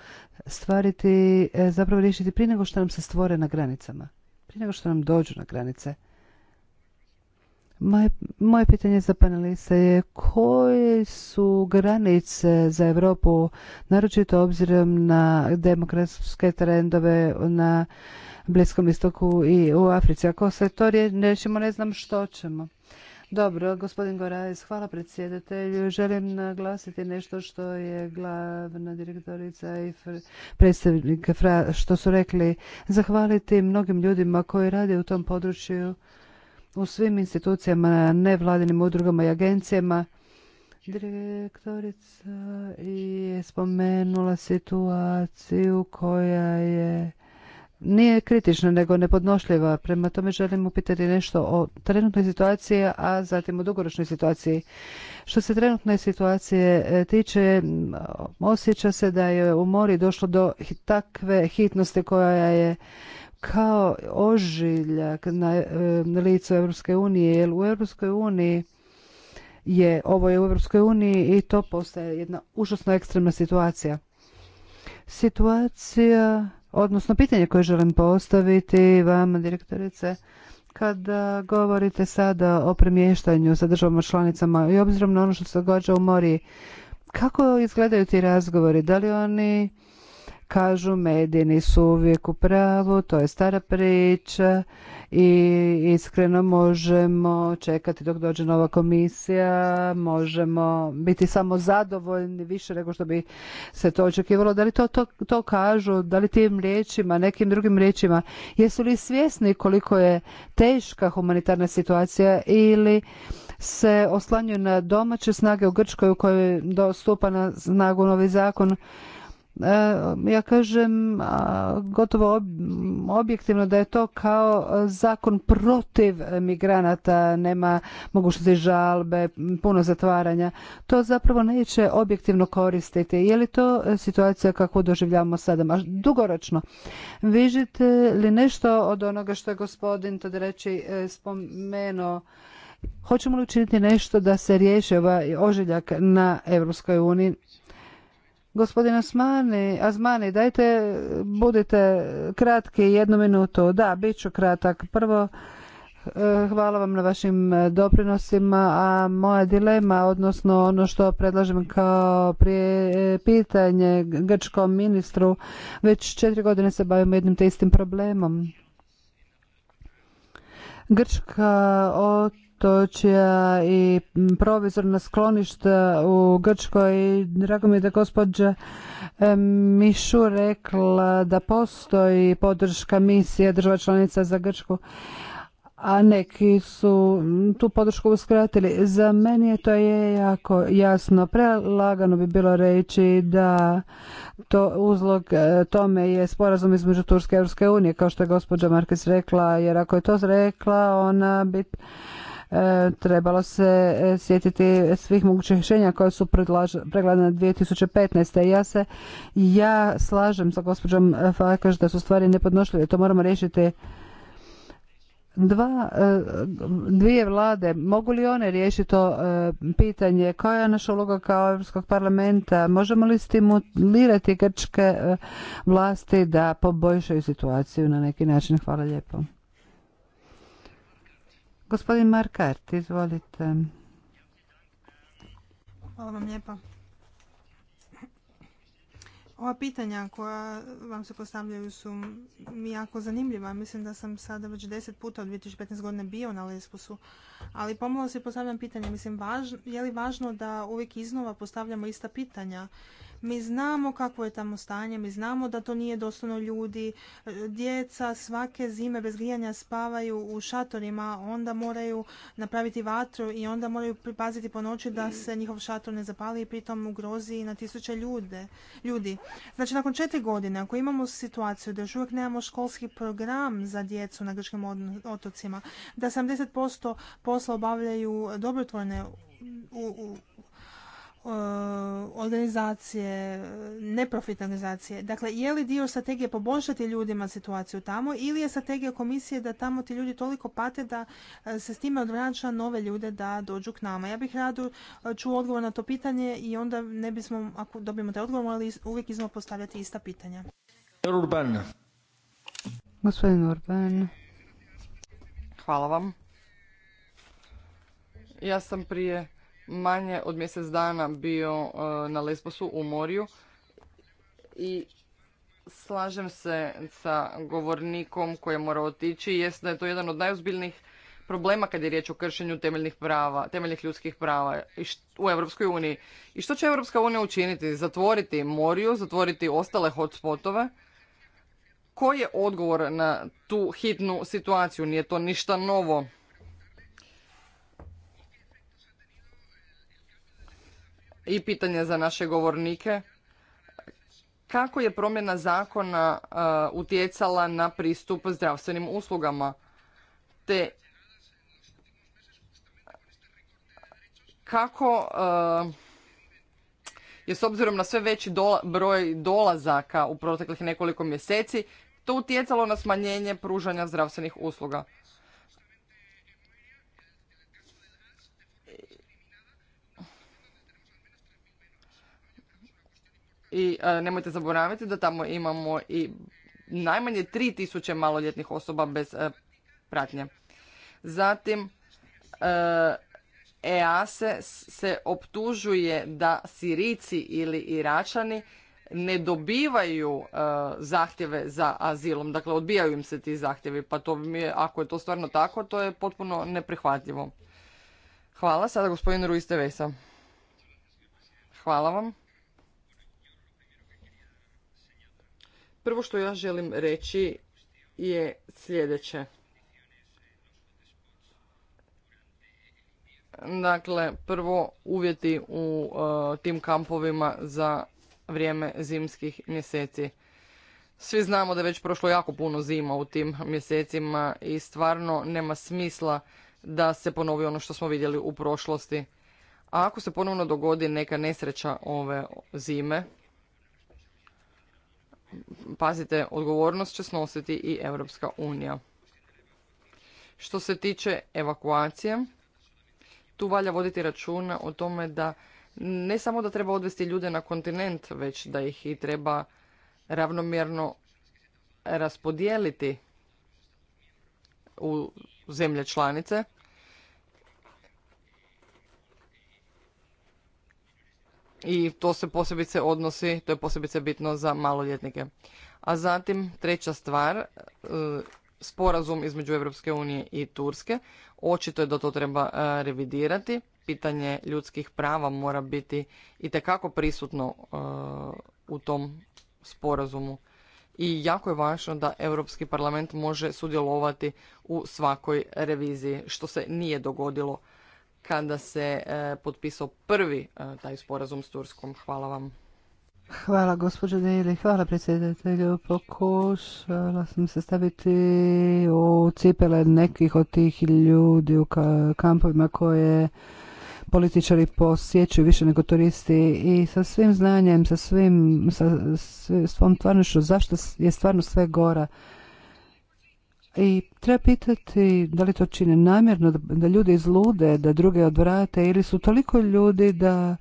stvariti, zapravo riješiti prije nego što nam se stvore na granicama. Prije nego što nam dođu na granice. Moje, moje pitanje za paneliste je koje su granice za Europu, naročito obzirom na demokratske trendove na Bliskom istoku i u Africi. Ako se to riješimo, ne znam što ćemo. Dobro, gospodin Gorajs, hvala predsjedatelju. Želim naglasiti nešto što je glavna direktorica i predstavnik što su rekli. Zahvaliti mnogim ljudima koji rade u tom području u svim institucijama, nevladinim udrugama i agencijama. Direktorica je spomenula situaciju koja je nije kritična nego nepodnošljiva. Prema tome želim upitati nešto o trenutnoj situaciji, a zatim o dugoročnoj situaciji. Što se trenutne situacije e, tiče, osjeća se da je u mori došlo do takve hitnosti koja je kao ožiljak na, e, na licu Europske unije, jer u Europskoj uniji je, ovo je u Europskoj uniji i to postaje jedna užasno ekstremna situacija. Situacija, odnosno pitanje koje želim postaviti vama, direktorice, kada govorite sada o premještanju sa državama članicama i obzirom na ono što se događa u mori, kako izgledaju ti razgovori? Da li oni Kažu mediji nisu uvijek u pravu, to je stara priča i iskreno možemo čekati dok dođe nova komisija, možemo biti samo zadovoljni više nego što bi se to očekivalo. Da li to, to, kažu, da li tim riječima, nekim drugim riječima, jesu li svjesni koliko je teška humanitarna situacija ili se oslanjuju na domaće snage u Grčkoj u kojoj dostupa na snagu novi zakon E, ja kažem gotovo objektivno da je to kao zakon protiv migranata, nema mogućnosti žalbe, puno zatvaranja. To zapravo neće objektivno koristiti. Je li to situacija kako doživljavamo sada? Dugoročno, vižite li nešto od onoga što je gospodin tada reći e, spomenuo Hoćemo li učiniti nešto da se riješi ovaj ožiljak na Europskoj uniji Gospodin Asmani, dajte, budite kratki jednu minutu. Da, bit ću kratak. Prvo, eh, hvala vam na vašim eh, doprinosima, a moja dilema, odnosno ono što predlažem kao prije eh, pitanje grčkom ministru, već četiri godine se bavimo jednim te istim problemom. Grčka od otočja i provizorna skloništa u Grčkoj. Drago mi je da gospođa e, Mišu rekla da postoji podrška misije država članica za Grčku a neki su tu podršku uskratili. Za meni je to je jako jasno. Prelagano bi bilo reći da to uzlog e, tome je sporazum između Turske i Europske unije, kao što je gospođa Markis rekla, jer ako je to rekla, ona bi E, trebalo se e, sjetiti svih mogućih rješenja koja su pregledana 2015. Ja se ja slažem sa gospođom Fakaš da su stvari nepodnošljive. To moramo riješiti dva, e, dvije vlade, mogu li one riješiti to pitanje? Koja je naša uloga kao Europskog parlamenta? Možemo li stimulirati grčke vlasti da poboljšaju situaciju na neki način? Hvala lijepo. Gospodin Markart, izvolite. Hvala vam lijepa. Ova pitanja koja vam se postavljaju su mi jako zanimljiva. Mislim da sam sada već deset puta od 2015 godine bio na Lesbosu, ali pomalo se postavljam pitanje. Mislim, je li važno da uvijek iznova postavljamo ista pitanja? Mi znamo kakvo je tamo stanje, mi znamo da to nije doslovno ljudi. E, djeca svake zime bez grijanja spavaju u šatorima, onda moraju napraviti vatru i onda moraju pripaziti po noći da se njihov šator ne zapali i pritom ugrozi na tisuće ljudi. Znači, nakon četiri godine, ako imamo situaciju da još uvijek nemamo školski program za djecu na grčkim otocima, da 70% posla obavljaju dobrotvorne u, u E, organizacije, neprofitne organizacije. Dakle, je li dio strategije poboljšati ljudima situaciju tamo ili je strategija komisije da tamo ti ljudi toliko pate da e, se s time odvraća nove ljude da dođu k nama? Ja bih rado e, čuo odgovor na to pitanje i onda ne bismo, ako dobijemo taj odgovor, ali uvijek izmo postavljati ista pitanja. Urban. Gospodin Urban. Hvala vam. Ja sam prije manje od mjesec dana bio e, na Lesbosu u Moriju i slažem se sa govornikom koji je morao otići jest da je to jedan od najozbiljnijih problema kad je riječ o kršenju temeljnih prava, temeljnih ljudskih prava u Europskoj uniji. I što će Europska unija učiniti? Zatvoriti Moriju, zatvoriti ostale hotspotove? Koji je odgovor na tu hitnu situaciju? Nije to ništa novo. i pitanje za naše govornike. Kako je promjena zakona e, utjecala na pristup zdravstvenim uslugama? Te kako e, je s obzirom na sve veći broj dolazaka u proteklih nekoliko mjeseci to utjecalo na smanjenje pružanja zdravstvenih usluga? i e, nemojte zaboraviti da tamo imamo i najmanje 3000 maloljetnih osoba bez e, pratnje. Zatim, EASE e se optužuje da Sirici ili Iračani ne dobivaju zahtjeve za azilom, dakle odbijaju im se ti zahtjevi, pa to mi je, ako je to stvarno tako, to je potpuno neprihvatljivo. Hvala, sada gospodin Ruiz Tevesa. Hvala vam. Prvo što ja želim reći je sljedeće. Dakle, prvo uvjeti u e, tim kampovima za vrijeme zimskih mjeseci. Svi znamo da je već prošlo jako puno zima u tim mjesecima i stvarno nema smisla da se ponovi ono što smo vidjeli u prošlosti. A ako se ponovno dogodi neka nesreća ove zime, Pazite, odgovornost će snositi i Europska unija. Što se tiče evakuacije, tu valja voditi računa o tome da ne samo da treba odvesti ljude na kontinent, već da ih i treba ravnomjerno raspodijeliti u zemlje članice i to se posebice odnosi, to je posebice bitno za maloljetnike. A zatim treća stvar, e, sporazum između Europske unije i Turske. Očito je da to treba e, revidirati. Pitanje ljudskih prava mora biti i tekako prisutno e, u tom sporazumu. I jako je važno da Europski parlament može sudjelovati u svakoj reviziji, što se nije dogodilo kada se e, potpisao prvi e, taj sporazum s Turskom. Hvala vam. Hvala gospođo Deli, hvala predsjedatelju. Pokušala sam se staviti u cipele nekih od tih ljudi u kampovima koje političari posjećuju više nego turisti i sa svim znanjem, sa svim, sa svom stvarnošću, zašto je stvarno sve gora i treba pitati da li to čine namjerno, da, ljudi izlude, da druge odvrate ili su toliko ljudi da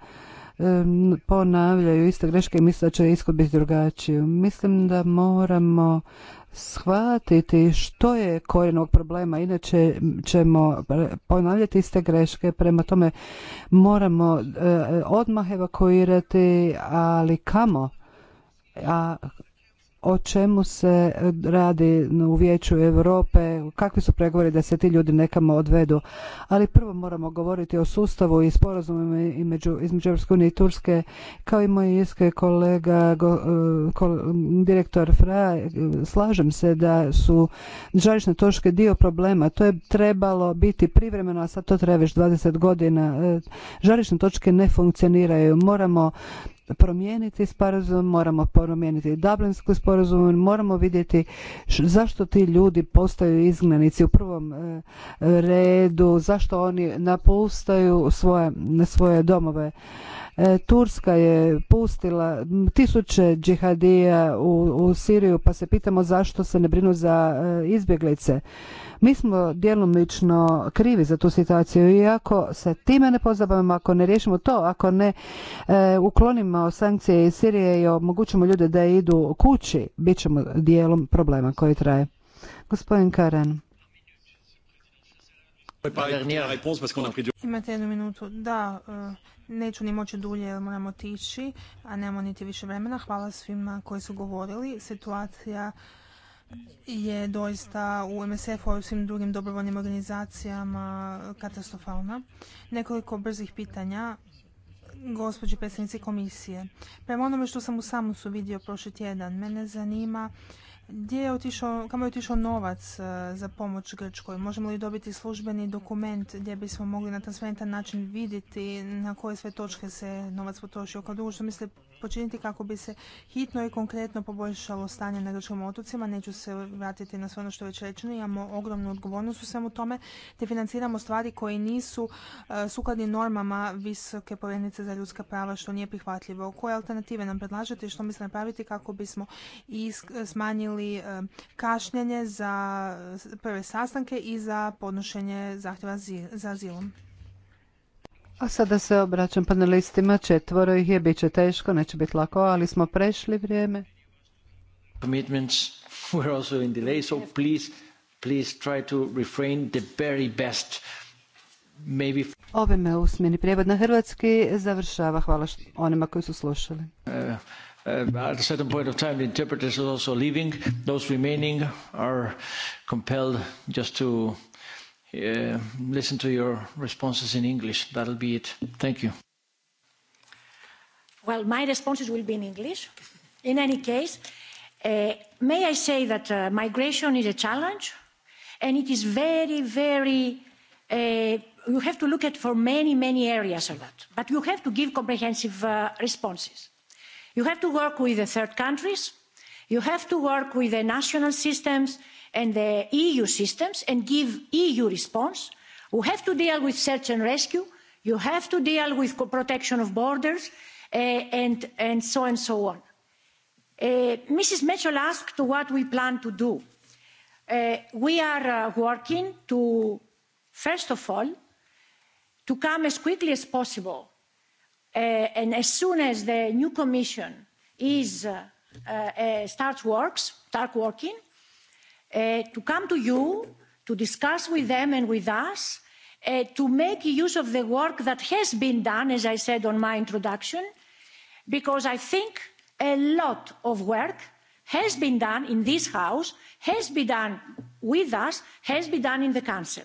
ponavljaju iste greške i misle da će ishod biti drugačiji. Mislim da moramo shvatiti što je korijenog problema, inače ćemo ponavljati iste greške, prema tome moramo e, odmah evakuirati, ali kamo? a o čemu se radi u Vijeću Europe, kakvi su pregovori da se ti ljudi nekamo odvedu. Ali prvo moramo govoriti o sustavu i sporazumima između, između unije i Turske, kao i moj iske kolega, e, direktor Fra, e, slažem se da su žarišne točke dio problema. To je trebalo biti privremeno, a sad to treba već 20 godina. E, žarišne točke ne funkcioniraju. Moramo promijeniti sporazum, moramo promijeniti Dublinsku sporazum, moramo vidjeti zašto ti ljudi postaju izgnanici u prvom e, redu, zašto oni napustaju svoje, svoje domove. E, Turska je pustila tisuće džihadija u, Siriju pa se pitamo zašto se ne brinu za e, izbjeglice. Mi smo djelomično krivi za tu situaciju i ako se time ne pozabavimo, ako ne riješimo to, ako ne e, uklonimo sankcije iz Sirije i omogućimo ljude da idu kući, bit ćemo dijelom problema koji traje. Gospodin Karen. Imate jednu minutu. Da, Neću ni moći dulje jer moramo otići, a nemamo niti više vremena. Hvala svima koji su govorili. Situacija je doista u MSF-u i svim drugim dobrovoljnim organizacijama katastrofalna. Nekoliko brzih pitanja gospođi predsjednici komisije. Prema onome što sam u Samusu vidio prošli tjedan, mene zanima gdje je otišao, kamo je otišao novac e, za pomoć Grčkoj? Možemo li dobiti službeni dokument gdje bismo mogli na transparentan način vidjeti na koje sve točke se novac potrošio? Kao drugo što mislite počiniti kako bi se hitno i konkretno poboljšalo stanje na grčkim otocima. Neću se vratiti na sve ono što je već rečeno. Imamo ogromnu odgovornost u svemu tome te financiramo stvari koje nisu e, sukladni normama visoke povjerenice za ljudska prava što nije prihvatljivo. Koje alternative nam predlažete i što mislite napraviti kako bismo i smanjili e, kašnjenje za prve sastanke i za podnošenje zahtjeva za azilom? A sada se obraćam panelistima, četvoro ih je, bit će teško, neće biti lako, ali smo prešli vrijeme. Commitments were also in delay, so please, please try to refrain the very best. Maybe... Ovime usmjeni prijevod na hrvatski završava. Hvala onima koji su slušali. Uh, uh, at a certain point of time the interpreters are also leaving. Those remaining are compelled just to Yeah, uh, listen to your responses in English. That'll be it. Thank you. Well, my responses will be in English. In any case, uh, may I say that uh, migration is a challenge and it is very, very, uh, you have to look at for many, many areas of that. But you have to give comprehensive uh, responses. You have to work with the third countries. You have to work with the national systems and the eu systems and give eu response we have to deal with search and rescue you have to deal with protection of borders eh, and, and so on and so on. Eh, mrs mitchell asked what we plan to do. Eh, we are uh, working to first of all to come as quickly as possible and as soon as the new commission is, uh, uh, starts works, start working Uh, to come to you to discuss with them and with us uh, to make use of the work that has been done as i said on my introduction because i think a lot of work has been done in this house has been done with us has been done in the council.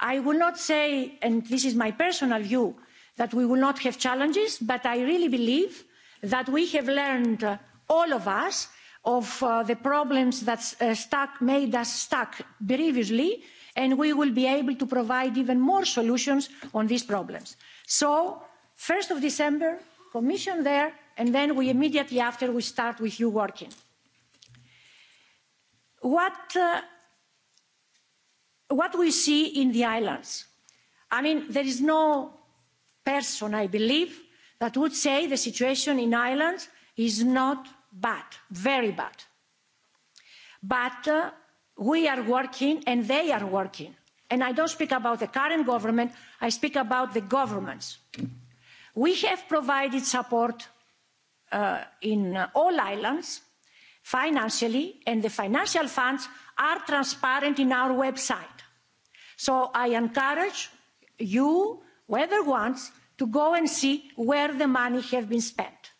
i will not say and this is my personal view that we will not have challenges but i really believe that we have learned uh, all of us of uh, the problems that uh, made us stuck previously and we will be able to provide even more solutions on these problems. so first of december commission there and then we immediately after we start with you working. what, uh, what we see in the islands i mean there is no person i believe that would say the situation in islands is not bad very bad but uh, we are working and they are working and i don't speak about the current government i speak about the governments we have provided support uh, in all islands financially and the financial funds are transparent in our website so i encourage you whether once, to go and see where the money has been spent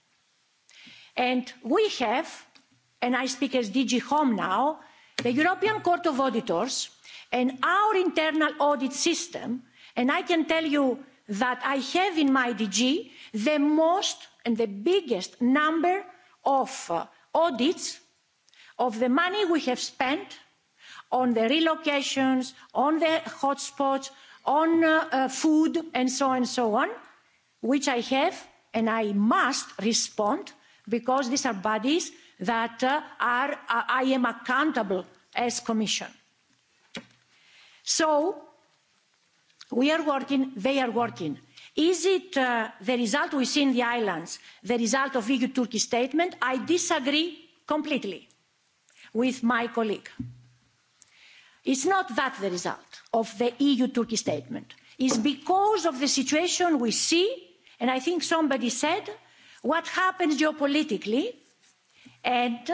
and we have and i speak as dg home now the european court of auditors and our internal audit system and i can tell you that i have in my dg the most and the biggest number of uh, audits of the money we have spent on the relocations on the hotspots on uh, uh, food and so on and so on which i have and i must respond because these are bodies that uh, are uh, i am accountable as commission. so we are working they are working. is it uh, the result we see in the islands the result of eu turkey statement? i disagree completely with my colleague. it's not that the result of the eu turkey statement. it's because of the situation we see and i think somebody said what happens geopolitically and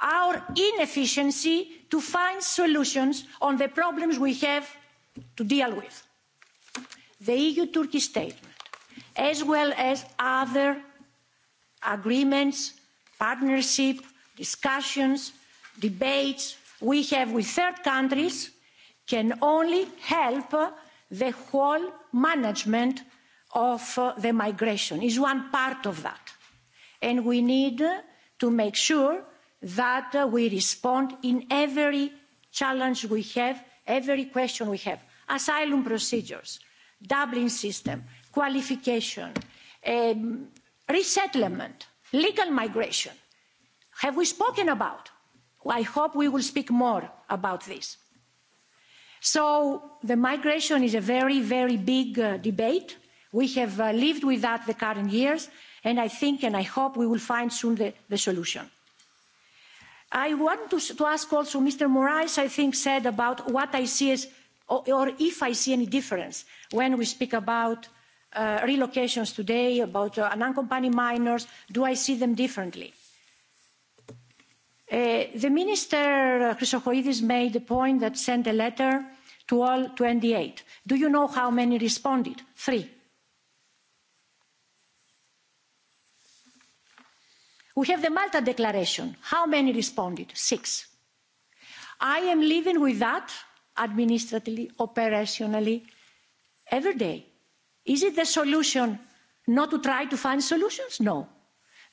our inefficiency to find solutions on the problems we have to deal with. the eu turkey statement as well as other agreements partnership discussions debates we have with third countries can only help the whole management of uh, the migration is one part of that and we need uh, to make sure that uh, we respond in every challenge we have every question we have asylum procedures dublin system qualification um, resettlement legal migration have we spoken about? i hope we will speak more about this. so the migration is a very very big debate we have uh, lived with that the current years and i think and i hope we will find soon the, solution. i want to, ask also mr moraes i think said about what i see as or, if i see any difference when we speak about uh, relocations today about uh, unaccompanied minors do i see them differently? the minister chrysochoidis made a point that sent a letter to all twenty eight. do you know how many responded? three we have the malta declaration how many responded? six. i am living with that administratively operationally every day. is it the solution not to try to find solutions? no.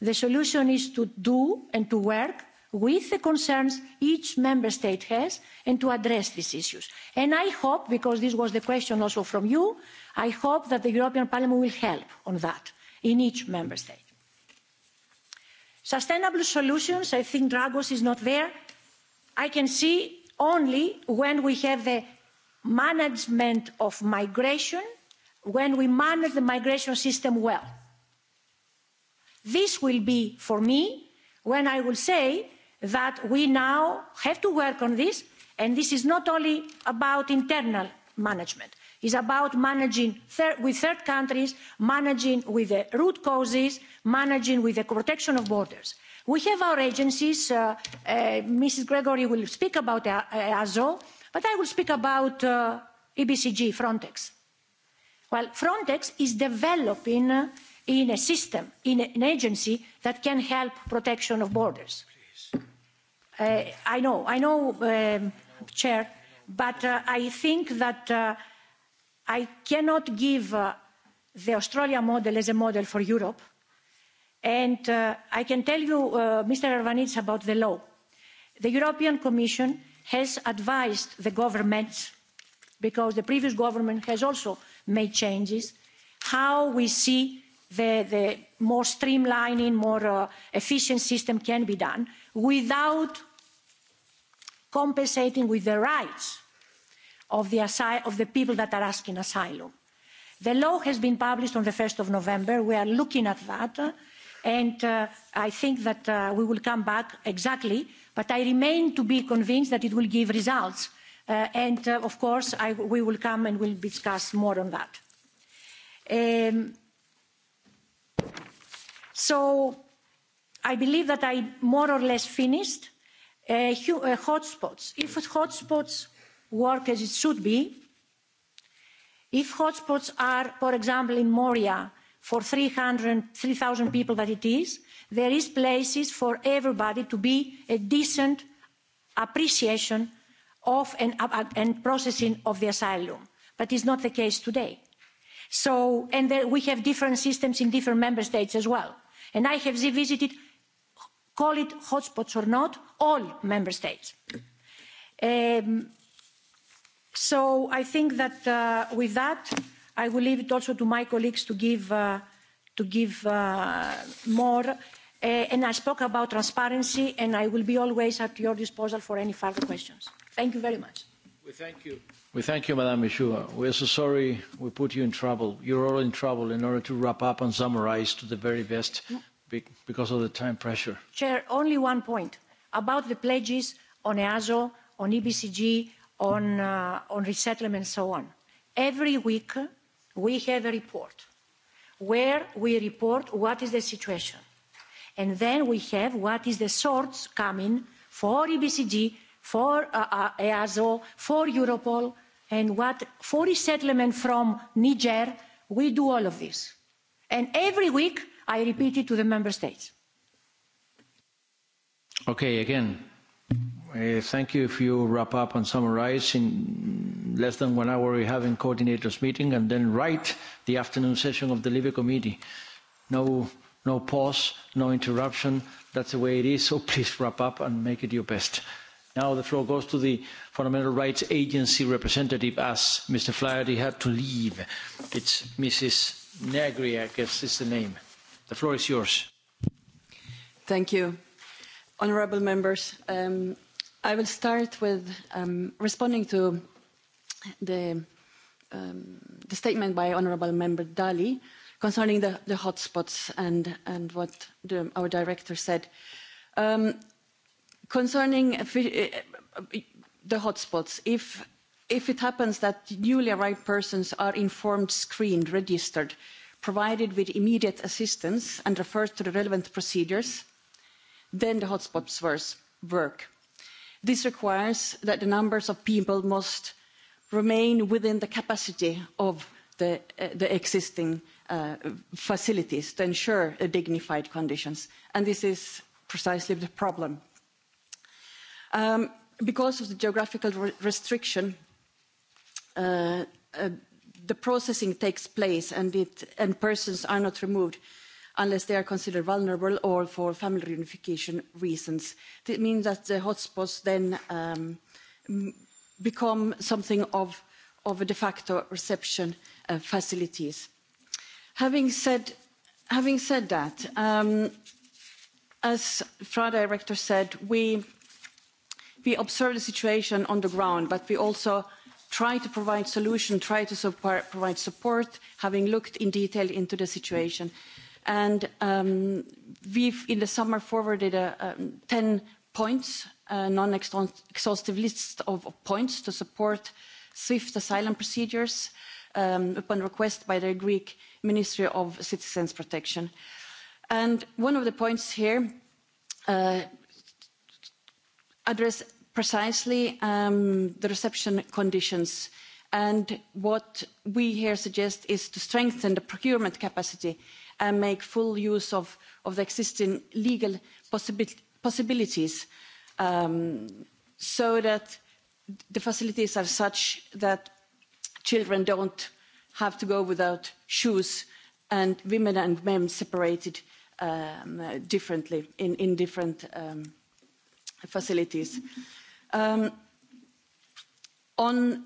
the solution is to do and to work with the concerns each member state has and to address these issues. and i hope because this was the question also from you i hope that the european parliament will help on that in each member state sustainable solutions i think dragos is not there i can see only when we have the management of migration when we manage the migration system well. this will be for me when i will say that we now have to work on this and this is not only about internal management is about managing with third countries managing with the root causes managing with the protection of borders. we have our agencies uh, uh, Mrs. gregory will speak about easo but i will speak about uh, ebcg frontex. well frontex is developing in a system in an agency that can help protection of borders. i know i know um, chair but i think that i cannot give uh, the australia model as a model for europe and uh, i can tell you uh, mr arvanits about the law. the european commission has advised the governments because the previous government has also made changes how we see the, the more streamlining more efficient system can be done without compensating with the rights of the, of the people that are asking asylum. the law has been published on the of november we are looking at that and uh, i think that uh, we will come back exactly but i remain to be convinced that it will give results uh, and of course I, we will come and will discuss more on that. Um, so i believe that i more or less finished. hotspots if hotspots work as it should be if hotspots are for example in moria for three hundred three thousand people that it is there is places for everybody to be a decent appreciation of and, processing of the asylum but it's not the case today so and we have different systems in different member states as well and i have visited call it hotspots or not all member states um, so i think that uh, with that i will leave it also to my colleagues to give, uh, to give uh, more and i spoke about transparency and i will be always at your disposal for any further questions. thank you very much. we thank you. We thank you, Madam Michoud. We are so sorry we put you in trouble. You're all in trouble in order to wrap up and summarize to the very best because of the time pressure. Chair, only one point about the pledges on EASO, on EBCG, on, uh, on resettlement and so on. Every week we have a report where we report what is the situation. And then we have what is the source coming for EBCG, for uh, uh EASO, for Europol, and what for resettlement from Niger. We do all of this. And every week I repeat it to the member states. Okay, again, Uh, thank you if you wrap up and summarize. In less than one hour, we have a coordinators meeting and then right the afternoon session of the LIBE committee. No, no pause, no interruption. That's the way it is. So please wrap up and make it your best. Now the floor goes to the Fundamental Rights Agency representative as Mr. Flaherty had to leave. It's Mrs. Negri, I guess is the name. The floor is yours. Thank you. Honourable members, um, i will start with um, responding to the, um, the statement by honourable member dalli concerning the, hotspots and, and what our director said. Um, concerning eh, eh, the hotspots, if, if it happens that newly arrived persons are informed, screened, registered, provided with immediate assistance and referred to the relevant procedures, then the hotspots work this requires that the numbers of people must remain within the capacity of the, uh, existing uh, facilities to ensure dignified conditions and this is precisely the problem. Um, because of the geographical restriction uh, the processing takes place and, and persons are not removed unless they are considered vulnerable or for family reunification reasons. this means that the hotspots then um, become something of, of a de facto reception uh, facilities. having said, having said that um, as fra director said we, we observe the situation on the ground but we also try to provide solutions try to provide support having looked in detail into the situation and um, we've in the summer forwarded a, 10 um, points a non exhaustive list of points to support swift asylum procedures um, upon request by the greek ministry of citizens protection and one of the points here uh, address precisely um, the reception conditions and what we here suggest is to strengthen the procurement capacity and make full use of, the existing legal possibilities um, so that the facilities are such that children don't have to go without shoes and women and men separated um, differently in, different um, facilities. on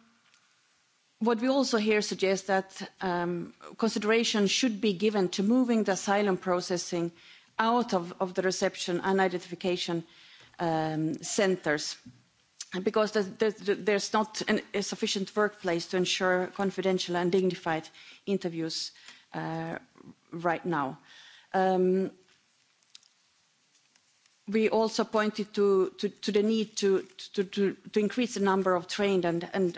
what we also hear suggests that um, consideration should be given to moving the asylum processing out of, the reception and identification um, centres because there's, not an, a sufficient workplace to ensure confidential and dignified interviews uh, right now. Um, we also pointed to, to, to the need to, to increase the number of trained and, and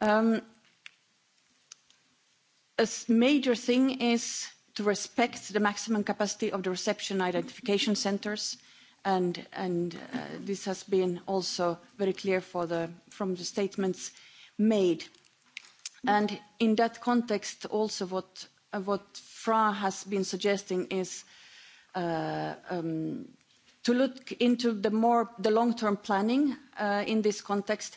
Um, a major thing is to respect the maximum capacity of the reception identification centres and, and uh, this has been also very clear for the, from the statements made. And in that context also what, uh, what fra has been suggesting is uh, um, to look into the more the long term planning uh, in this context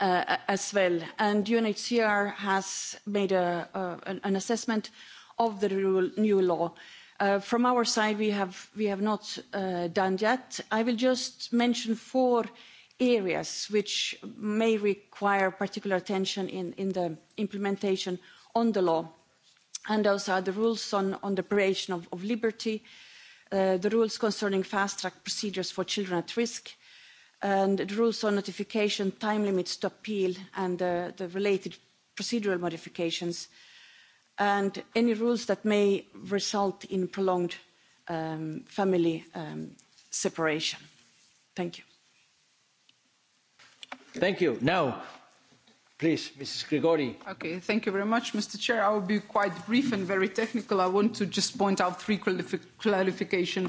Uh, as well and unhcr has made an assessment of the new law. Uh, from our side we have, we have not uh, done yet. i will just mention four areas which may require particular attention in, the implementation of the law and those are the rules on, on the privation of liberty the rules concerning fast track procedures for children at risk and the rules on notification time limits to appeal and the related procedural modifications and any rules that may result in prolonged um, family um, separation. Thank you. Thank you. Now, Please, Mrs. Grigori. Okay, thank you very much, Mr. Chair. I will be quite brief and very technical. I want to just point out three clarification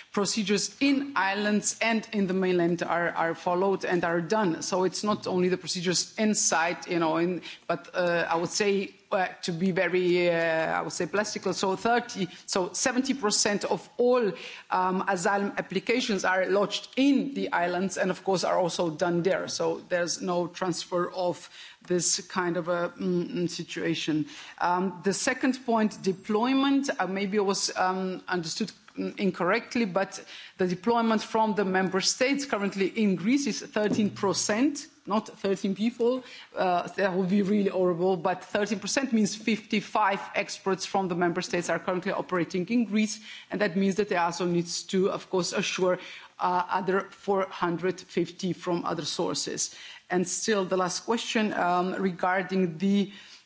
procedures in islands and in the mainland are, are followed and are done. So it's not only the procedures inside, you know, in, but uh, I would say uh, to be very, uh, I would say, plastical. So 30, so 70% of all um, asylum applications are lodged in the islands and of course are also done there. So there's no transfer of this kind of a mm, mm, situation. Um, the second point, deployment, maybe it was um, understood Mm, incorrectly but the deployment from the member states currently in greece is thirteen not thirteen people uh, that would be really horrible but thirteen means fifty five experts from the member states are currently operating in greece and that means that easo needs to of course assure uh, other four hundred and fifty from other sources. and still the last question um, regarding the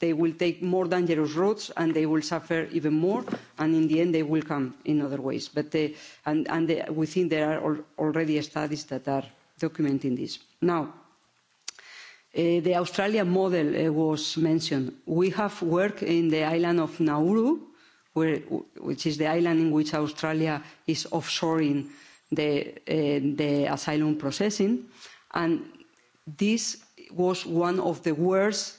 they, will take more dangerous routes and they will suffer even more and in the end they will come in other ways. Uh, and, we think there are already studies that are documenting this. Now, uh, the Australian model uh, was mentioned. We have work in the island of Nauru, which is the island in which Australia is offshoring the asylum processing. And this was one of the worst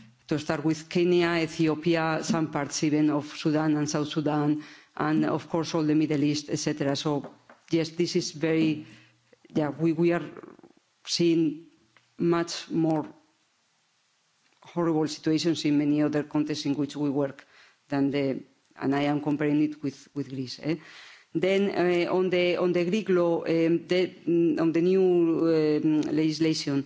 to start with kenya ethiopia some parts even of sudan and south sudan and of course all the middle east etc. so yes this is very yeah, we, are seeing much more horrible situations in many other contexts in which we work than the and i am comparing it with, with greece. Eh? then uh, on, the, on the greek law um, the, mm, on the new um, legislation